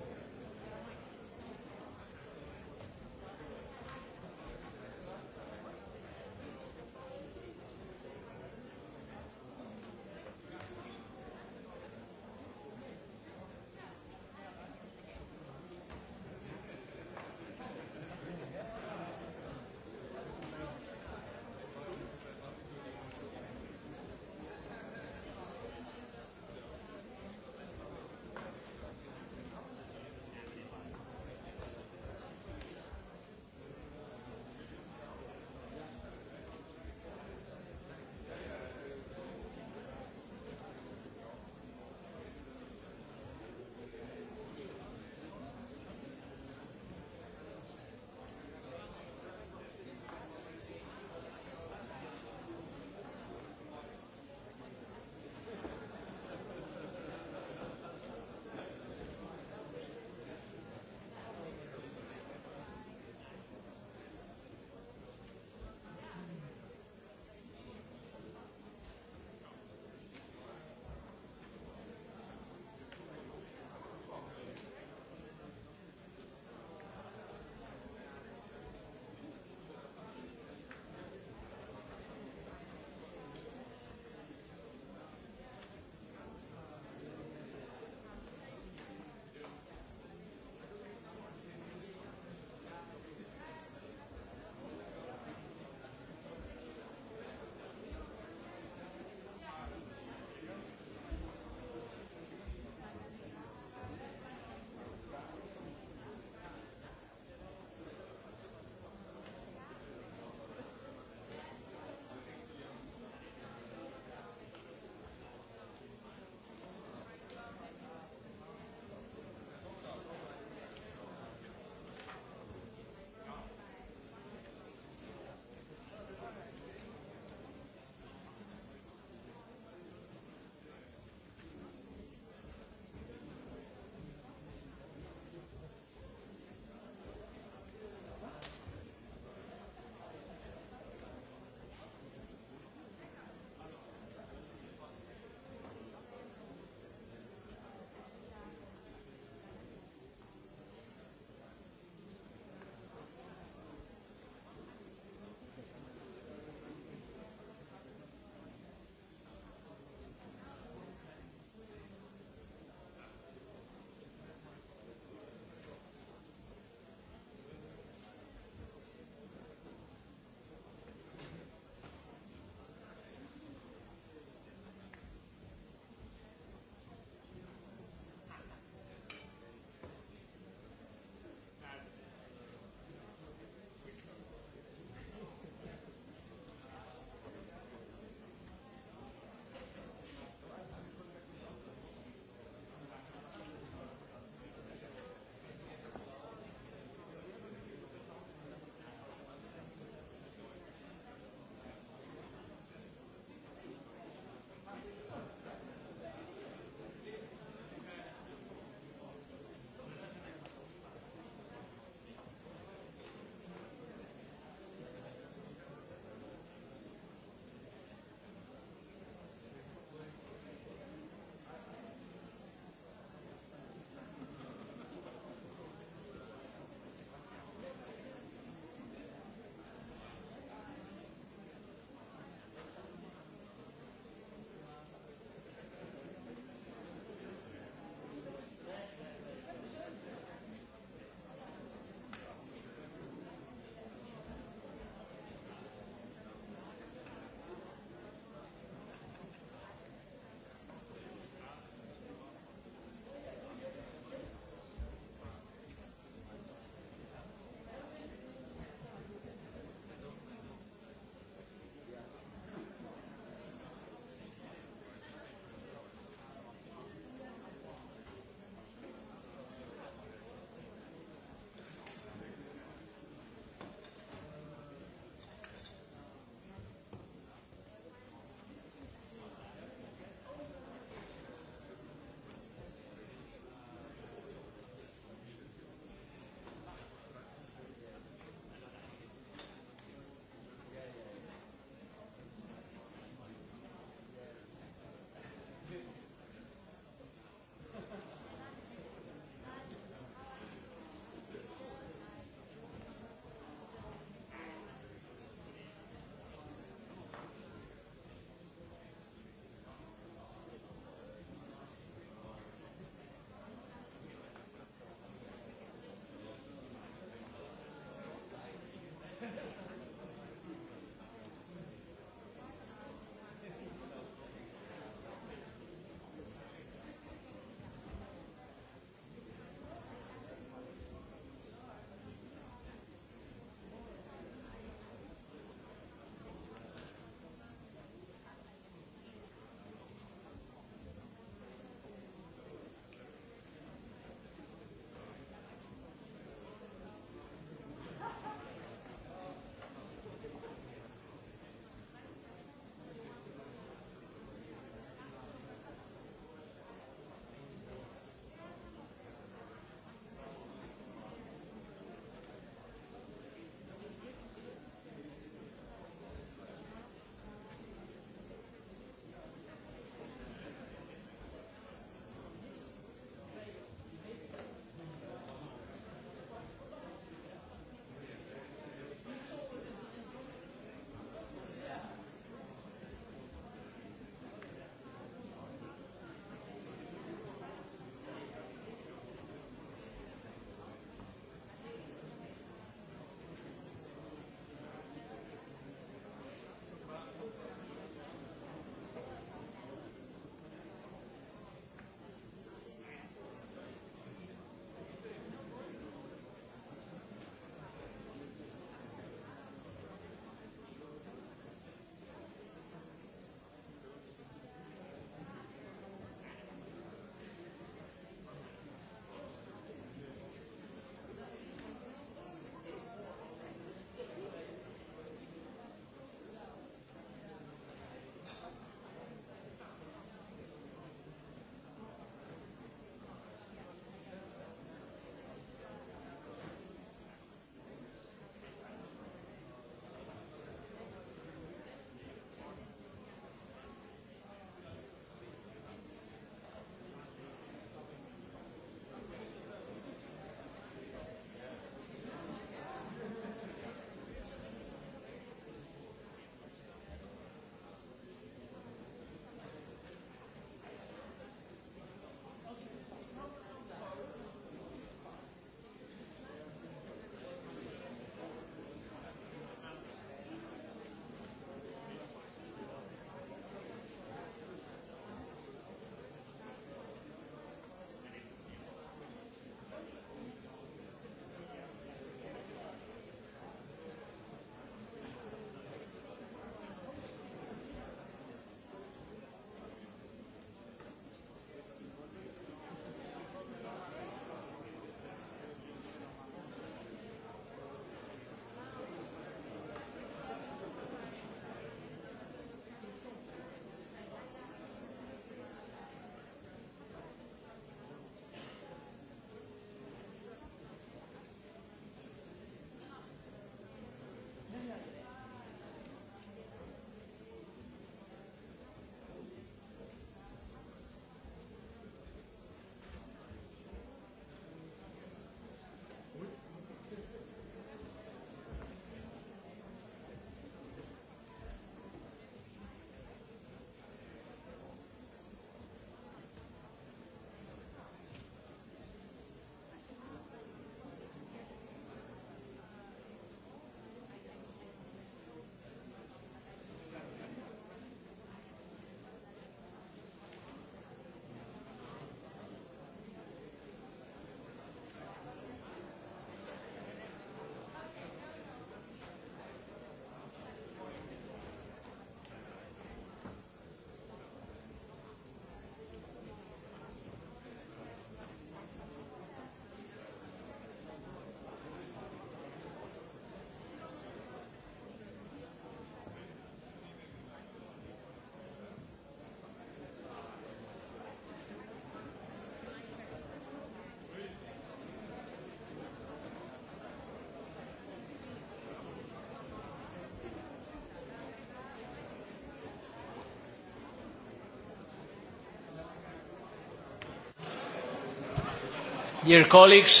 Dear colleagues,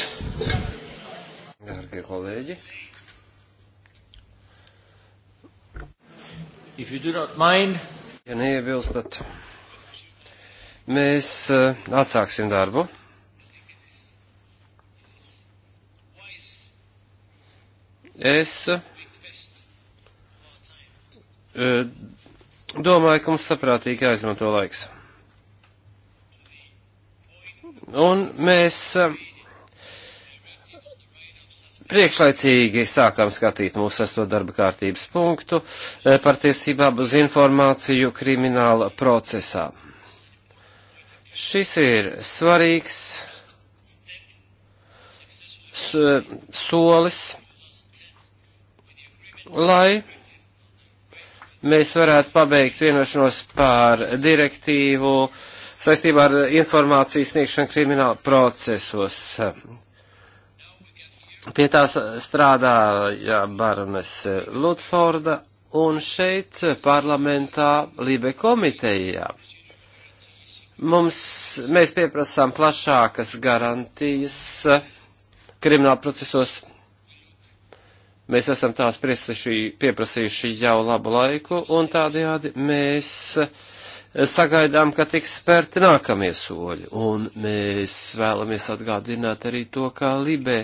Dārgie kolēģi, if you do not mind, ja neiebilstat, mēs uh, atsāksim darbu. Es uh, domāju, ka mums saprātīgi jāizmanto laiks. mēs eh, priekšlaicīgi sākām skatīt mūsu sesto darba kārtības punktu eh, par tiesībām uz informāciju krimināla procesā. Šis ir svarīgs solis, lai mēs varētu pabeigt vienošanos par direktīvu uh, saistībā ar informācijas sniegšanu krimināla procesos. Pie tās strādāja Barones Lutforda un šeit parlamentā Lībe komitejā. Mums, mēs pieprasām plašākas garantijas krimināla procesos. Mēs esam tās priesaši, pieprasījuši jau labu laiku, un tādējādi mēs uh, sagaidām, ka tiks spērti nākamie soļi. Un mēs vēlamies atgādināt arī to, ka Libē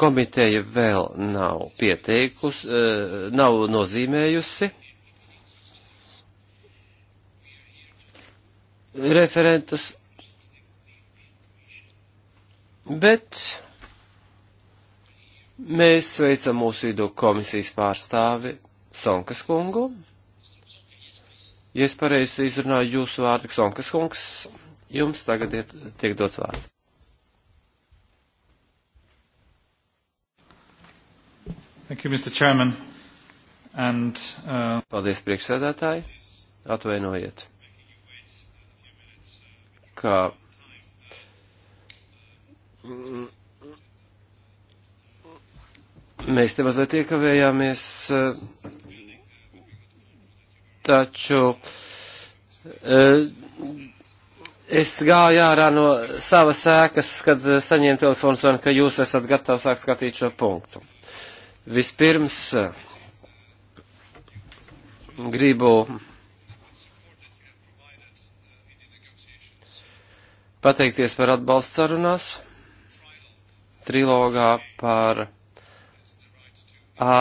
komiteja vēl nav pieteikus, eh, nav nozīmējusi referentus, bet mēs sveicam mūsu vidū komisijas pārstāvi Sonkas kungu. Ja es pareizi izrunāju jūsu vārdu, Sonkas kungs, jums tagad ir tiek dots vārds. Thank you, Mr. Chairman. And, uh... Paldies, priekšsēdētāji. Atvainojiet, ka mēs te mazliet iekavējāmies. Uh, taču eh, es gāju ārā no savas sēkas, kad saņēmu telefonu zvanu, ka jūs esat gatavi sākt skatīt šo punktu. Vispirms eh, gribu pateikties par atbalstu sarunās trilogā par A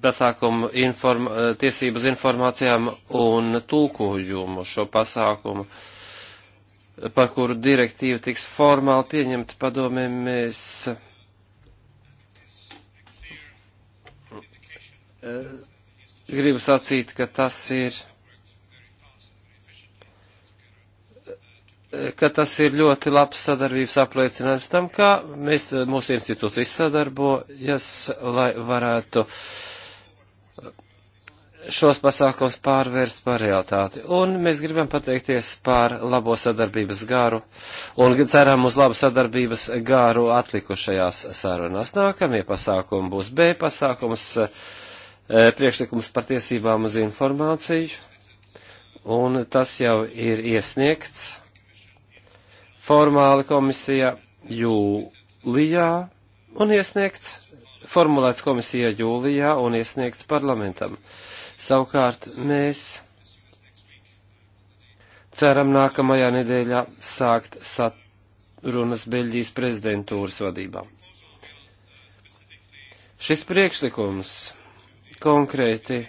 pasākumu inform, eh, tiesību uz informācijām un tulkojumu šo pasākumu, par kuru direktīvu tiks formāli pieņemta padomē, mēs eh, gribu sacīt, ka tas ir, eh, ka tas ir ļoti labs sadarbības apliecinājums tam, kā mēs, mūsu institūcijas sadarbojas, lai varētu uh, šos pasākums pārvērst par realitāti. Un mēs gribam pateikties par labo sadarbības garu un ceram uz labu sadarbības garu atlikušajās sarunās. Nākamie pasākumi būs B pasākums, e, priekšlikums par tiesībām uz informāciju. Un tas jau ir iesniegts formāli komisija jūlijā un iesniegts formulēts komisija jūlijā un iesniegts parlamentam. Savukārt mēs ceram nākamajā nedēļā sākt sarunas Beļģijas prezidentūras vadībā. Šis priekšlikums konkrēti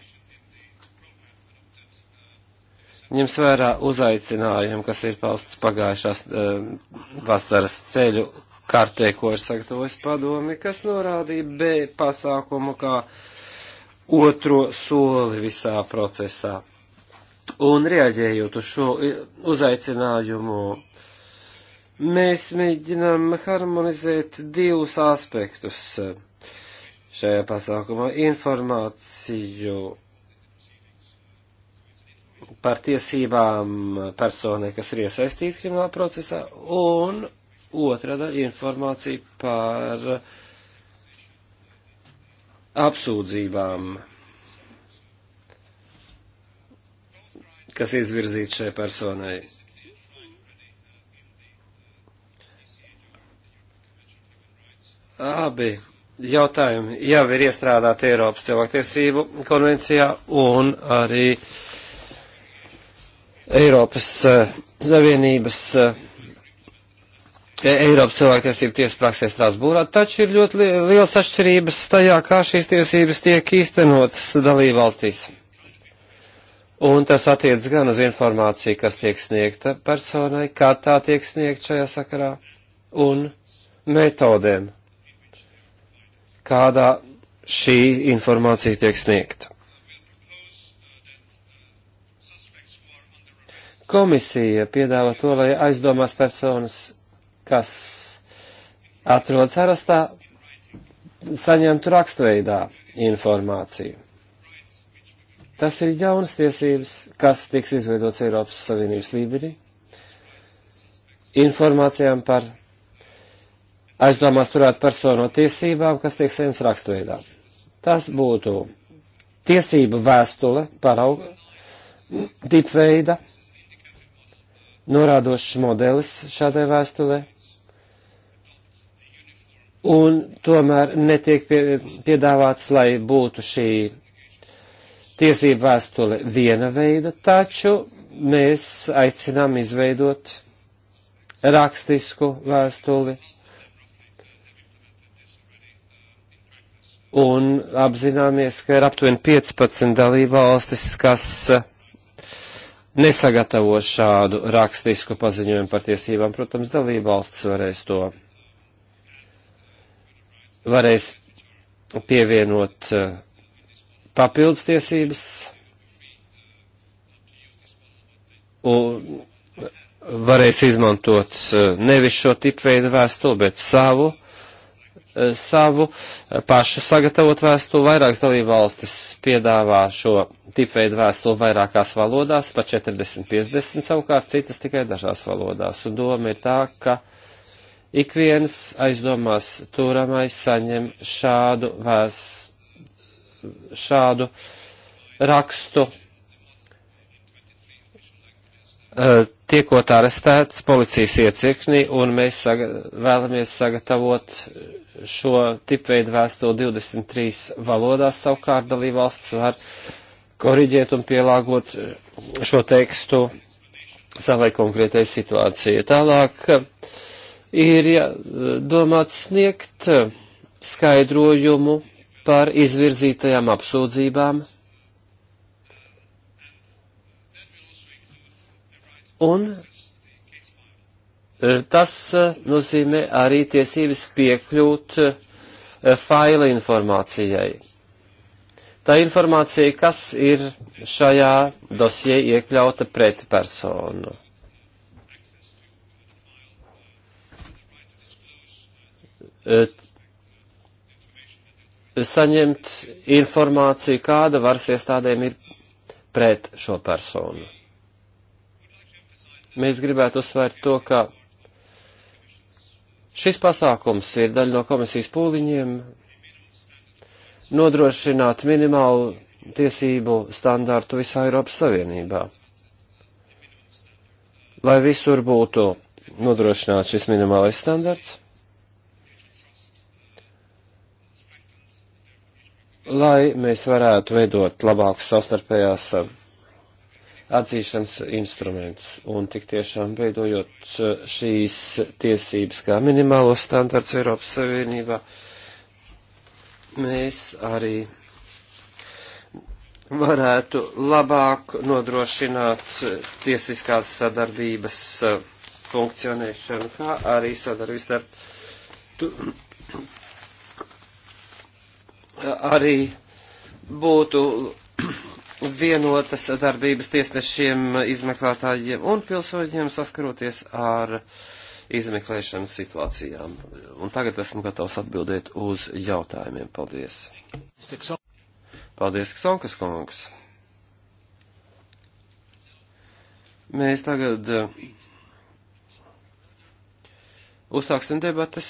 ņems vērā uzaicinājumu, kas ir pausts pagājušās uh, vasaras ceļu kartē, ko ir sagatavojis padomi, kas norādīja B pasākumu kā uh, otro soli visā procesā. Un reaģējot uz šo uzaicinājumu, mēs mēģinām harmonizēt divus aspektus šajā pasākumā - informāciju par tiesībām personai, kas ir iesaistīta krimināla procesā, un otra daļa - informācija par uh, apsūdzībām, kas izvirzīts šai personai. Abi jautājumi jau ir iestrādāti Eiropas cilvēktiesību konvencijā un arī Eiropas eh, Savienības uh, E, Eiropas cilvēktiesību tiesas praksē Strasbūrā, taču ir ļoti liels atšķirības tajā, kā šīs tiesības tiek īstenotas dalībvalstīs. Un tas attiec gan uz informāciju, kas tiek sniegta personai, kā tā tiek sniegta šajā sakarā, un metodēm, kādā šī informācija tiek sniegta. Komisija piedāvā to, lai aizdomās personas kas atrodas arastā, saņemtu rakstveidā informāciju. Tas ir jaunas tiesības, kas tiks izveidots Eiropas Savienības līmenī, informācijām par aizdomās turēt personu tiesībām, kas tiek saņemts rakstveidā. Tas būtu tiesība vēstule parauga tipveida, norādošs modelis šādai vēstulē, un tomēr netiek pie, piedāvāts, lai būtu šī tiesība vēstule viena veida, taču mēs aicinām izveidot rakstisku vēstuli un apzināmies, ka ir aptuveni 15 dalībvalstis, kas nesagatavo šādu rakstisku paziņojumu par tiesībām. Protams, dalībvalstis varēs to varēs pievienot eh, papildus tiesības un varēs izmantot eh, nevis šo tipveidu vēstuli, bet savu, eh, savu pašu sagatavot vēstuli. Vairākas dalībvalstis piedāvā šo tipveidu vēstuli vairākās valodās, pa 40-50 savukārt citas tikai dažās valodās. Un doma ir tā, ka uh, Ik viens aizdomās turamais saņem šādu vēs, šādu rakstu e, tiekot arestēts policijas iecirknī, un mēs saga vēlamies sagatavot šo tipveidu vēstuli 23 valodās, savukārt dalībvalsts var koriģēt un pielāgot šo tekstu savai konkrētai situācijai. Tālāk ir ja, domāts sniegt eh, skaidrojumu par izvirzītajām apsūdzībām. Un eh, tas eh, nozīmē arī tiesības piekļūt faila informācijai. Tā informācija, kas ir šajā dosijai iekļauta pret personu. Eh, saņemt informāciju, kāda varas iestādēm ir pret šo personu. Mēs gribētu uzsvērt to, ka šis pasākums ir daļa no komisijas pūliņiem nodrošināt minimālu tiesību standārtu visā Eiropas Savienībā. Lai visur būtu nodrošināts šis minimālais standarts, lai mēs varētu veidot labākus savstarpējās eh, atzīšanas instrumentus un tik tiešām veidojot eh, šīs tiesības kā minimālos standarts Eiropas Savienībā, mēs arī varētu labāk nodrošināt eh, tiesiskās sadarbības funkcionēšanu, kā arī sadarbības starp arī būtu vienotas darbības tiesnešiem, izmeklētājiem un pilsoņiem saskaroties ar izmeklēšanas situācijām. Un tagad esmu gatavs atbildēt uz jautājumiem. Paldies! Paldies, Ksonkas kungs! Mēs tagad eh, uzsāksim debatas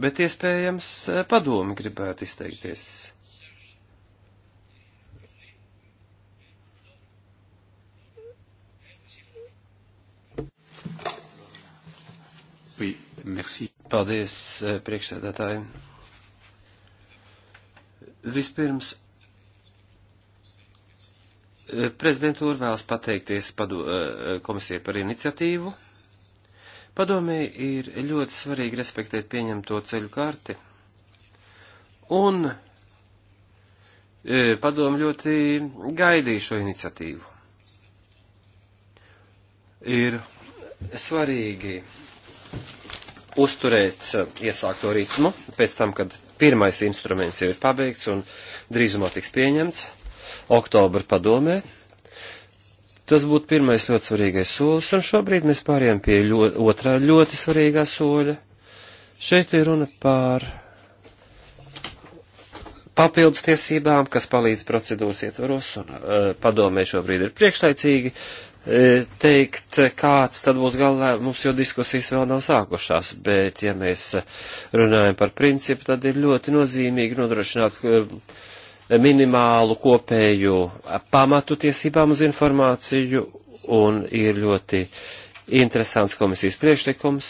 bet iespējams eh, padomi gribētu izteikties. Oui, merci. Paldies, eh, priekšsēdētāji. Vispirms, eh, prezidentūra vēlas pateikties padu, komisijai par iniciatīvu. Padomē ir ļoti svarīgi respektēt pieņemto ceļu karti. Un e, padomu ļoti gaidīju šo iniciatīvu. Ir svarīgi uzturēt e, iesākto ritmu pēc tam, kad pirmais instruments jau ir pabeigts un drīzumā tiks pieņemts oktobra padomē Tas būtu pirmais ļoti svarīgais solis, un šobrīd mēs pārējām pie ļo, otrā ļoti svarīgā soļa. Šeit ir runa par papildus tiesībām, kas palīdz procedūras ietvaros, un uh, padomē šobrīd ir priekšlaicīgi uh, teikt, kāds tad būs galā, mums jau diskusijas vēl nav sākušās, bet ja mēs runājam par principu, tad ir ļoti nozīmīgi nodrošināt. Uh, minimālu kopēju pamatu tiesībām uz informāciju un ir ļoti interesants komisijas priekšlikums,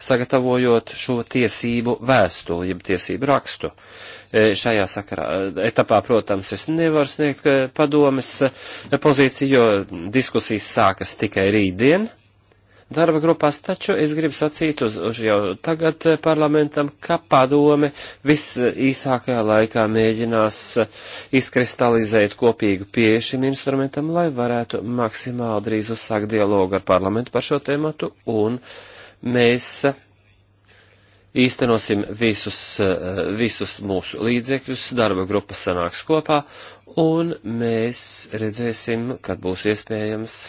sagatavojot šo tiesību vēstuli, jeb tiesību rakstu. E, šajā sakarā e, etapā, protams, es nevaru sniegt e, padomes pozīciju, jo diskusijas sākas tikai rītdien darba grupās, taču es gribu sacīt uz, uz jau tagad eh, parlamentam, ka padome visīsākajā laikā mēģinās eh, izkristalizēt kopīgu pieeju šim instrumentam, lai varētu maksimāli drīz uzsākt dialogu ar parlamentu par šo tēmatu, un mēs eh, īstenosim visus, visus mūsu līdzekļus, darba grupas sanāks kopā, un mēs redzēsim, kad būs iespējams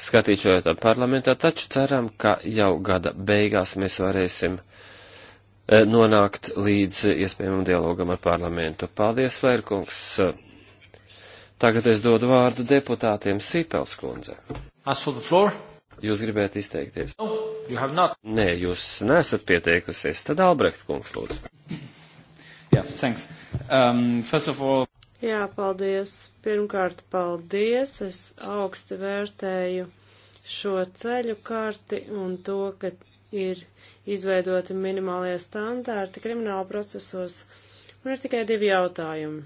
skatīt šo jautājumu parlamentā, taču ceram, ka jau gada beigās mēs varēsim e, nonākt līdz iespējamam dialogam ar parlamentu. Paldies, Vairkungs! Tagad es dodu vārdu deputātiem Sīpels kundze. Jūs gribētu izteikties? No, Nē, jūs nesat pieteikusies. Tad Albrecht kungs lūdzu. Yeah, thanks. Um, first of all... Jā, paldies. Pirmkārt, paldies. Es augsti vērtēju šo ceļu karti un to, ka ir izveidoti minimālie standārti krimināla procesos. Man ir tikai divi jautājumi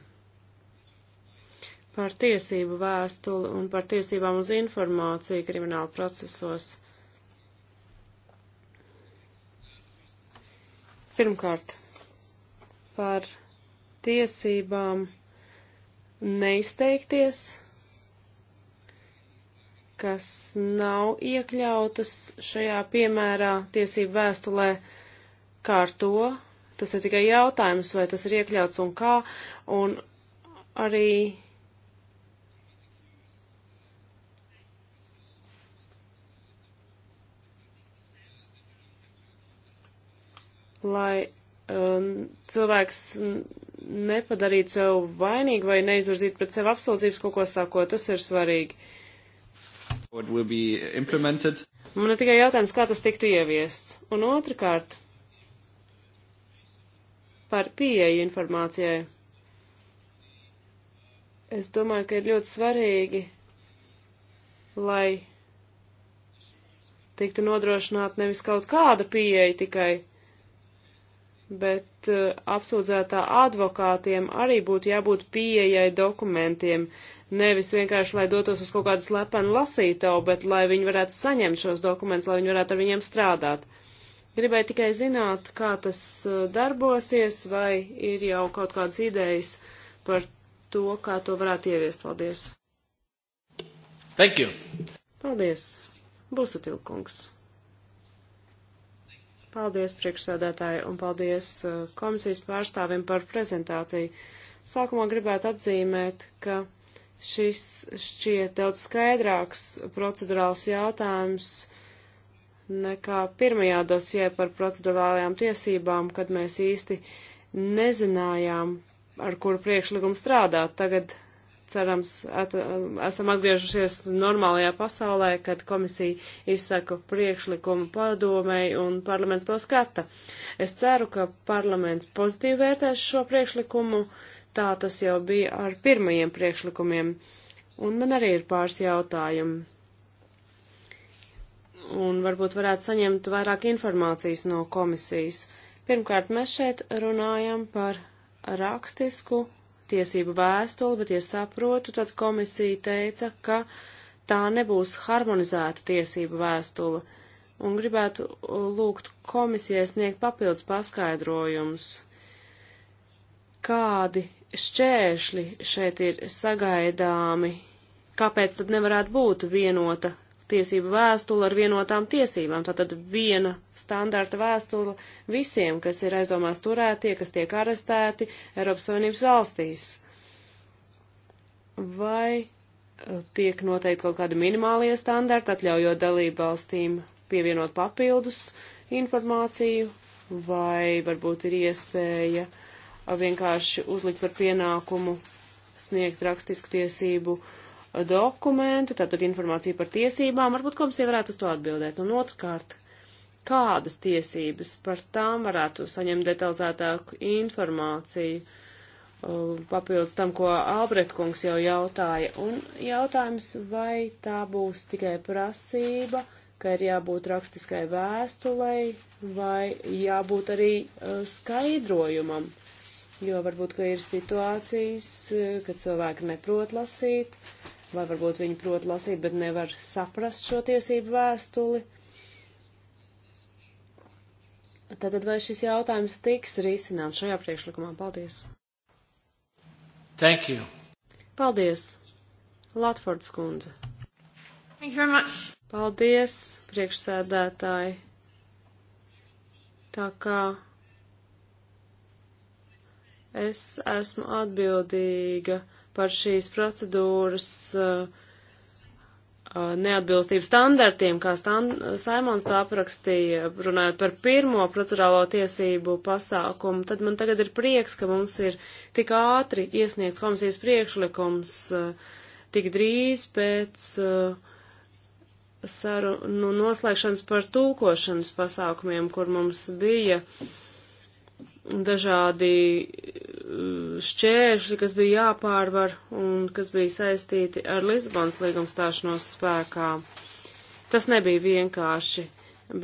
par tiesību vēstuli un par tiesībām uz informāciju krimināla procesos. Pirmkārt, par tiesībām neizteikties, kas nav iekļautas šajā piemērā tiesību vēstulē, kā ar to. Tas ir tikai jautājums, vai tas ir iekļauts un kā, un arī lai um, cilvēks nepadarīt sev vainīgu vai neizvirzīt pret sevi apsūdzības kaut ko sakot, tas ir svarīgi. Man ir tikai jautājums, kā tas tiktu ieviests. Un otrkārt, par pieeju informācijai. Es domāju, ka ir ļoti svarīgi, lai tiktu nodrošināta nevis kaut kāda pieeja tikai bet uh, apsūdzētā advokātiem arī būtu jābūt pieejai dokumentiem, nevis vienkārši, lai dotos uz kaut kādu slepenu lasītavu, bet lai viņi varētu saņemt šos dokumentus, lai viņi varētu ar viņiem strādāt. Gribēju tikai zināt, kā tas uh, darbosies, vai ir jau kaut kādas idejas par to, kā to varētu ieviest. Paldies! Thank you! Paldies! Būsu tilkungs! Paldies priekšsēdētāji un paldies uh, komisijas pārstāvim par prezentāciju. Sākumā gribētu atzīmēt, ka šis šķiet daudz skaidrāks procedurāls jautājums nekā pirmajā dosjē par procedurālajām tiesībām, kad mēs īsti nezinājām, ar kuru priekšlikumu strādāt. Tagad cerams, at, esam atgriežušies normālajā pasaulē, kad komisija izsaka priekšlikumu padomēji un parlaments to skata. Es ceru, ka parlaments pozitīvi vērtēs šo priekšlikumu, tā tas jau bija ar pirmajiem priekšlikumiem, un man arī ir pāris jautājumi. Un varbūt varētu saņemt vairāk informācijas no komisijas. Pirmkārt, mēs šeit runājam par rakstisku tiesību vēstuli, bet, ja saprotu, tad komisija teica, ka tā nebūs harmonizēta tiesību vēstule, un gribētu uh, lūgt komisijai sniegt papildus paskaidrojumus, kādi šķēršļi šeit ir sagaidāmi, kāpēc tad nevarētu būt vienota tiesību vēstuli ar vienotām tiesībām. Tātad viena standarta vēstule visiem, kas ir aizdomās turētie, kas tiek arestēti Eiropas Savienības valstīs. Vai eh, tiek noteikti kaut kādi minimālie standarti, atļaujot dalību valstīm pievienot papildus informāciju, vai varbūt ir iespēja eh, vienkārši uzlikt par pienākumu sniegt rakstisku tiesību uh, dokumentu, tātad informāciju par tiesībām, varbūt komisija varētu uz to atbildēt. Un otrkārt, kādas tiesības par tām varētu saņemt detalizētāku informāciju, uh, papildus tam, ko Albrecht kungs jau jautāja. Un jautājums, vai tā būs tikai prasība, ka ir jābūt rakstiskai vēstulei, vai jābūt arī uh, skaidrojumam jo varbūt, ka ir situācijas, uh, kad cilvēki neprot lasīt, vai varbūt viņi prot lasīt, bet nevar saprast šo tiesību vēstuli. Tātad vai šis jautājums tiks risināts šajā priekšlikumā? Paldies! Thank you! Paldies! Latfords kundze! Thank you very much! Paldies, priekšsēdētāji! Tā kā es esmu atbildīga par šīs procedūras uh, uh, neatbilstību standartiem, kā stand, Saimons to aprakstīja, runājot par pirmo procedurālo tiesību pasākumu, tad man tagad ir prieks, ka mums ir tik ātri iesniegts komisijas priekšlikums uh, tik drīz pēc uh, sarunu noslēgšanas par tulkošanas pasākumiem, kur mums bija uh, dažādi eh, šķēršļi, kas bija jāpārvar un kas bija saistīti ar Lisbonas līgumu stāšanos spēkā. Tas nebija vienkārši,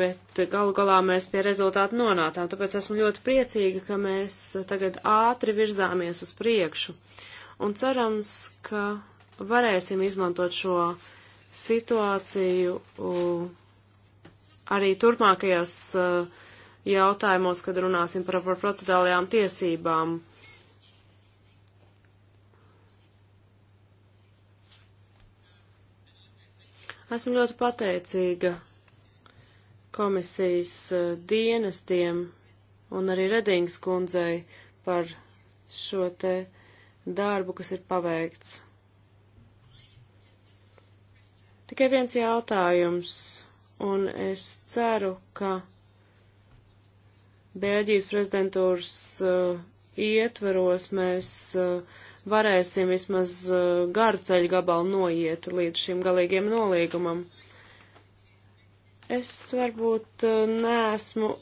bet galu galā mēs pie rezultātu nonācām, tāpēc esmu ļoti priecīga, ka mēs tagad ātri virzāmies uz priekšu un cerams, ka varēsim izmantot šo situāciju eh, arī turpmākajās uh, eh, jautājumos, kad runāsim par, par procedālajām tiesībām. Esmu ļoti pateicīga komisijas eh, dienestiem un arī Redings kundzei par šo te darbu, kas ir paveikts. Tikai viens jautājums, un es ceru, ka Bēļģijas prezidentūras uh, ietveros mēs uh, varēsim vismaz uh, garu ceļu gabalu noiet līdz šim galīgiem nolīgumam. Es varbūt uh, neesmu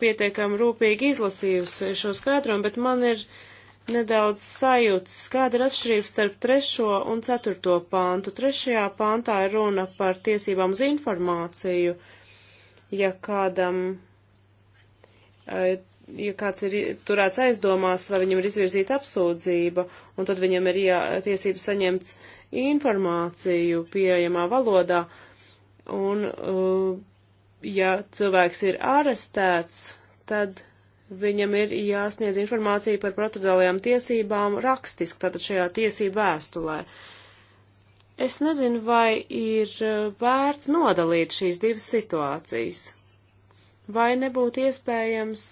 pietiekami rūpīgi izlasījusi šo skaidrojumu, bet man ir nedaudz sajūts, kāda ir atšķirība starp trešo un ceturto pāntu. Trešajā pāntā ir runa par tiesībām uz informāciju, ja kādam ja kāds ir turēts aizdomās, vai viņam ir izvirzīta apsūdzība, un tad viņam ir jā, tiesības saņemt informāciju pieejamā valodā, un uh, ja cilvēks ir arestēts, tad viņam ir jāsniedz informācija par procedurālajām tiesībām rakstiski, tātad šajā tiesību vēstulē. Es nezinu, vai ir uh, vērts nodalīt šīs divas situācijas vai nebūtu iespējams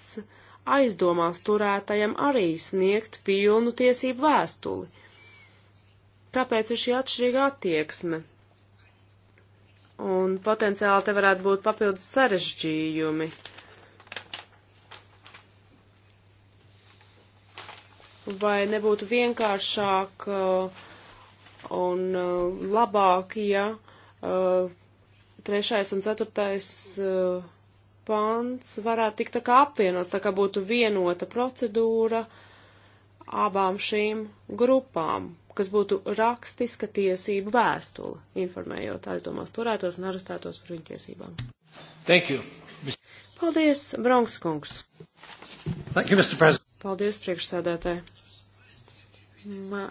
aizdomās turētajam arī sniegt pilnu tiesību vēstuli? Kāpēc ir šī atšķirīga attieksme? Un potenciāli te varētu būt papildus sarežģījumi. vai nebūtu vienkāršāk uh, un uh, labāk, ja uh, trešais un ceturtais uh, pants varētu tikt tā kā apvienos, tā kā būtu vienota procedūra abām šīm grupām, kas būtu rakstiska tiesība vēstule, informējot aizdomās turētos un arestētos par viņu tiesībām. Thank you. Mr. Paldies, Bronks kungs. Thank you, Mr. President. Paldies, priekšsēdētāji.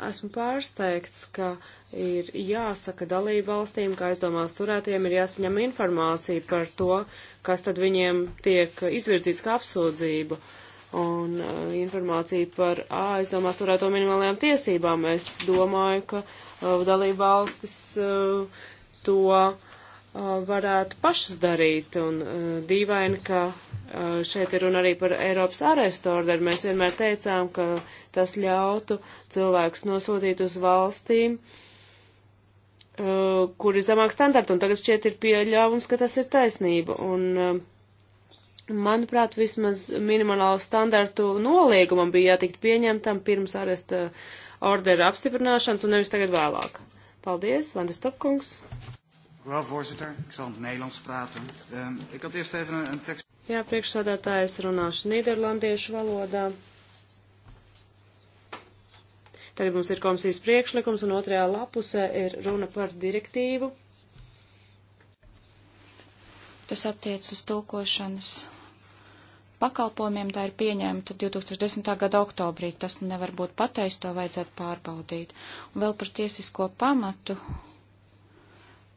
Esmu pārsteigts, ka ir jāsaka dalību valstīm, ka aizdomās turētiem ir jāsaņem informācija par to, kas tad viņiem tiek izvirzīts kā apsūdzību. Un uh, informācija par aizdomās turēto minimālajām tiesībām. Es domāju, ka uh, dalību valstis uh, to Uh, varētu pašas darīt. Un uh, dīvaini, ka uh, šeit ir runa arī par Eiropas arestu orderu. Mēs vienmēr teicām, ka tas ļautu cilvēkus nosūtīt uz valstīm, kur ir zemāk standarta. Un tagad šķiet ir pieļāvums, ka tas ir taisnība. Un, manuprāt, vismaz minimālo standartu noliegumam bija jātikt pieņemtam pirms aresta ordera apstiprināšanas un nevis tagad vēlāk. Paldies, Vandes Topkungs. Wel, voorzitter, ik zal in het Nederlands praten. Um, ik had eerst even een, een tekst. Jā, priekšsādātājs runāšu nīderlandiešu valodā. Tagad mums ir komisijas priekšlikums, un otrajā lapusē ir runa par direktīvu. Tas attiec uz tulkošanas pakalpojumiem, tā ir pieņemta 2010. gada oktobrī. Tas nevar būt pateicis, to vajadzētu pārbaudīt. Un vēl par tiesisko pamatu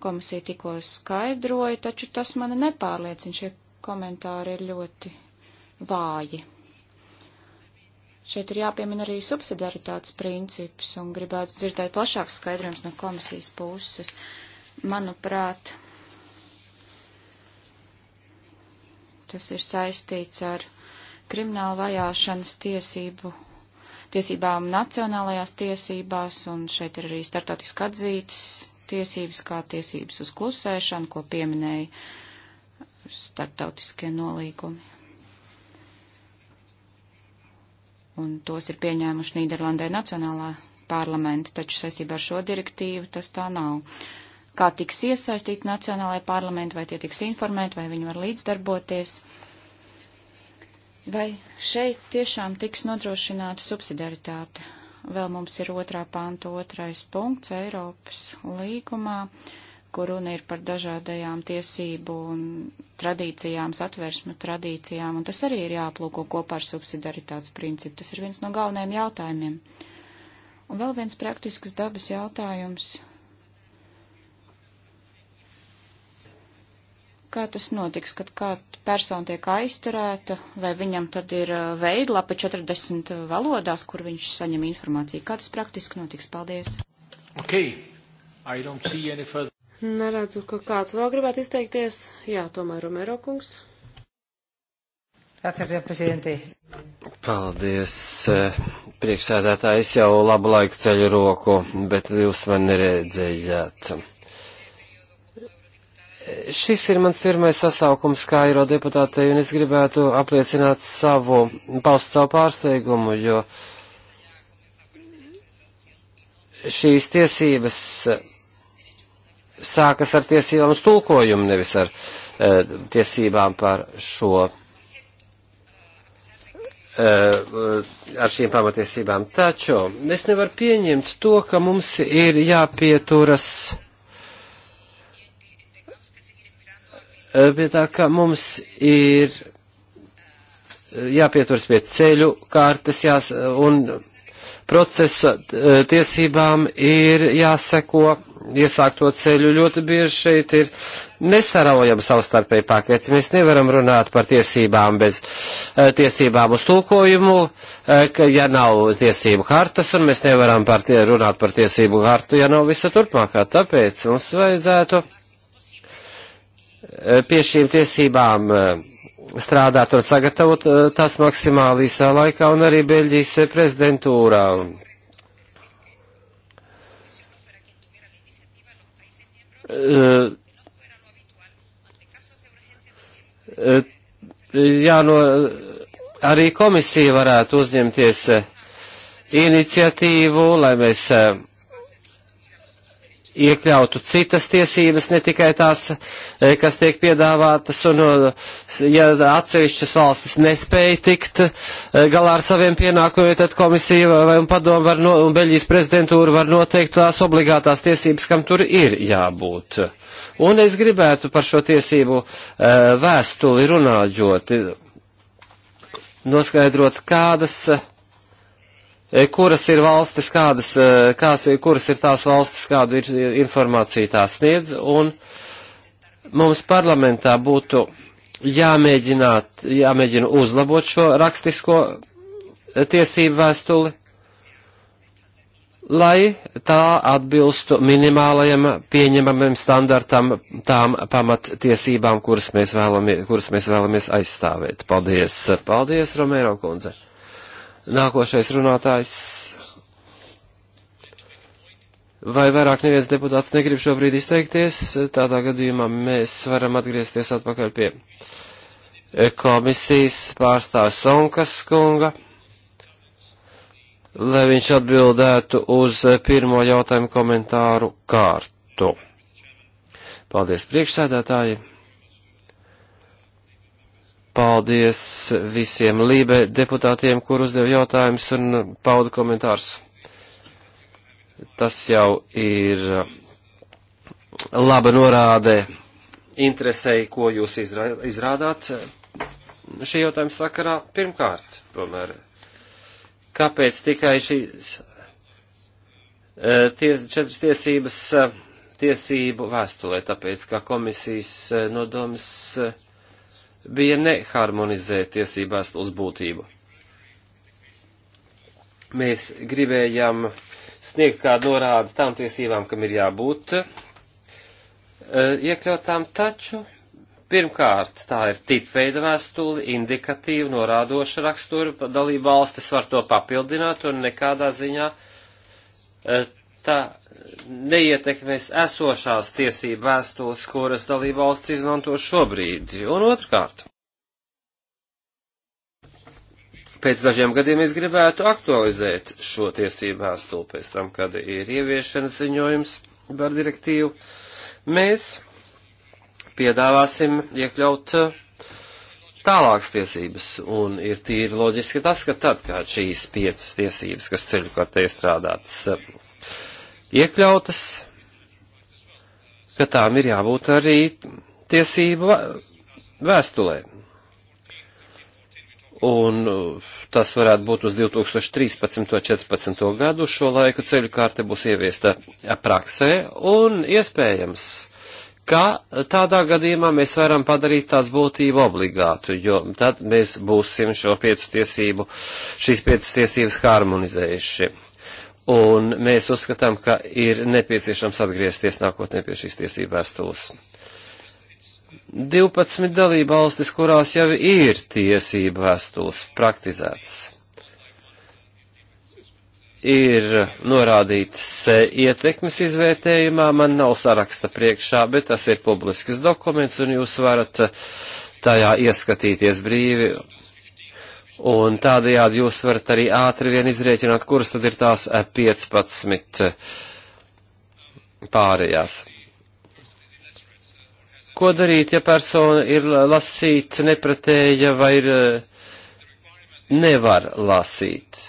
komisija tikko skaidroja, taču tas mani nepārliecina. Šie komentāri ir ļoti vāji. Šeit ir jāpiemina arī subsidaritātes princips un gribētu dzirdēt plašāks skaidrojums no komisijas puses. Manuprāt, tas ir saistīts ar kriminālu vajāšanas tiesību, tiesībām nacionālajās tiesībās, un šeit ir arī startautiski atzītas tiesības, kā tiesības uz klusēšanu, ko pieminēja starptautiskie nolīgumi. Un tos ir pieņēmuši Nīderlandē Nacionālā parlamenta, taču saistībā ar šo direktīvu tas tā nav. Kā tiks iesaistīti Nacionālajā parlamentā, vai tie tiks informēti, vai viņi var līdzdarboties? Vai šeit tiešām tiks nodrošināta subsidiaritāte? vēl mums ir otrā panta otrais punkts Eiropas līgumā, kur runa ir par dažādajām tiesību un tradīcijām, satversmu tradīcijām, un tas arī ir jāaplūko kopā ar subsidaritātes principu. Tas ir viens no galvenajiem jautājumiem. Un vēl viens praktisks dabas jautājums kā tas notiks, kad kāda persona tiek aizturēta, vai viņam tad ir uh, veidlapa 40 valodās, kur viņš saņem informāciju. Kā tas praktiski notiks? Paldies. Okay. Neredzu, ka kāds vēl gribētu izteikties. Jā, tomēr Romero kungs. Paldies, eh, priekšsēdētājs jau labu laiku ceļu roku, bet jūs man neredzējāt. Šis ir mans pirmais sasaukums kā eiro deputātei, un es gribētu apliecināt savu, paust savu pārsteigumu, jo šīs tiesības sākas ar tiesībām uz tulkojumu, nevis ar e, tiesībām par šo, e, ar šīm pamatiesībām. Taču es nevaru pieņemt to, ka mums ir jāpieturas pie eh, tā, ka mums ir eh, jāpieturas pie ceļu kārtas jās, eh, un procesa tiesībām ir jāseko iesākto ceļu. Ļoti bieži šeit ir nesaraujama savstarpēji paketi. Mēs nevaram runāt par tiesībām bez tiesībām uz tulkojumu, ka, ja nav tiesību hartas, un mēs nevaram par tie, runāt par tiesību hartu, ja nav visa turpmākā. Tāpēc mums vajadzētu Eh, pie šīm tiesībām eh, strādāt un sagatavot eh, tas maksimāli īsā laikā un arī Beļģijas prezidentūrā. Jā, no, arī komisija varētu uzņemties iniciatīvu, lai mēs iekļautu citas tiesības, ne tikai tās, e, kas tiek piedāvātas, un ja atsevišķas valstis nespēja tikt e, galā ar saviem pienākumiem, tad komisija vai un padomu var no, un Beļģijas prezidentūra var noteikt tās obligātās tiesības, kam tur ir jābūt. Un es gribētu par šo tiesību e, vēstuli runājot, noskaidrot, kādas E, kuras ir valstis, kādas, e, kās, kuras ir tās valstis, kādu ir informācija tās sniedz, un mums parlamentā būtu jāmēģināt, jāmēģina uzlabot šo rakstisko e, tiesību vēstuli, lai tā atbilstu minimālajam pieņemamiem standartam tām pamattiesībām, kuras mēs vēlamies, kuras mēs vēlamies aizstāvēt. Paldies, paldies, Romero kundze nākošais runātājs. Vai vairāk neviens deputāts negrib šobrīd izteikties? Tādā gadījumā mēs varam atgriezties atpakaļ pie komisijas pārstāvis Sonkas kunga, lai viņš atbildētu uz pirmo jautājumu komentāru kārtu. Paldies priekšsēdētāji! Paldies visiem Lībe deputātiem, kur uzdev jautājumus un pauda komentārus. Tas jau ir laba norāde interesei, ko jūs izrādāt šī jautājuma sakarā. Pirmkārt, tomēr, kāpēc tikai šīs e, ties, četras tiesības e, tiesību vēstulē? Tāpēc, ka komisijas e, nodomas. No bija neharmonizēt tiesībās uz būtību. Mēs gribējām sniegt kādu norādi tām tiesībām, kam ir jābūt eh, iekļautām, taču pirmkārt tā ir tipveida vēstuli, indikatīva, norādoša rakstura, dalība valstis var to papildināt un nekādā ziņā eh, tā neietekmēs esošās tiesību vēstules, kuras dalība valsts izmanto šobrīd. Un otrkārt, pēc dažiem gadiem es gribētu aktualizēt šo tiesību vēstuli pēc tam, kad ir ieviešanas ziņojums par direktīvu. Mēs piedāvāsim iekļaut uh, tālākas tiesības, un ir tīri loģiski tas, ka tad, kad šīs piecas tiesības, kas ceļu kartē iestrādātas, iekļautas, ka tām ir jābūt arī tiesību vēstulē. Un uh, tas varētu būt uz 2013. un 2014. gadu. Šo laiku ceļu kārte būs ieviesta praksē un iespējams, ka tādā gadījumā mēs varam padarīt tās būtību obligātu, jo tad mēs būsim šo piecu tiesību, šīs piecas tiesības harmonizējuši. Un mēs uzskatām, ka ir nepieciešams atgriezties nākotnē pie šīs tiesību vēstules. 12 dalība valstis, kurās jau ir tiesību vēstules praktizētas, ir norādītas ietekmes izvērtējumā. Man nav saraksta priekšā, bet tas ir publisks dokuments un jūs varat tajā ieskatīties brīvi Un tādējādi jūs varat arī ātri vien izrēķināt, kuras tad ir tās 15 eh, eh, pārējās. Ko darīt, ja persona ir lasīt nepratēja vai ir eh, nevar lasīt?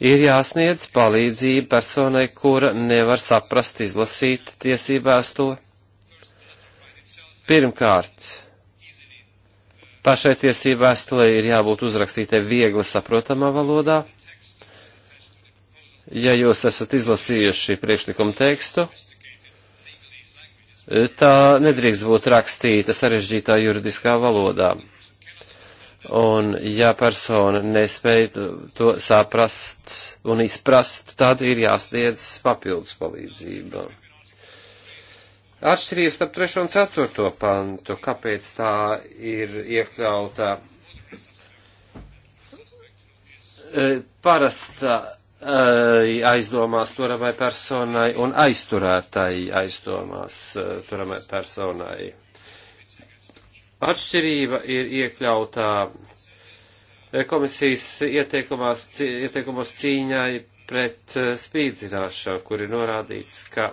Ir jāsniedz palīdzība personai, kura nevar saprast, izlasīt tiesībās to. Pirmkārt, Pašai tiesību vēstulē ir jābūt uzrakstītai viegli saprotamā valodā. Ja jūs esat izlasījuši priekšlikumu tekstu, tā nedrīkst būt rakstīta sarežģītā juridiskā valodā. Un, ja persona nespēja to saprast un izprast, tad ir jāsniedz papildus palīdzība atšķirības starp 3 un 4 pantu, kāpēc tā ir iekļauta e, parasta e, aizdomās turamai personai un aizturētai aizdomās e, turamai personai. Atšķirība ir iekļautā komisijas ieteikumos cīņai pret spīdzināšanu, kur ir norādīts, ka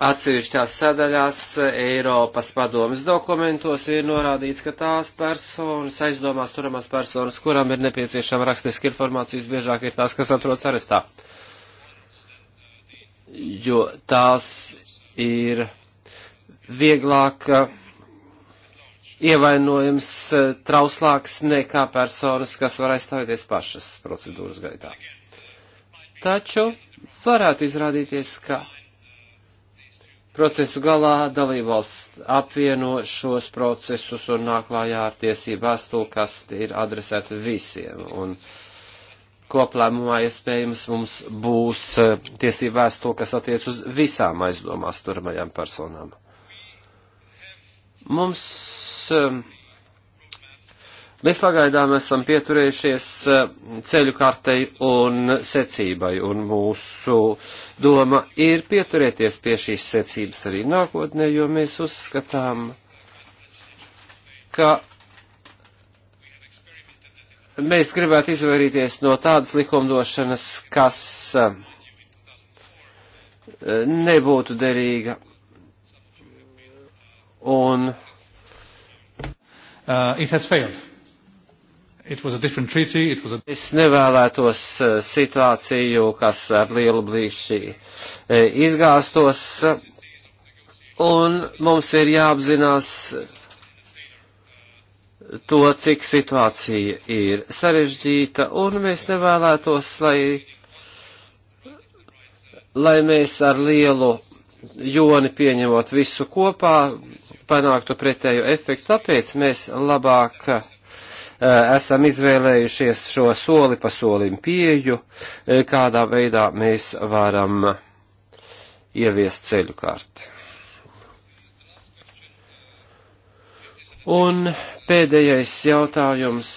Atsevišķās sadaļās eh, Eiropas padomas dokumentos ir norādīts, ka tās personas, aizdomās turamās personas, kurām ir nepieciešama rakstiska informācijas, biežāk ir tās, kas atrodas arestā. Jo tās ir vieglāk eh, ievainojums, eh, trauslāks nekā personas, kas var aizstāvēties pašas procedūras gaitā. Taču varētu izrādīties, ka procesu galā dalībvalsts apvieno šos procesus un nāk klājā ar tiesību vēstuli, kas ir adresēta visiem. Un koplēmumā iespējams mums būs e, tiesību vēstuli, kas attiec uz visām aizdomās turamajām personām. Mums e, Mēs pagaidām esam pieturējušies eh, ceļu kartei un secībai, un mūsu doma ir pieturēties pie šīs secības arī nākotnē, jo mēs uzskatām, ka mēs gribētu izvairīties no tādas likumdošanas, kas eh, nebūtu derīga. Un, uh, it has failed. Treaty, a... Es nevēlētos eh, situāciju, kas ar lielu blīkšķi eh, izgāstos, un mums ir jāapzinās to, cik situācija ir sarežģīta, un mēs nevēlētos, lai, lai mēs ar lielu joni pieņemot visu kopā, panāktu pretējo efektu, tāpēc mēs labāk Eh, esam izvēlējušies šo soli pa solim pieju, eh, kādā veidā mēs varam ieviest ceļu kārti. Un pēdējais jautājums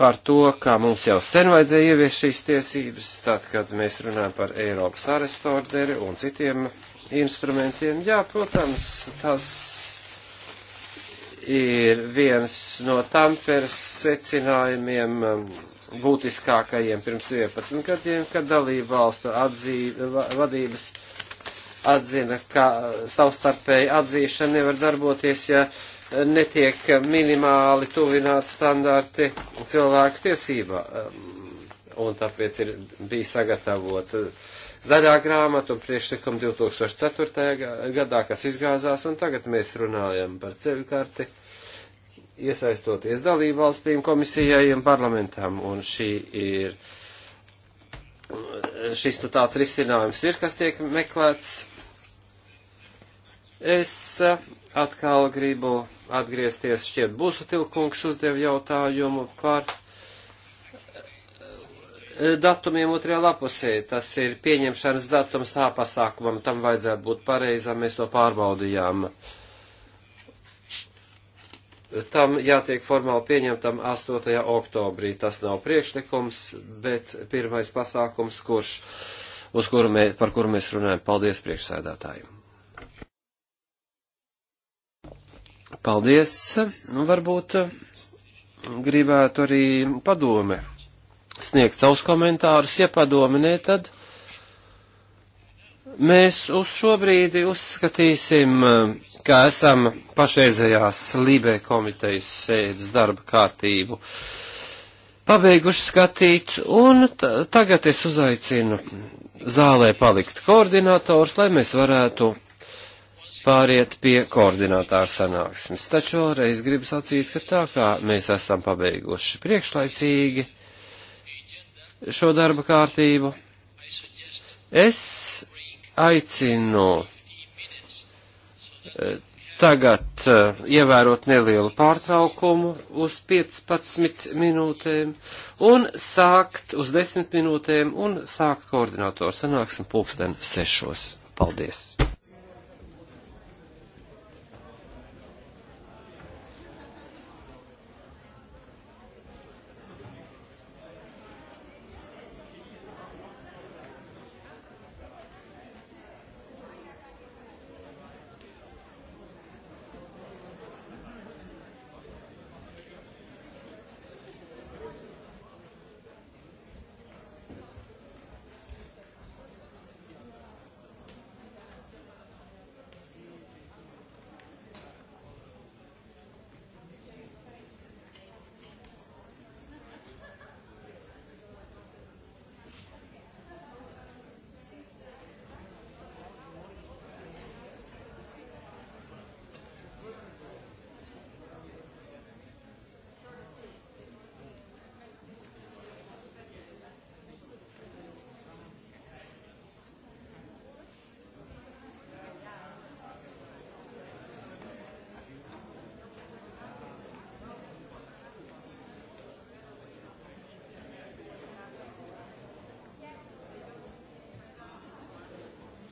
par to, kā mums jau sen vajadzēja ieviest šīs tiesības, tad, kad mēs runājam par Eiropas arestorderi un citiem instrumentiem. Jā, protams, tas ir viens no Tamperes secinājumiem um, būtiskākajiem pirms 11 gadiem, kad dalību valstu atzīve, vadības atzina, ka savstarpēji atzīšana nevar darboties, ja netiek minimāli tuvināti standarti cilvēku tiesībā. Um, un tāpēc ir bija sagatavota uh, zaļā grāmata un priekšlikumi 2004. gadā, kas izgāzās, un tagad mēs runājam par ceļu karti, iesaistoties dalību valstīm, komisijai un parlamentam, un šī ir, šis nu tāds risinājums ir, kas tiek meklēts. Es eh, atkal gribu atgriezties, šķiet, Būsutilkungs uzdev jautājumu par datumiem otrajā lapusē. Tas ir pieņemšanas datums tā pasākumam, tam vajadzētu būt pareizam, mēs to pārbaudījām. Tam jātiek formāli pieņemtam 8. oktobrī. Tas nav priekšlikums, bet pirmais pasākums, kurš, uz kuru mē, par kuru mēs runājam. Paldies priekšsēdētājiem! Paldies! Nu, varbūt gribētu arī padome sniegt savus komentārus, ja padomi ne, tad mēs uz šo brīdi uzskatīsim, eh, ka esam pašreizējās Lībē komitejas sēdes darba kārtību pabeiguši skatīt, un tagad es uzaicinu zālē palikt koordinators, lai mēs varētu pāriet pie koordinātāra sanāksmes. Taču reiz gribu sacīt, ka tā kā mēs esam pabeiguši priekšlaicīgi, šo darba kārtību. Es aicinu eh, tagad eh, ievērot nelielu pārtraukumu uz 15 minūtēm un sākt uz 10 minūtēm un sākt koordinātoru sanāksim pulksten sešos. Paldies!